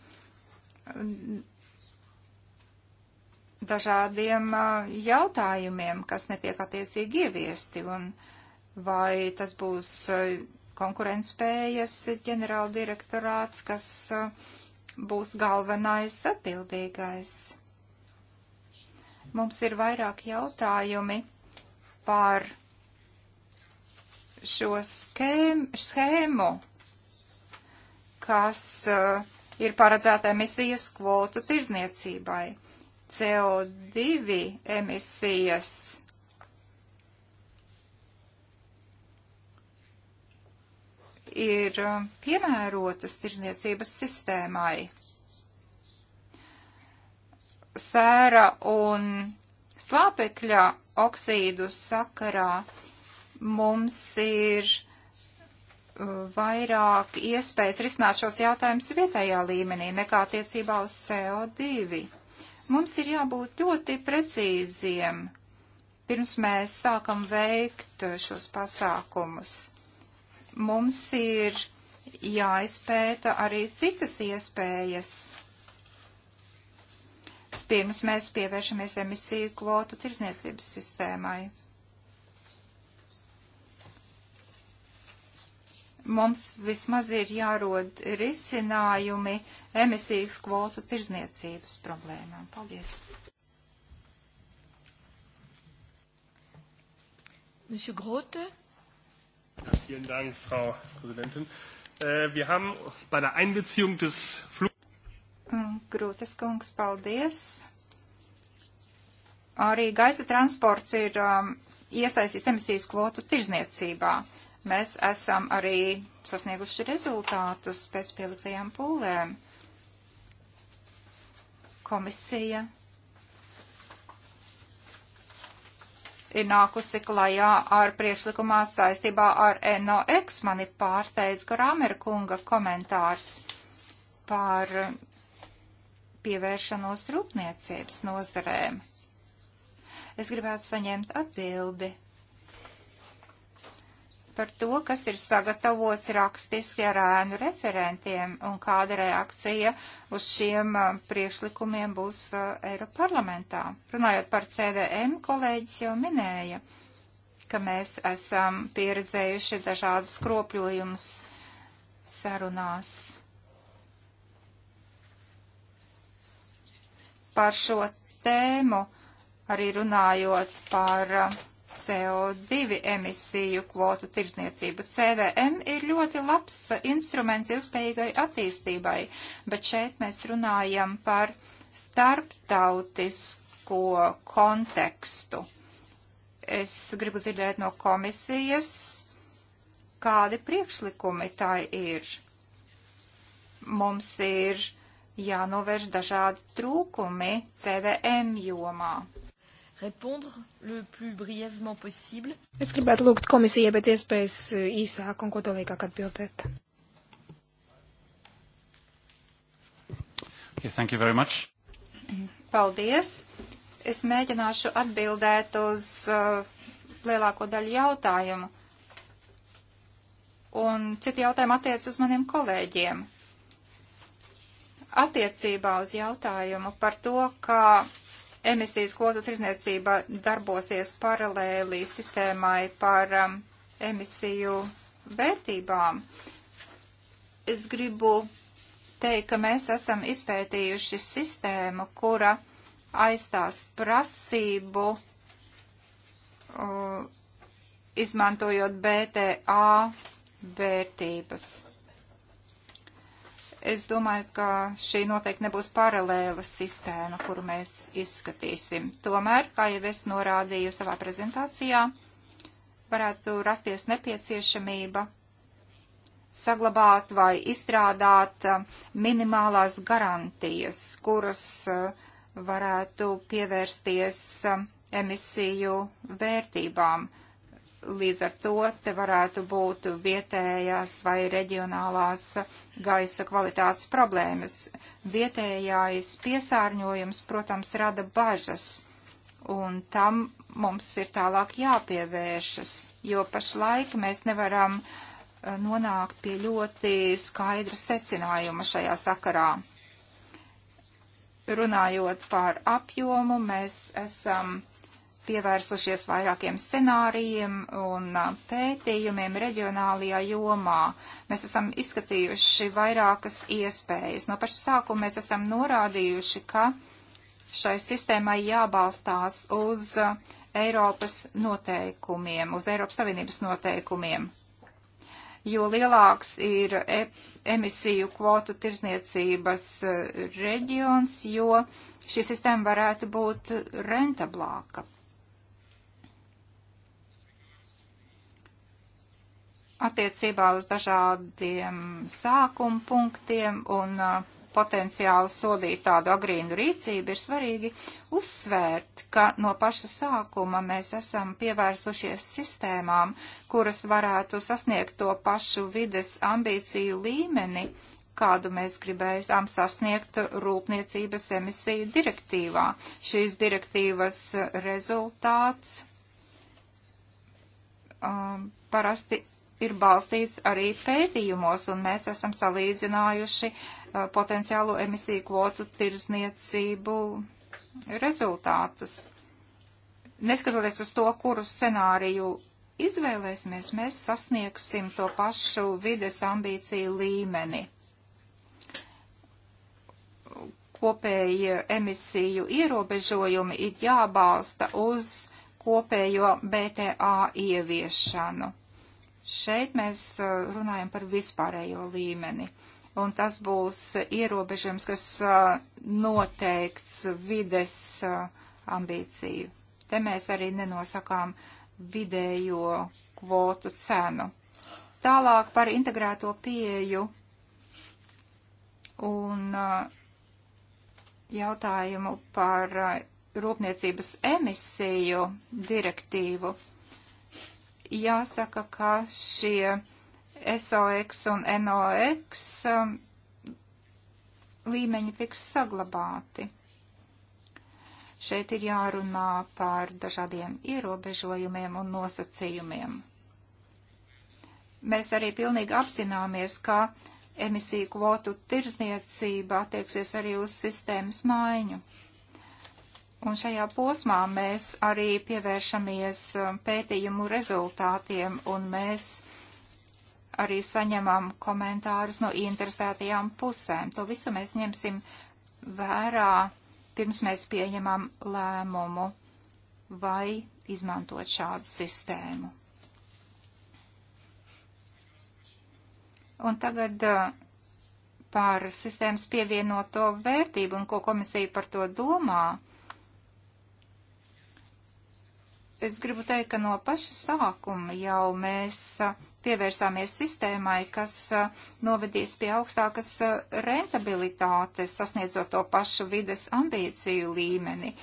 dažādiem uh, jautājumiem, kas netiek attiecīgi ieviesti, un vai tas būs konkurentspējas ģenerāldirektorāts, kas būs galvenais atbildīgais. Mums ir vairāk jautājumi par šo skēm, schēmu, kas uh, ir paredzēta emisijas kvotu tirzniecībai. CO2 emisijas ir uh, piemērotas tirzniecības sistēmai sēra un slāpekļa oksīdu sakarā mums ir uh, vairāk iespējas risināt šos jautājumus vietējā līmenī nekā attiecībā uz CO2. Mums ir jābūt ļoti precīziem, pirms mēs sākam veikt šos pasākumus. Mums ir jāizpēta arī citas iespējas Pirms mēs pievēršamies emisiju kvotu tirzniecības sistēmai. Mums vismaz ir jārod risinājumi emisijas kvotu tirzniecības problēmām. Paldies! Monsieur Grote. Ja, vielen Dank, Frau Präsidentin. Äh, wir haben bei der Einbeziehung des Flug Mm, Grūtas kungs, paldies. Arī gaisa transports ir um, iesaistīts emisijas kvotu tirzniecībā. Mēs esam arī sasnieguši rezultātus pēc pieliktajām pūlēm. Komisija ir nākusi klajā ar priekšlikumā saistībā ar NOX. Mani pārsteidz Grāmera kunga komentārs par pievēršanos rūpniecības nozarēm. Es gribētu saņemt atbildi par to, kas ir sagatavots rakstiski ar ēnu referentiem un kāda reakcija uz šiem priekšlikumiem būs Eiroparlamentā. Runājot par CDM, kolēģis jau minēja, ka mēs esam pieredzējuši dažādus kropļojumus sarunās par šo tēmu, arī runājot par uh, CO2 emisiju kvotu tirzniecību. CDM ir ļoti labs uh, instruments ilgspējīgai attīstībai, bet šeit mēs runājam par starptautisko kontekstu. Es gribu dzirdēt no komisijas, kādi priekšlikumi tā ir. Mums ir jānovērš dažādi trūkumi CVM jomā. Es gribētu lūgt komisijai pēc iespējas eh, īsāk un kodolīgāk atbildēt. Okay, thank you very much. Paldies. Es mēģināšu atbildēt uz uh, lielāko daļu jautājumu. Un citi jautājumi attiec uz maniem kolēģiem attiecībā uz jautājumu par to, kā emisijas kvotu tirzniecība darbosies paralēlī sistēmai par um, emisiju vērtībām, es gribu teikt, ka mēs esam izpētījuši sistēmu, kura aizstās prasību, uh, izmantojot BTA vērtības es domāju, ka šī noteikti nebūs paralēla sistēma, kuru mēs izskatīsim. Tomēr, kā jau es norādīju savā prezentācijā, varētu rasties nepieciešamība saglabāt vai izstrādāt uh, minimālās garantijas, kuras uh, varētu pievērsties uh, emisiju vērtībām. Līdz ar to te varētu būt vietējās vai reģionālās gaisa kvalitātes problēmas. Vietējais piesārņojums, protams, rada bažas, un tam mums ir tālāk jāpievēršas, jo pašlaik mēs nevaram eh, nonākt pie ļoti skaidra secinājuma šajā sakarā. Runājot par apjomu, mēs esam pievērsušies vairākiem scenārijiem un pētījumiem reģionālajā jomā. Mēs esam izskatījuši vairākas iespējas. No paša sākuma mēs esam norādījuši, ka šai sistēmai jābalstās uz Eiropas noteikumiem, uz Eiropas Savienības noteikumiem. Jo lielāks ir e emisiju kvotu tirzniecības reģions, jo šī sistēma varētu būt rentablāka. attiecībā uz dažādiem sākuma punktiem un uh, potenciāli sodīt tādu agrīnu rīcību, ir svarīgi uzsvērt, ka no paša sākuma mēs esam pievērsušies sistēmām, kuras varētu sasniegt to pašu vides ambīciju līmeni, kādu mēs gribējām sasniegt rūpniecības emisiju direktīvā. Šīs direktīvas rezultāts um, parasti ir balstīts arī pētījumos, un mēs esam salīdzinājuši uh, potenciālo emisiju kvotu tirzniecību rezultātus. Neskatoties uz to, kuru scenāriju izvēlēsimies, mēs sasniegsim to pašu vides ambīciju līmeni. Kopēji emisiju ierobežojumi ir jābalsta uz kopējo BTA ieviešanu. Šeit mēs uh, runājam par vispārējo līmeni, un tas būs ierobežams, kas uh, noteikts vides uh, ambīciju. Te mēs arī nenosakām vidējo kvotu cenu. Tālāk par integrēto pieju un jautājumu par rūpniecības emisiju direktīvu jāsaka, ka šie SOX un NOX um, līmeņi tiks saglabāti. Šeit ir jārunā par dažādiem ierobežojumiem un nosacījumiem. Mēs arī pilnīgi apzināmies, ka emisiju kvotu tirzniecība attieksies arī uz sistēmas maiņu. Un šajā posmā mēs arī pievēršamies um, pētījumu rezultātiem, un mēs arī saņemam komentārus no interesētajām pusēm. To visu mēs ņemsim vērā, pirms mēs pieņemam lēmumu vai izmantot šādu sistēmu. Un tagad uh, par sistēmas pievienoto vērtību un ko komisija par to domā es gribu teikt, ka no paša sākuma jau mēs pievērsāmies sistēmai, kas novedīs pie augstākas rentabilitātes, sasniedzot to pašu vides ambīciju līmeni.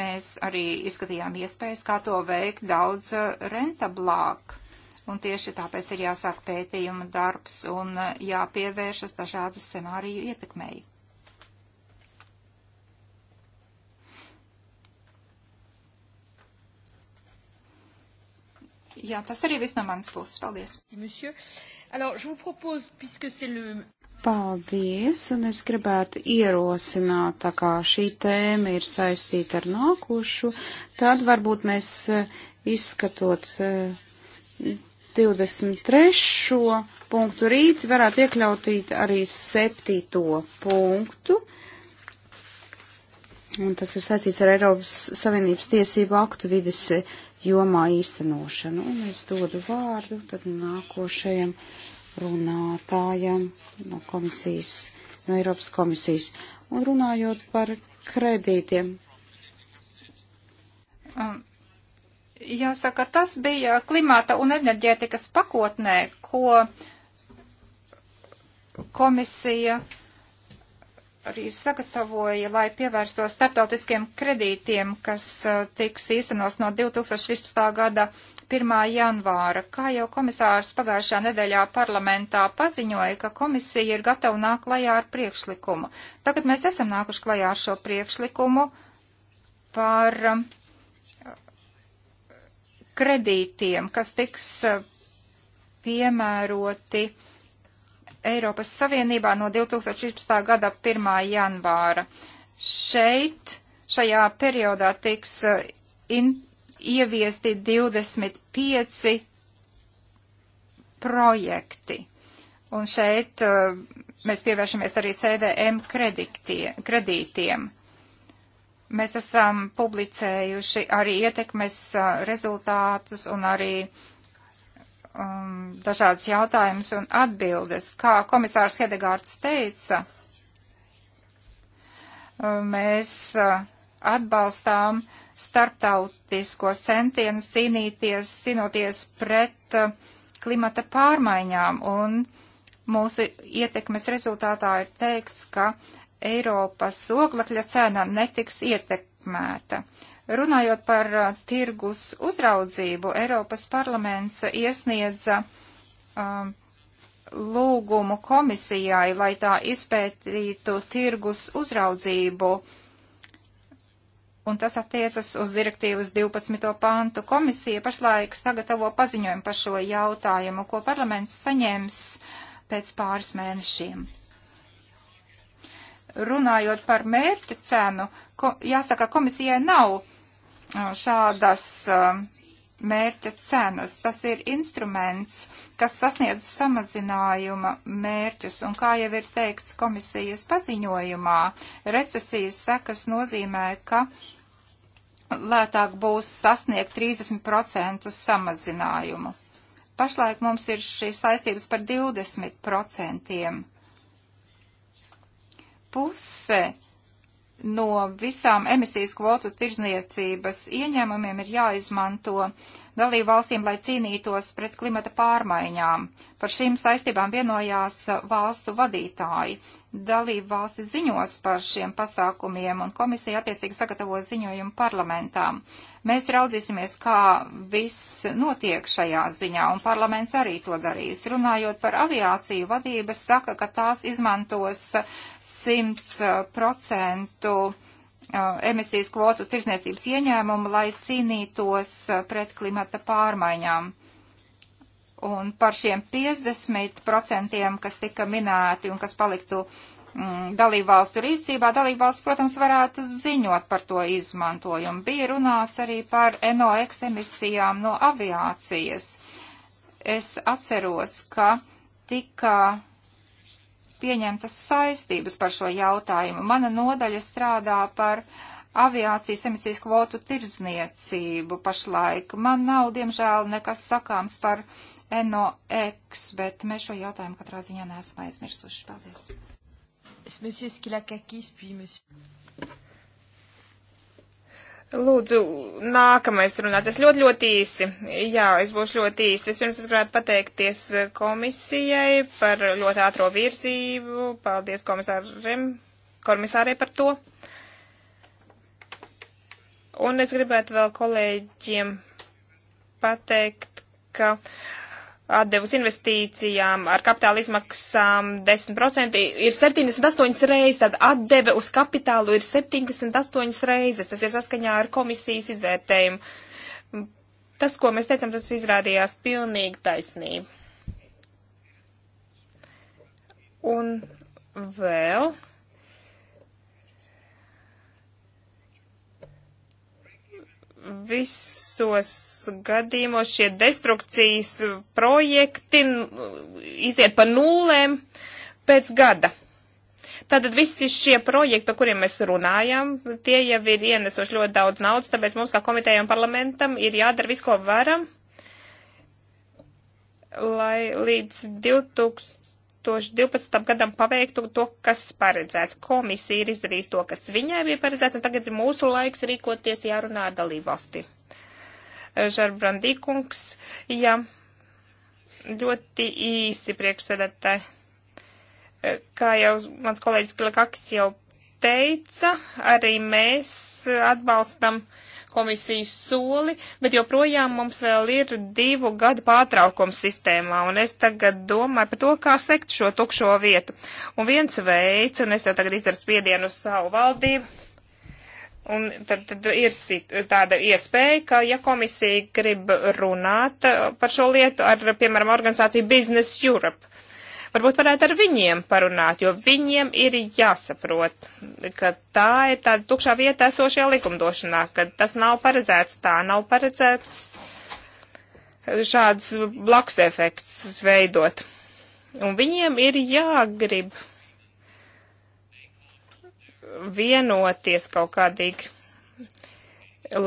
Mēs arī izskatījām iespējas, kā to veikt daudz rentablāk. Un tieši tāpēc ir jāsāk pētījuma darbs un jāpievēršas dažādu scenāriju ietekmei. Jā, tas arī viss no manas puses. Paldies! Paldies, un es gribētu ierosināt, tā kā šī tēma ir saistīta ar nākošu, tad varbūt mēs eh, izskatot 23. Eh, punktu rīt varētu iekļautīt arī 7. punktu. Un tas ir saistīts ar Eiropas Savienības tiesību aktu vidas jomā īstenošanu. Un es dodu vārdu tad nākošajam runātājam no komisijas, no Eiropas komisijas. Un runājot par kredītiem. Um, jāsaka, tas bija klimata un enerģētikas pakotnē, ko komisija uh, arī sagatavoja, lai pievērstos startautiskiem kredītiem, kas uh, tiks īstenos no 2016. gada 1. janvāra. Kā jau komisārs pagājušā nedēļā parlamentā paziņoja, ka komisija ir gatava nākt klajā ar priekšlikumu. Tagad mēs esam nākuši klajā ar šo priekšlikumu par um, kredītiem, kas tiks uh, piemēroti uh, Eiropas Savienībā no 2016. gada 1. janvāra. Šeit, šajā periodā tiks uh, in, ieviesti 25 projekti. Un šeit uh, mēs pievēršamies arī CDM kredītiem. Mēs esam publicējuši arī ietekmes uh, rezultātus un arī uh, um, dažādas jautājumas un atbildes. Kā komisārs Hedegārds teica, um, mēs uh, atbalstām starptautiskos centienus cīnīties, cīnoties pret uh, klimata pārmaiņām, un mūsu ietekmes rezultātā ir teikts, ka Eiropas oglekļa cena netiks ietekmēta. Runājot par uh, tirgus uzraudzību, Eiropas parlaments iesniedza um, lūgumu komisijai, lai tā izpētītu tirgus uzraudzību, un tas attiecas uz direktīvas 12. pantu. Komisija pašlaik sagatavo paziņojumu par šo jautājumu, ko parlaments saņems pēc pāris mēnešiem. Runājot par mērķa cenu, ko, jāsaka, komisijai nav šādas mērķa cenas. Tas ir instruments, kas sasniedz samazinājuma mērķus, un kā jau ir teikts komisijas paziņojumā, recesijas sekas nozīmē, ka lētāk būs sasniegt 30% samazinājumu. Pašlaik mums ir šīs saistības par 20%. Puse no visām emisijas kvotu tirzniecības ieņēmumiem ir jāizmanto uh, dalību valstīm, lai cīnītos pret klimata pārmaiņām. Par šīm saistībām vienojās valstu vadītāji. Dalību valstis ziņos par šiem pasākumiem un komisija attiecīgi sagatavo ziņojumu parlamentām. Mēs raudzīsimies, kā viss notiek šajā ziņā, un parlaments arī to darīs. Runājot par aviāciju, vadības saka, ka tās izmantos 100% Uh, emisijas kvotu tirzniecības ieņēmumu, lai cīnītos uh, pret klimata pārmaiņām. Un par šiem 50%, kas tika minēti un kas paliktu mm, dalībvalstu rīcībā, dalībvalsts, protams, varētu ziņot par to izmantojumu. Bija runāts arī par NOx emisijām no aviācijas. Es atceros, ka tika pieņemtas saistības par šo jautājumu. Mana nodaļa strādā par aviācijas emisijas kvotu tirzniecību pašlaik. Man nav, diemžēl, nekas sakāms par NOX, bet mēs šo jautājumu katrā ziņā neesam aizmirsuši. Paldies. Lūdzu, nākamais runāt. Es ļoti, ļoti īsi. Jā, es būšu ļoti īsi. Vispirms es gribētu pateikties komisijai par ļoti ātro virzību. Paldies komisārim, komisārai par to. Un es gribētu vēl kolēģiem pateikt, ka uh, atdevus investīcijām ar kapitāla izmaksām 10% ir 78 reizes, tad atdeve uz kapitālu ir 78 reizes. Tas ir saskaņā ar komisijas izvērtējumu. Tas, ko mēs teicam, tas izrādījās pilnīgi taisnība. Un vēl visos gadījumos šie destrukcijas projekti iziet pa nulēm pēc gada. Tātad visi šie projekti, par kuriem mēs runājam, tie jau ir ienesuši ļoti daudz naudas, tāpēc mums kā komitējiem un parlamentam ir jādara viss, ko varam, lai līdz 2000. 2012. gadam paveiktu to, kas paredzēts. Komisija ir izdarījusi to, kas viņai bija paredzēts, un tagad ir mūsu laiks rīkoties jārunā ar dalībvalsti. Žarbrandīkungs, jā, ļoti īsi priekšsēdētāji. Kā jau mans kolēģis Kilakakis jau teica, arī mēs atbalstam uh, komisijas soli, bet joprojām mums vēl ir divu gadu pārtraukums sistēmā, un es tagad domāju par to, kā sekt šo tukšo vietu. Un viens veids, un es jau tagad izdaru spiedienu uz savu valdību, Un tad, tad ir tāda iespēja, ka, ja komisija grib runāt par šo lietu ar, piemēram, organizāciju Business Europe, Varbūt varētu ar viņiem parunāt, jo viņiem ir jāsaprot, ka tā ir tāda tukšā vieta esošajā likumdošanā, ka tas nav paredzēts tā, nav paredzēts šāds blakus efekts veidot. Un viņiem ir jāgrib vienoties kaut kādīgi,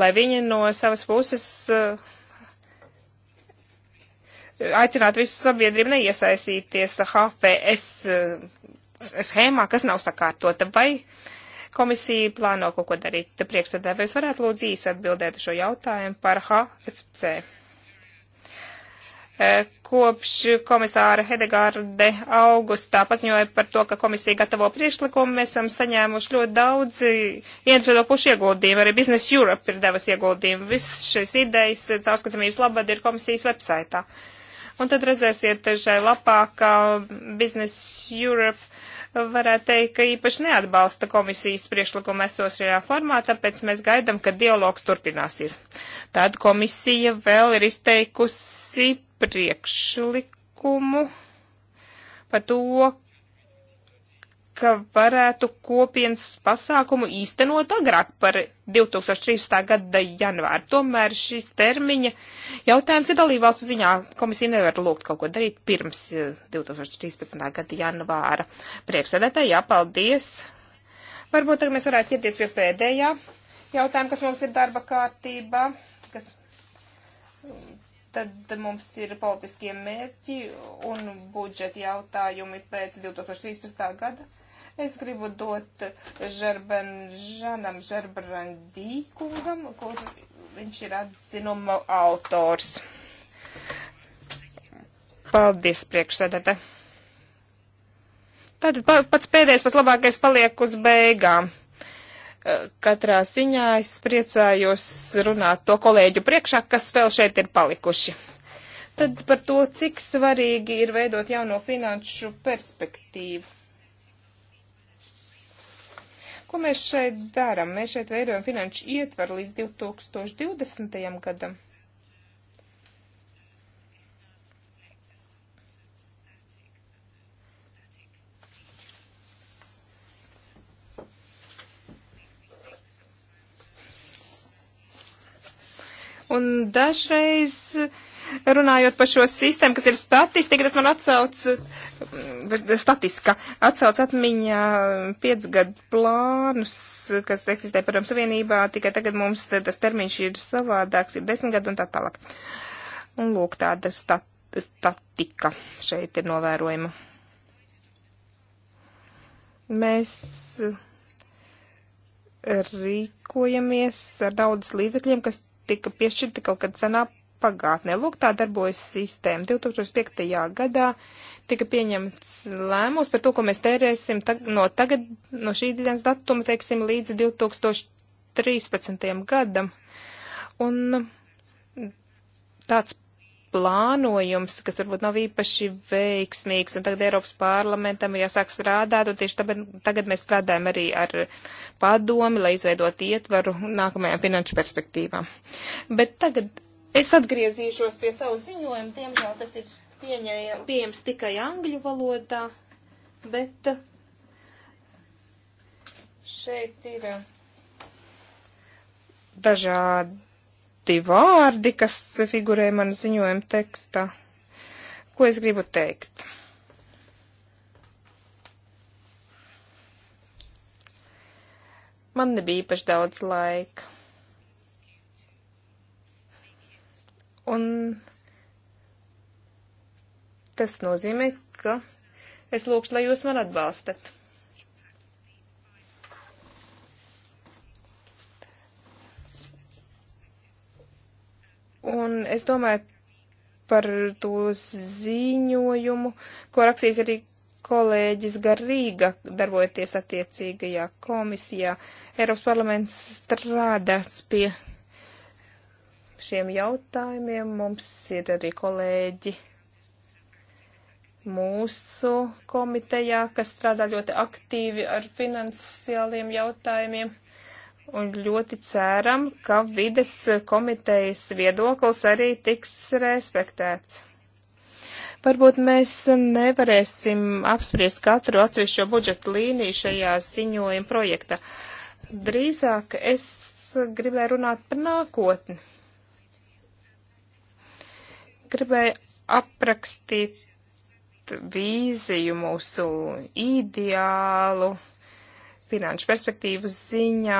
lai viņi no savas puses uh, aicināt visu sabiedrību neiesaistīties HPS eh, schēmā, kas nav sakārtota, vai komisija plāno kaut ko darīt. Priekšsēdētājs varētu lūdzu īsi atbildēt šo jautājumu par HFC. Eh, kopš komisāra Hedegārde augustā paziņoja par to, ka komisija gatavo priekšlikumu, mēs esam saņēmuši ļoti daudz ieinteresēto pušu ieguldījumu. Arī Business Europe ir devusi ieguldījumu. Viss šīs idejas eh, caurskatāmības labad ir komisijas websaitā. Uh, Un tad redzēsiet šai lapā, ka Business Europe varētu teikt, ka īpaši neatbalsta komisijas priekšlikumu esošajā formā, tāpēc mēs gaidam, ka dialogs turpināsies. Tad komisija vēl ir izteikusi priekšlikumu par to, ka varētu kopienas pasākumu īstenot agrāk par 2013. gada janvāru. Tomēr šis termiņa jautājums ir dalībvalstu ziņā. Komisija nevar lūgt kaut ko darīt pirms 2013. Eh, gada janvāra. Priekšsēdētāji, jāpaldies. Varbūt tagad mēs varētu ķerties pie pēdējā jautājuma, kas mums ir darba kārtībā. Kas... Tad mums ir politiskie mērķi un budžeta jautājumi pēc 2013. gada Es gribu dot Žerbenžanam Žerbrandī kungam, kur viņš ir atzinuma autors. Paldies, priekšsēdētā. Tātad pats pēdējais, pats labākais paliek uz beigām. Katrā ziņā es priecājos runāt to kolēģu priekšā, kas vēl šeit ir palikuši. Tad par to, cik svarīgi ir veidot jauno finanšu perspektīvu Ko mēs šeit darām? Mēs šeit veidojam finanšu ietvaru līdz 2020. gadam. Un dažreiz uh, runājot par šo sistēmu, kas ir statistika, tas man atsauc, mm, statiska, atsauc atmiņā piecgadu plānus, kas eksistē, protams, savienībā, tikai tagad mums tas termiņš ir savādāks, ir desmit gadu un tā tālāk. Un lūk, tāda stat, statika šeit ir novērojama. Mēs rīkojamies ar daudzas līdzekļiem, kas tika piešķirti kaut kad senā pagātnē. Lūk, tā darbojas sistēma. 2005. gadā tika pieņemts lēmums par to, ko mēs tērēsim tag no tagad, no šī dienas datuma, teiksim, līdz 2013. gadam. Un tāds plānojums, kas varbūt nav īpaši veiksmīgs, un tagad Eiropas parlamentam ir jāsāk strādāt, un tieši tāpēc tagad mēs strādājam arī ar padomi, lai izveidot ietvaru nākamajām finanšu perspektīvām. Bet tagad Es atgriezīšos pie savu ziņojumu, diemžēl tas ir pieņēja, pieejams tikai angļu valodā, bet eh, šeit ir eh, dažādi vārdi, kas figurē man ziņojuma tekstā. Ko es gribu teikt? Man nebija īpaši daudz laika. Un tas nozīmē, ka es lūkšu, lai jūs man atbalstat. Un es domāju par to ziņojumu, ko rakstīs arī kolēģis Garīga, darbojoties attiecīgajā komisijā. Eiropas parlaments strādās pie šiem jautājumiem. Mums ir arī kolēģi mūsu komitejā, kas strādā ļoti aktīvi ar finansiāliem jautājumiem. Un ļoti ceram, ka vides komitejas viedoklis arī tiks respektēts. Varbūt mēs nevarēsim apspriest katru atsevišķo budžetu līniju šajā ziņojuma projektā. Drīzāk es gribēju runāt par nākotni gribēja aprakstīt vīziju, mūsu ideālu finanšu perspektīvu ziņā.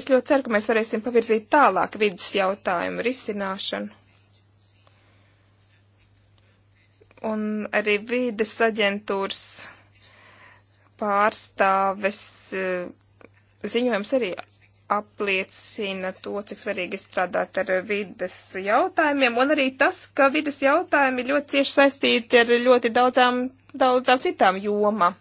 Es ļoti ceru, ka mēs varēsim pavirzīt tālāk vidas jautājumu risināšanu. Un arī vīdes aģentūras pārstāves eh, ziņojums arī apliecina to, cik svarīgi strādāt ar vides jautājumiem, un arī tas, ka vides jautājumi ļoti cieši saistīti ar ļoti daudzām, daudzām citām jomām.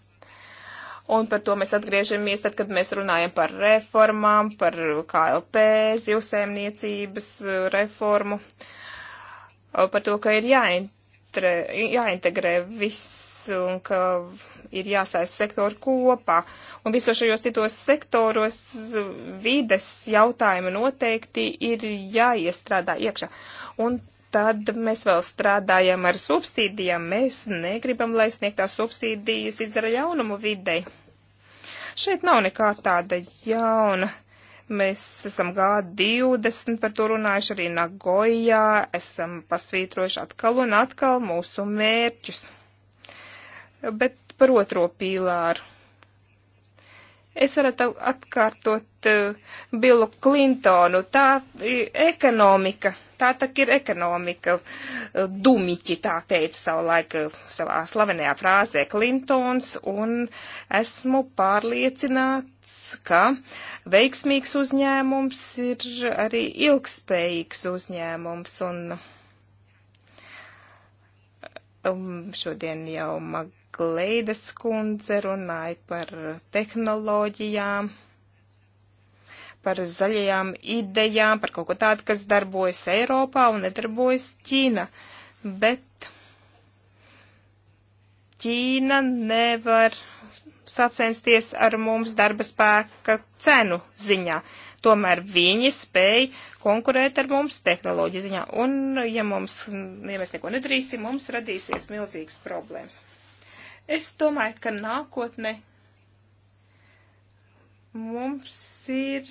Un par to mēs atgriežamies, tad, kad mēs runājam par reformām, par KLP, zivsēmniecības uh, reformu, uh, par to, ka ir jāintre, jāintegrē viss un ka ir jāsaist sektori kopā. Un visos šajos citos sektoros vides jautājumi noteikti ir jāiestrādā iekšā. Un tad mēs vēl strādājam ar subsīdijām. Mēs negribam, lai sniegtās subsīdijas izdara ļaunumu videi. Šeit nav nekā tāda jauna. Mēs esam G20 par to runājuši arī Nagojā, esam pasvītrojuši atkal un atkal mūsu mērķus. Bet par otro pīlāru. Es varētu atkārtot eh, Billu Klintonu. Tā ekonomika, tā tak ir ekonomika. Eh, dumiķi tā teica savulaik eh, savā slavenajā frāzē Klintons, un esmu pārliecināts, ka veiksmīgs uzņēmums ir arī ilgspējīgs uzņēmums, un um, šodien jau mag Kleides kundze runāja par tehnoloģijām, par zaļajām idejām, par kaut ko tādu, kas darbojas Eiropā un nedarbojas Ķīna. Bet Ķīna nevar sacensties ar mums darba spēka cenu ziņā. Tomēr viņi spēj konkurēt ar mums tehnoloģiju ziņā. Un, ja, mums, ja mēs neko nedarīsim, mums radīsies milzīgas problēmas. Es domāju, ka nākotne mums ir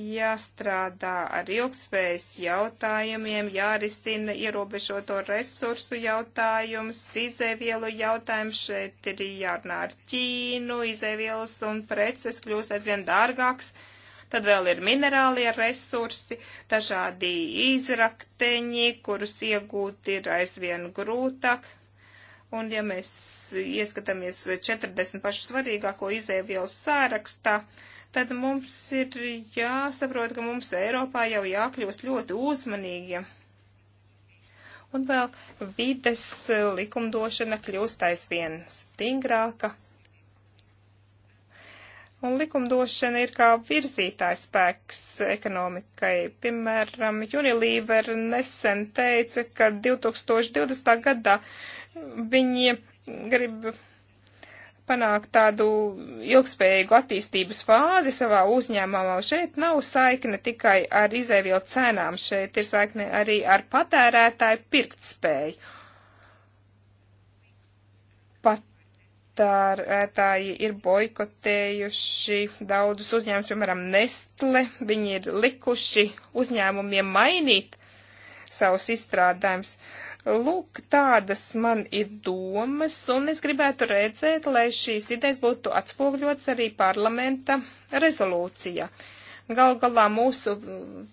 jāstrādā ar ilgspējas jautājumiem, jārisina ierobežoto resursu jautājums, izēvielu jautājums. Šeit ir jārunā ar Ķīnu, izēvielas un preces kļūs aizvien dārgāks. Tad vēl ir minerālie resursi, dažādi izrakteņi, kurus iegūt ir aizvien grūtāk. Un ja mēs ieskatāmies 40 pašu svarīgāko izēvielas sārakstā, tad mums ir jāsaprot, ka mums Eiropā jau jākļūst ļoti uzmanīgiem. Un vēl vides likumdošana kļūst aizvien stingrāka. Un likumdošana ir kā virzītājs spēks ekonomikai. Piemēram, Unilever nesen teica, ka 2020. gadā Viņi grib panākt tādu ilgspējīgu attīstības fāzi savā uzņēmumā. Šeit nav saikne tikai ar izēvielu cenām, šeit ir saikne arī ar patērētāju pirktspēju. Patērētāji ir boikotējuši daudzus uzņēmumus, piemēram, Nestle. Viņi ir likuši uzņēmumiem mainīt savus izstrādājumus. Uh, Lūk, tādas man ir domas, un es gribētu redzēt, lai šīs idejas būtu atspogļots arī parlamenta rezolūcija. Gal galā mūsu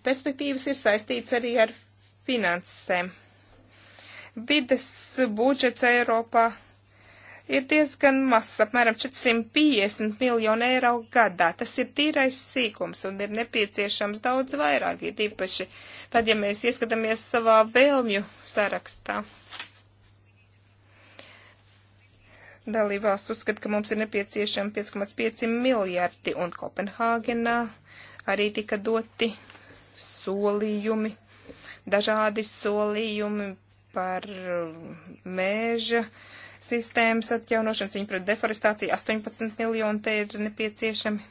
perspektīvas ir saistīts arī ar finansēm. Vides budžets Eiropā ir diezgan mazs, apmēram 450 miljonu eiro gadā. Tas ir tīrais sīkums un ir nepieciešams daudz vairāk, ir īpaši tad, ja mēs ieskatāmies savā vēlmju sarakstā. Dalībvalsts uzskata, ka mums ir nepieciešami 5,5 miljardi, un Kopenhāgenā arī tika doti solījumi, dažādi solījumi par mēža uh, sistēmas atjaunošanu, cīņu pret deforestāciju 18 miljoni te ir nepieciešami.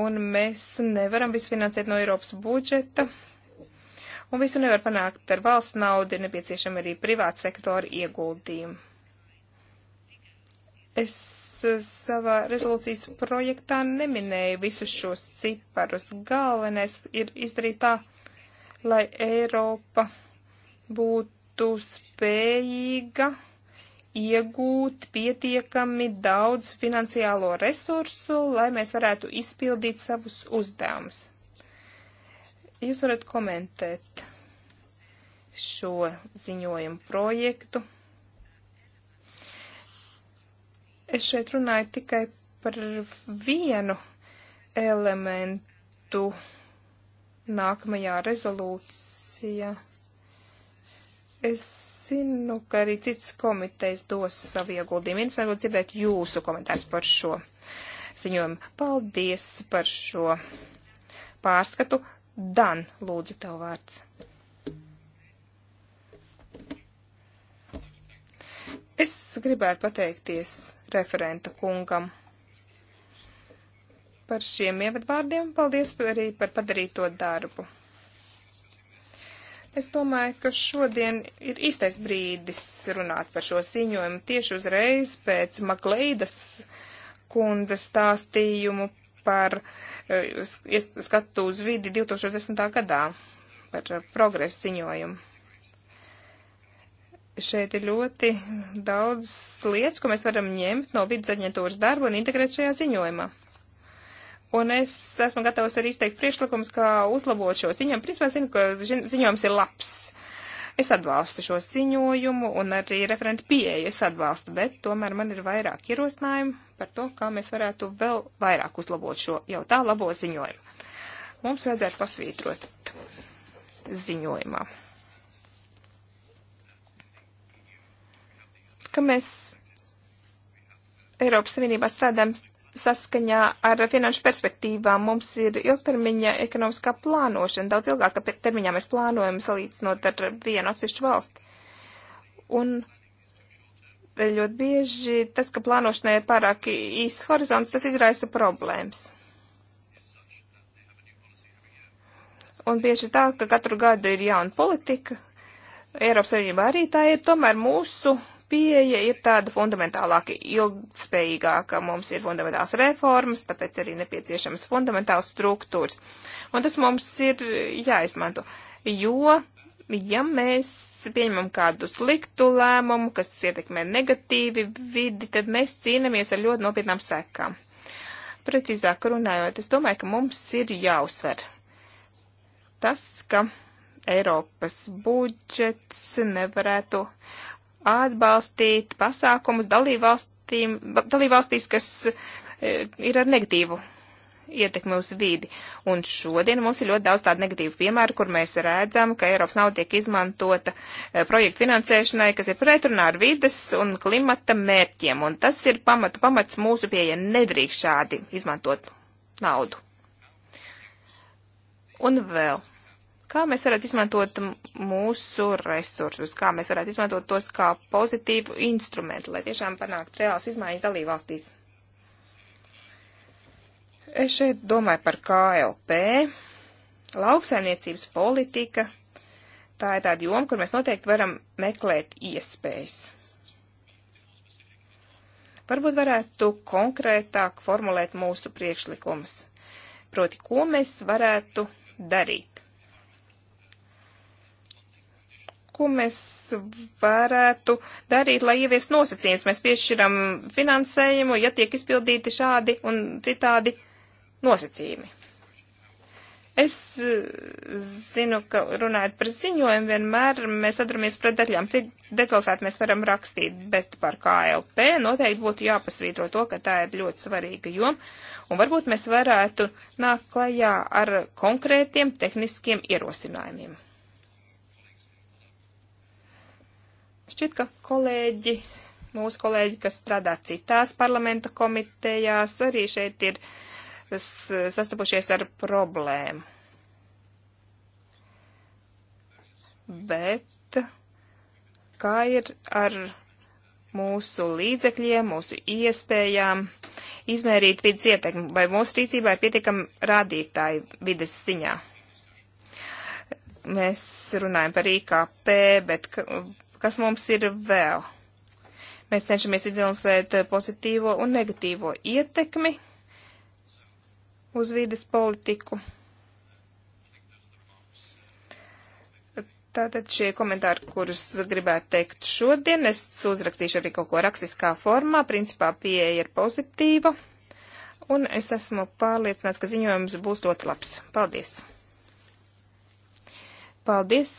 Un mēs nevaram visu finansēt no Eiropas budžeta. Un visu nevar panākt ar valsts naudu, ir nepieciešami arī privāta sektora ieguldījumi. Es savā rezolūcijas projektā neminēju visus šos ciparus. Galvenais ir izdarīt tā, lai Eiropa būtu spējīga iegūt pietiekami daudz finansiālo resursu, lai mēs varētu izpildīt savus uzdevumus. Jūs varat komentēt šo ziņojumu projektu. Es šeit runāju tikai par vienu elementu nākamajā rezolūcijā. Es zinu, ka arī citas komitejas dos savu ieguldījumu. Interesanti dzirdēt jūsu komentārus par šo ziņojumu. Paldies par šo pārskatu. Dan, lūdzu, tev vārds. Es gribētu pateikties referenta kungam par šiem ievadvārdiem. Paldies arī par padarīto darbu. Es domāju, ka šodien ir īstais brīdis runāt par šo ziņojumu tieši uzreiz pēc Makleidas kundzes stāstījumu par eh, skatu uz vidi 2010. gadā, par eh, progresu ziņojumu. Šeit ir ļoti daudz lietas, ko mēs varam ņemt no vidas aģentūras darba un integrēt šajā ziņojumā. Un es esmu gatavs arī izteikt priekšlikumus, kā uzlabot šo ziņojumu. Principā zinu, ka ziņojums ir labs. Es atbalstu šo ziņojumu un arī referentu pieeju es atbalstu, bet tomēr man ir vairāk ierosinājumu par to, kā mēs varētu vēl vairāk uzlabot šo jau tā labo ziņojumu. Mums vajadzētu pasvītrot ziņojumā. Ka mēs Eiropas Savienībā strādājam saskaņā ar finanšu perspektīvām mums ir ilgtermiņa ekonomiskā plānošana. Daudz ilgāka termiņā mēs plānojam salīdzinot ar vienu atsevišķu valsti. Un ļoti bieži tas, ka plānošanai ir pārāk īsts horizonts, tas izraisa problēmas. Un bieži tā, ka katru gadu ir jauna politika. Eiropas Savienībā arī tā ir, tomēr mūsu pieeja ir tāda fundamentālāka, ilgspējīgāka. Mums ir fundamentāls reformas, tāpēc arī nepieciešams fundamentāls struktūras. Un tas mums ir jāizmanto, jo, ja mēs pieņemam kādu sliktu lēmumu, kas ietekmē negatīvi vidi, tad mēs cīnāmies ar ļoti nopietnām sekām. Precīzāk runājot, es domāju, ka mums ir jāuzsver tas, ka Eiropas budžets nevarētu atbalstīt pasākumus dalībvalstīs, kas e, ir ar negatīvu ietekmi uz vidi. Un šodien mums ir ļoti daudz tādu negatīvu piemēru, kur mēs redzam, ka Eiropas nauda tiek izmantota e, projektu finansēšanai, kas ir pretrunā ar vides un klimata mērķiem. Un tas ir pamatu, pamats mūsu pieeja nedrīkst šādi izmantot naudu. Un vēl Kā mēs varētu izmantot mūsu resursus, kā mēs varētu izmantot tos kā pozitīvu instrumentu, lai tiešām panāktu reāls izmaiņas dalībvalstīs? Es šeit domāju par KLP, lauksaimniecības politika. Tā ir tāda joma, kur mēs noteikti varam meklēt iespējas. Varbūt varētu konkrētāk formulēt mūsu priekšlikumus, proti, ko mēs varētu darīt. ko mēs varētu darīt, lai ieviest nosacījums. Mēs piešķiram finansējumu, ja tiek izpildīti šādi un citādi nosacījumi. Es eh, zinu, ka runājot par ziņojumu, vienmēr mēs atramies pret daļām, cik detalizēti mēs varam rakstīt, bet par KLP noteikti būtu jāpasvītro to, ka tā ir ļoti svarīga joma, un varbūt mēs varētu nākt klajā ar konkrētiem tehniskiem ierosinājumiem. Šķiet, ka kolēģi, mūsu kolēģi, kas strādā citās parlamenta komitejās, arī šeit ir sastapušies ar problēmu. Bet kā ir ar mūsu līdzekļiem, mūsu iespējām izmērīt vidas ietekmi, vai mūsu rīcībā ir pietiekami rādītāji vidas ziņā. Mēs runājam par IKP, bet Kas mums ir vēl? Mēs cenšamies identificēt eh, pozitīvo un negatīvo ietekmi uz vides politiku. Tātad šie komentāri, kurus gribētu teikt šodien, es uzrakstīšu arī kaut ko rakstiskā formā. Principā pieeja ir pozitīva, un es esmu pārliecināts, ka ziņojums būs ļoti labs. Paldies! Paldies!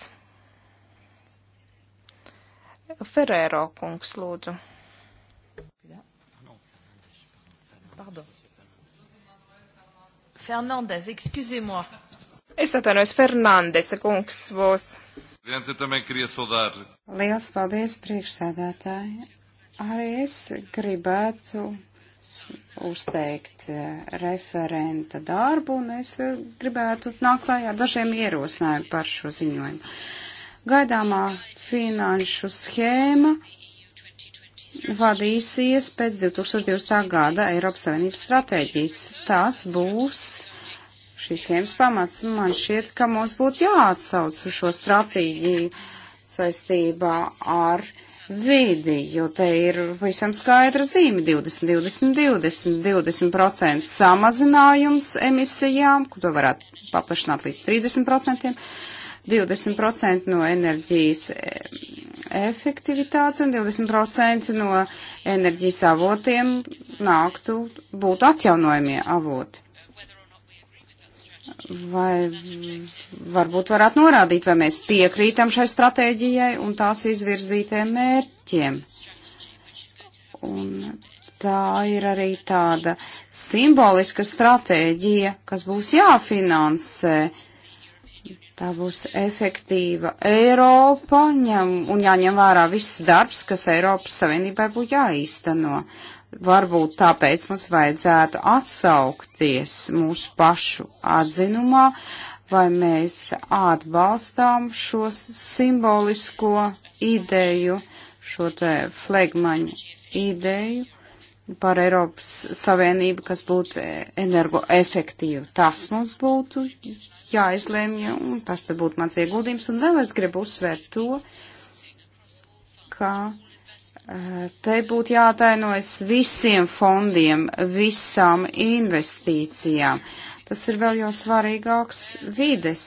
Ferēro kungs, lūdzu. Pardon. Fernandez, excusez-moi. Es atvainojos, Fernandesa kungs būs. Liels paldies, priekšsēdētāji. Arī es gribētu uzteikt e, referenta darbu, un es e, gribētu nākt klājā ar dažiem ierosinājumiem par šo ziņojumu. Gaidāmā finanšu schēma vadīsies pēc 2020. gada Eiropas Savienības stratēģijas. Tās būs šīs schēmas pamats. Man šķiet, ka mums būtu jāatsauc uz šo stratēģiju saistībā ar vidi, jo te ir visam skaidra zīme 20, 20, 20, 20% samazinājums emisijām, ko to varētu paplašināt līdz 30%. 20% no enerģijas eh, efektivitātes un 20% no enerģijas avotiem nāktu būtu atjaunojumie avoti. Vai varbūt varētu norādīt, vai mēs piekrītam šai stratēģijai un tās izvirzītiem mērķiem. Un tā ir arī tāda simboliska stratēģija, kas būs jāfinansē. Uh, Tā būs efektīva Eiropa ņem, un jāņem vērā viss darbs, kas Eiropas Savienībai būtu jāīsteno. Varbūt tāpēc mums vajadzētu atsaukties mūsu pašu atzinumā, vai mēs atbalstām šo simbolisko ideju, šo te flegmaņu ideju par Eiropas Savienību, kas būtu energoefektīva. Tas mums būtu jāizlemj, un tas te būtu mans ieguldījums. Un vēl es gribu uzsvērt to, ka eh, te būtu jātainojas visiem fondiem, visām investīcijām. Tas ir vēl jau svarīgāks vides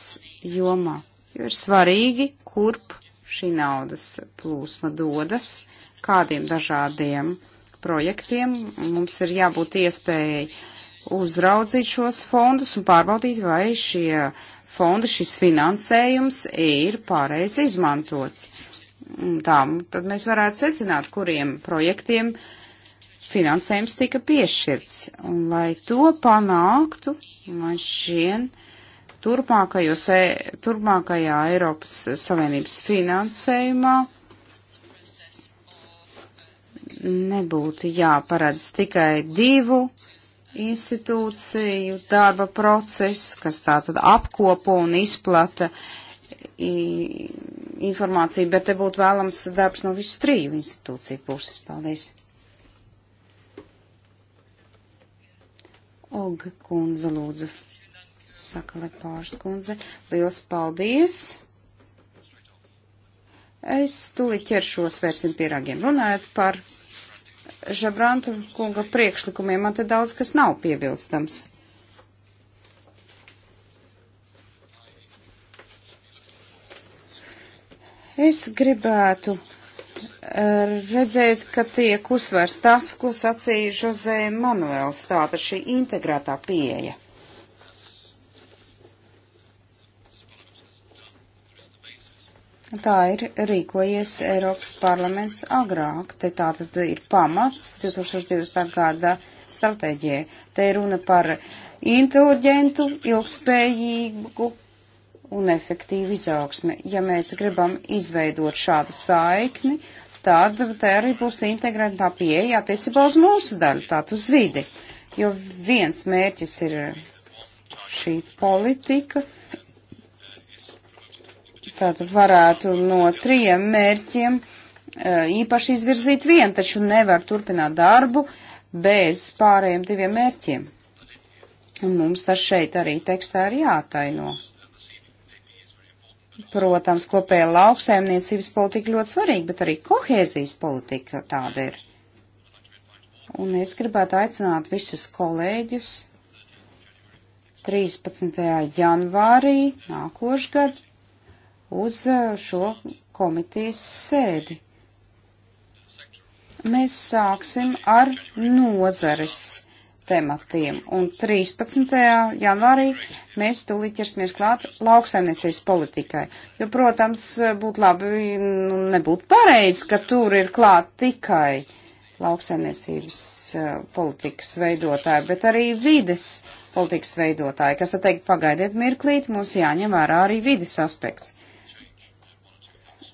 jomā, jo ir svarīgi, kurp šī naudas plūsma dodas, kādiem dažādiem projektiem mums ir jābūt iespējai uh, uzraudzīt šos fondus un pārbaudīt, vai šie fondi, šis finansējums ir pareizi izmantots. Tā, tad mēs varētu secināt, kuriem projektiem finansējums tika piešķirts. Un, lai to panāktu, man šien turpmākajos, e, turpmākajā Eiropas Savienības finansējumā nebūtu jāparedz tikai divu institūciju darba process, kas tātad apkopo un izplata informāciju, bet te būtu vēlams darbs no visu triju institūciju puses. Paldies. Og kundze lūdzu, saka Lepārs kundze. Liels paldies! Es tūlīt ķeršos vērsim pie ragiem runājot par Žabranta kunga priekšlikumiem. Man te daudz kas nav piebilstams. Es gribētu eh, redzēt, ka tiek uzsvērts tas, ko sacīja Žozē Manuels, tāda šī integrētā pieeja. Tā ir rīkojies Eiropas parlaments agrāk. Te tā tad ir pamats 2020. gada stratēģijai. Te ir runa par inteliģentu, ilgspējīgu un efektīvu izaugsmi. Ja mēs gribam izveidot šādu saikni, tad te arī būs integrētā pieeja attiecībā uz mūsu daļu, tātad uz vidi. Jo viens mērķis ir šī politika Tad varētu no trijiem mērķiem eh, īpaši izvirzīt vienu, taču nevar turpināt darbu bez pārējiem diviem mērķiem. Un mums tas šeit arī tekstā ir jātaino. Protams, kopēja lauksaimniecības politika ļoti svarīga, bet arī kohēzijas politika tāda ir. Un es gribētu aicināt visus kolēģus 13. janvārī nākošgad uz šo komitejas sēdi. Mēs sāksim ar nozares tematiem, un 13. janvārī mēs tūlīt ķersimies klāt lauksaimniecības politikai, jo, protams, būtu labi, nu, nebūtu pareizi, ka tur ir klāt tikai lauksaimniecības politikas veidotāji, bet arī vides politikas veidotāji, kas tad teikt, pagaidiet mirklīt, mums jāņem vērā arī vides aspekts.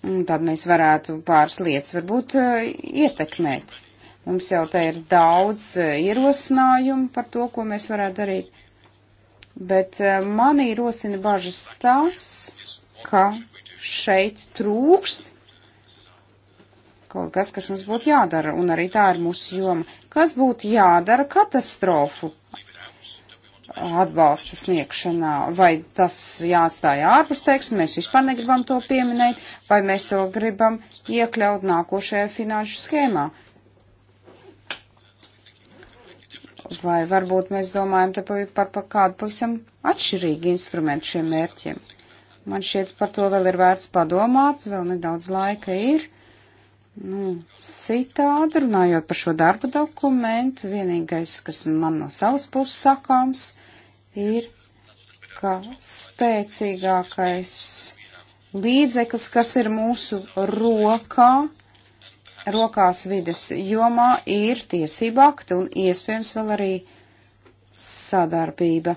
Un tad mēs varētu pāris lietas varbūt eh, ietekmēt. Mums jau te ir daudz eh, ierosinājumu par to, ko mēs varētu darīt. Bet eh, manī rosina bažas tas, ka šeit trūkst kaut kas, kas mums būtu jādara, un arī tā ir mūsu joma. Kas būtu jādara katastrofu atbalsta sniegšanā, vai tas jāatstāja ārpus teksta, mēs vispār negribam to pieminēt, vai mēs to gribam iekļaut nākošajā finanšu schēmā. Vai varbūt mēs domājam par, par kādu pavisam atšķirīgu instrumentu šiem mērķiem. Man šķiet, par to vēl ir vērts padomāt, vēl nedaudz laika ir. Uh, Nu, citādi runājot par šo darba dokumentu, vienīgais, kas man no savas puses sakāms, ir, ka spēcīgākais līdzeklis, kas ir mūsu rokā, rokās vides jomā, ir tiesība akti un iespējams vēl arī sadarbība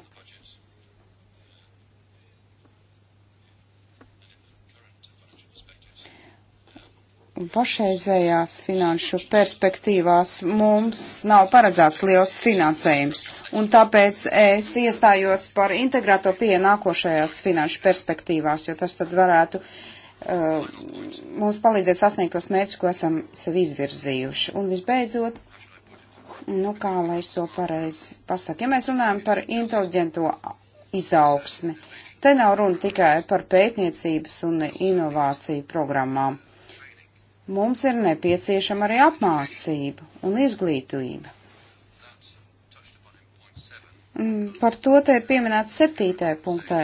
Un pašreizējās finanšu perspektīvās mums nav paredzēts liels finansējums, un tāpēc es iestājos par integrēto pieeja nākošajās finanšu perspektīvās, jo tas tad varētu uh, mums palīdzēt sasniegt tos mērķus, ko esam sev izvirzījuši. Un visbeidzot, nu kā lai es to pareizi pasaku, ja mēs runājam par inteliģento izaugsmi, te nav runa tikai par pētniecības un inovāciju programmām Mums ir nepieciešama arī apmācība un izglītība. Mm, par to te ir pieminēts septītajā punktā,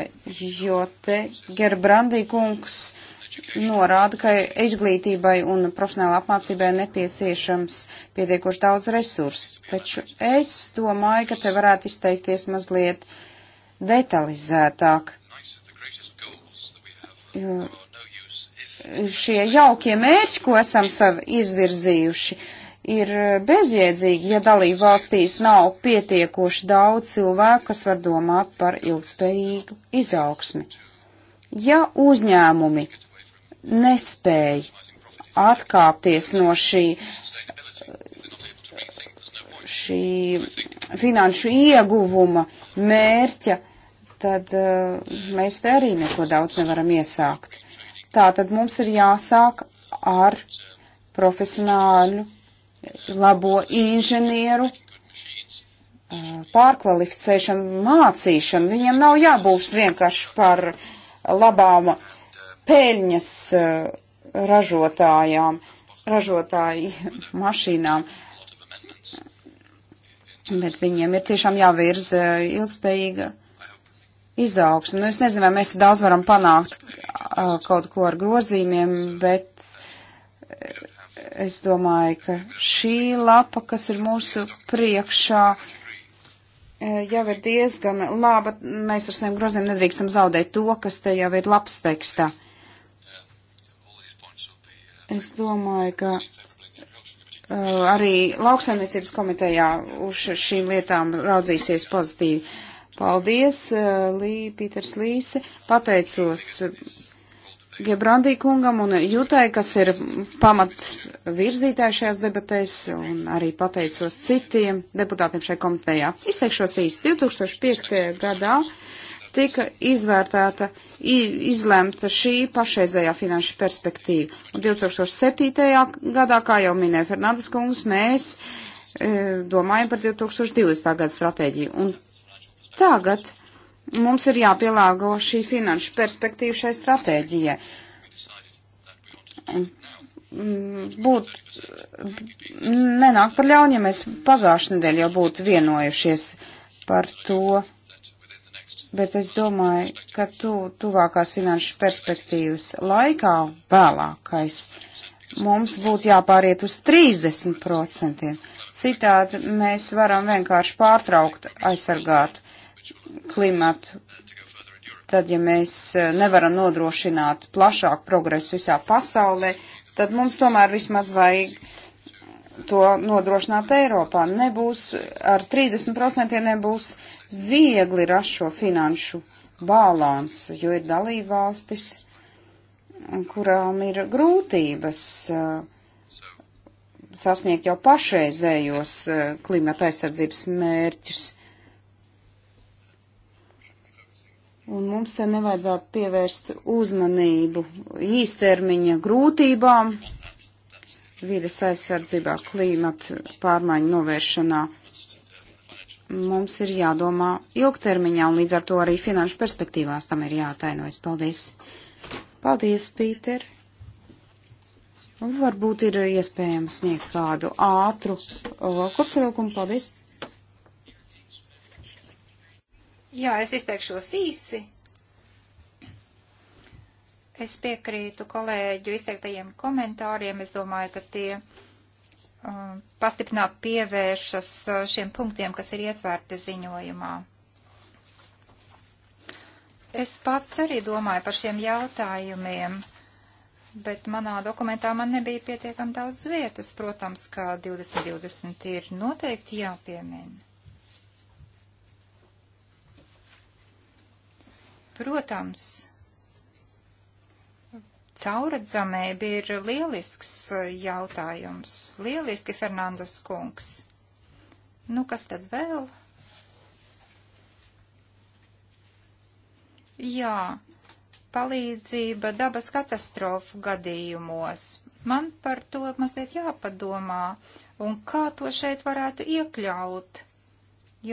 jo te Gerbrandī kungs norāda, ka izglītībai un profesionāla apmācībai nepieciešams pietiekoši daudz resursu. Taču es domāju, ka te varētu izteikties mazliet detalizētāk. Jo šie jaukie mērķi, ko esam sev izvirzījuši, ir bezjēdzīgi, ja dalību valstīs nav pietiekoši daudz cilvēku, kas var domāt par ilgspējīgu izaugsmi. Ja uzņēmumi nespēj atkāpties no šī, šī finanšu ieguvuma mērķa, tad uh, mēs te arī neko daudz nevaram iesākt. Tātad mums ir jāsāk ar profesionāļu, labo inženieru pārkvalificēšanu, mācīšanu. Viņiem nav jābūt vienkārši par labām peļņas ražotājām, ražotāju mašīnām, bet viņiem ir tiešām jāvirza ilgspējīga izaugsmu. Nu, es nezinu, vai mēs daudz varam panākt kaut ko ar grozījumiem, bet es domāju, ka šī lapa, kas ir mūsu priekšā, jau ir diezgan laba. Mēs ar saviem grozījumiem nedrīkstam zaudēt to, kas te jau ir labs tekstā. Es domāju, ka arī lauksaimniecības komitejā uz šīm lietām raudzīsies pozitīvi. Uh, Paldies, eh, Lī, Pīters Līse. Pateicos eh, Gebrandī kungam un Jutai, kas ir pamat virzītāji šajās debatēs, un arī pateicos citiem deputātiem šai komitejā. Izteikšos īsti 2005. gadā tika izvērtēta, izlemta šī pašreizējā finanšu perspektīva. Un 2007. gadā, kā jau minēja Fernandes kungs, mēs e, domājam par 2020. gada stratēģiju. Un tagad mums ir jāpielāgo šī finanšu perspektīva šai stratēģijai. Mm, būt, nenāk par ļaunu, ja mēs pagājušajā nedēļā jau būtu vienojušies par to, bet es domāju, ka tu, tuvākās finanšu perspektīvas laikā vēlākais mums būtu jāpāriet uz 30%. Citādi mēs varam vienkārši pārtraukt aizsargāt klimatu, tad, ja mēs eh, nevaram nodrošināt plašāku progresu visā pasaulē, tad mums tomēr vismaz vajag to nodrošināt Eiropā. Nebūs ar 30% nebūs viegli rast šo finanšu balansu, jo ir dalībvalstis, kurām ir grūtības eh, sasniegt jau pašreizējos eh, klimata aizsardzības mērķus. Un mums te nevajadzētu pievērst uzmanību īstermiņa grūtībām, vides aizsardzībā, klimatu pārmaiņu novēršanā. Mums ir jādomā ilgtermiņā un līdz ar to arī finanšu perspektīvās tam ir jātainojas. Paldies! Paldies, Pīter! Varbūt ir iespējams sniegt kādu ātru kopsavilkumu. Paldies! Jā, es izteikšos īsi. Es piekrītu kolēģu izteiktajiem komentāriem. Es domāju, ka tie um, pastiprināt pievēršas uh, šiem punktiem, kas ir ietvērti ziņojumā. Es pats arī domāju par šiem jautājumiem bet manā dokumentā man nebija pietiekami daudz vietas. Protams, kā 2020 ir noteikti jāpiemina. Protams, cauradzamēba ir lielisks jautājums. Lieliski, Fernandas kungs. Nu, kas tad vēl? Jā, palīdzība dabas katastrofu gadījumos. Man par to mazliet jāpadomā, un kā to šeit varētu iekļaut,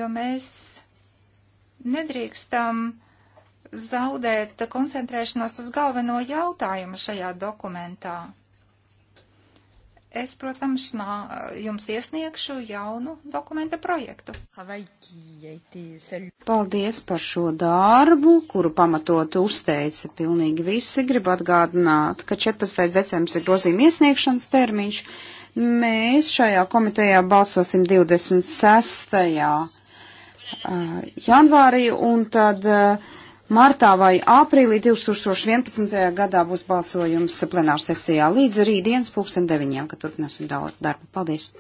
jo mēs nedrīkstam uh, zaudēt koncentrēšanos uz galveno jautājumu šajā dokumentā. Es, protams, nā, jums iesniegšu jaunu dokumenta projektu. Paldies par šo darbu, kuru pamatot uzteica pilnīgi visi. Gribu atgādināt, ka 14. decembris ir grozījuma iesniegšanas termiņš. Mēs šajā komitejā balsosim 26. janvārī un tad. Uh, Martā vai aprīlī 2011. gadā būs balsojums plenārsesijā līdz rītdienas pulksten deviņiem, kad turpināsim darbu. Paldies!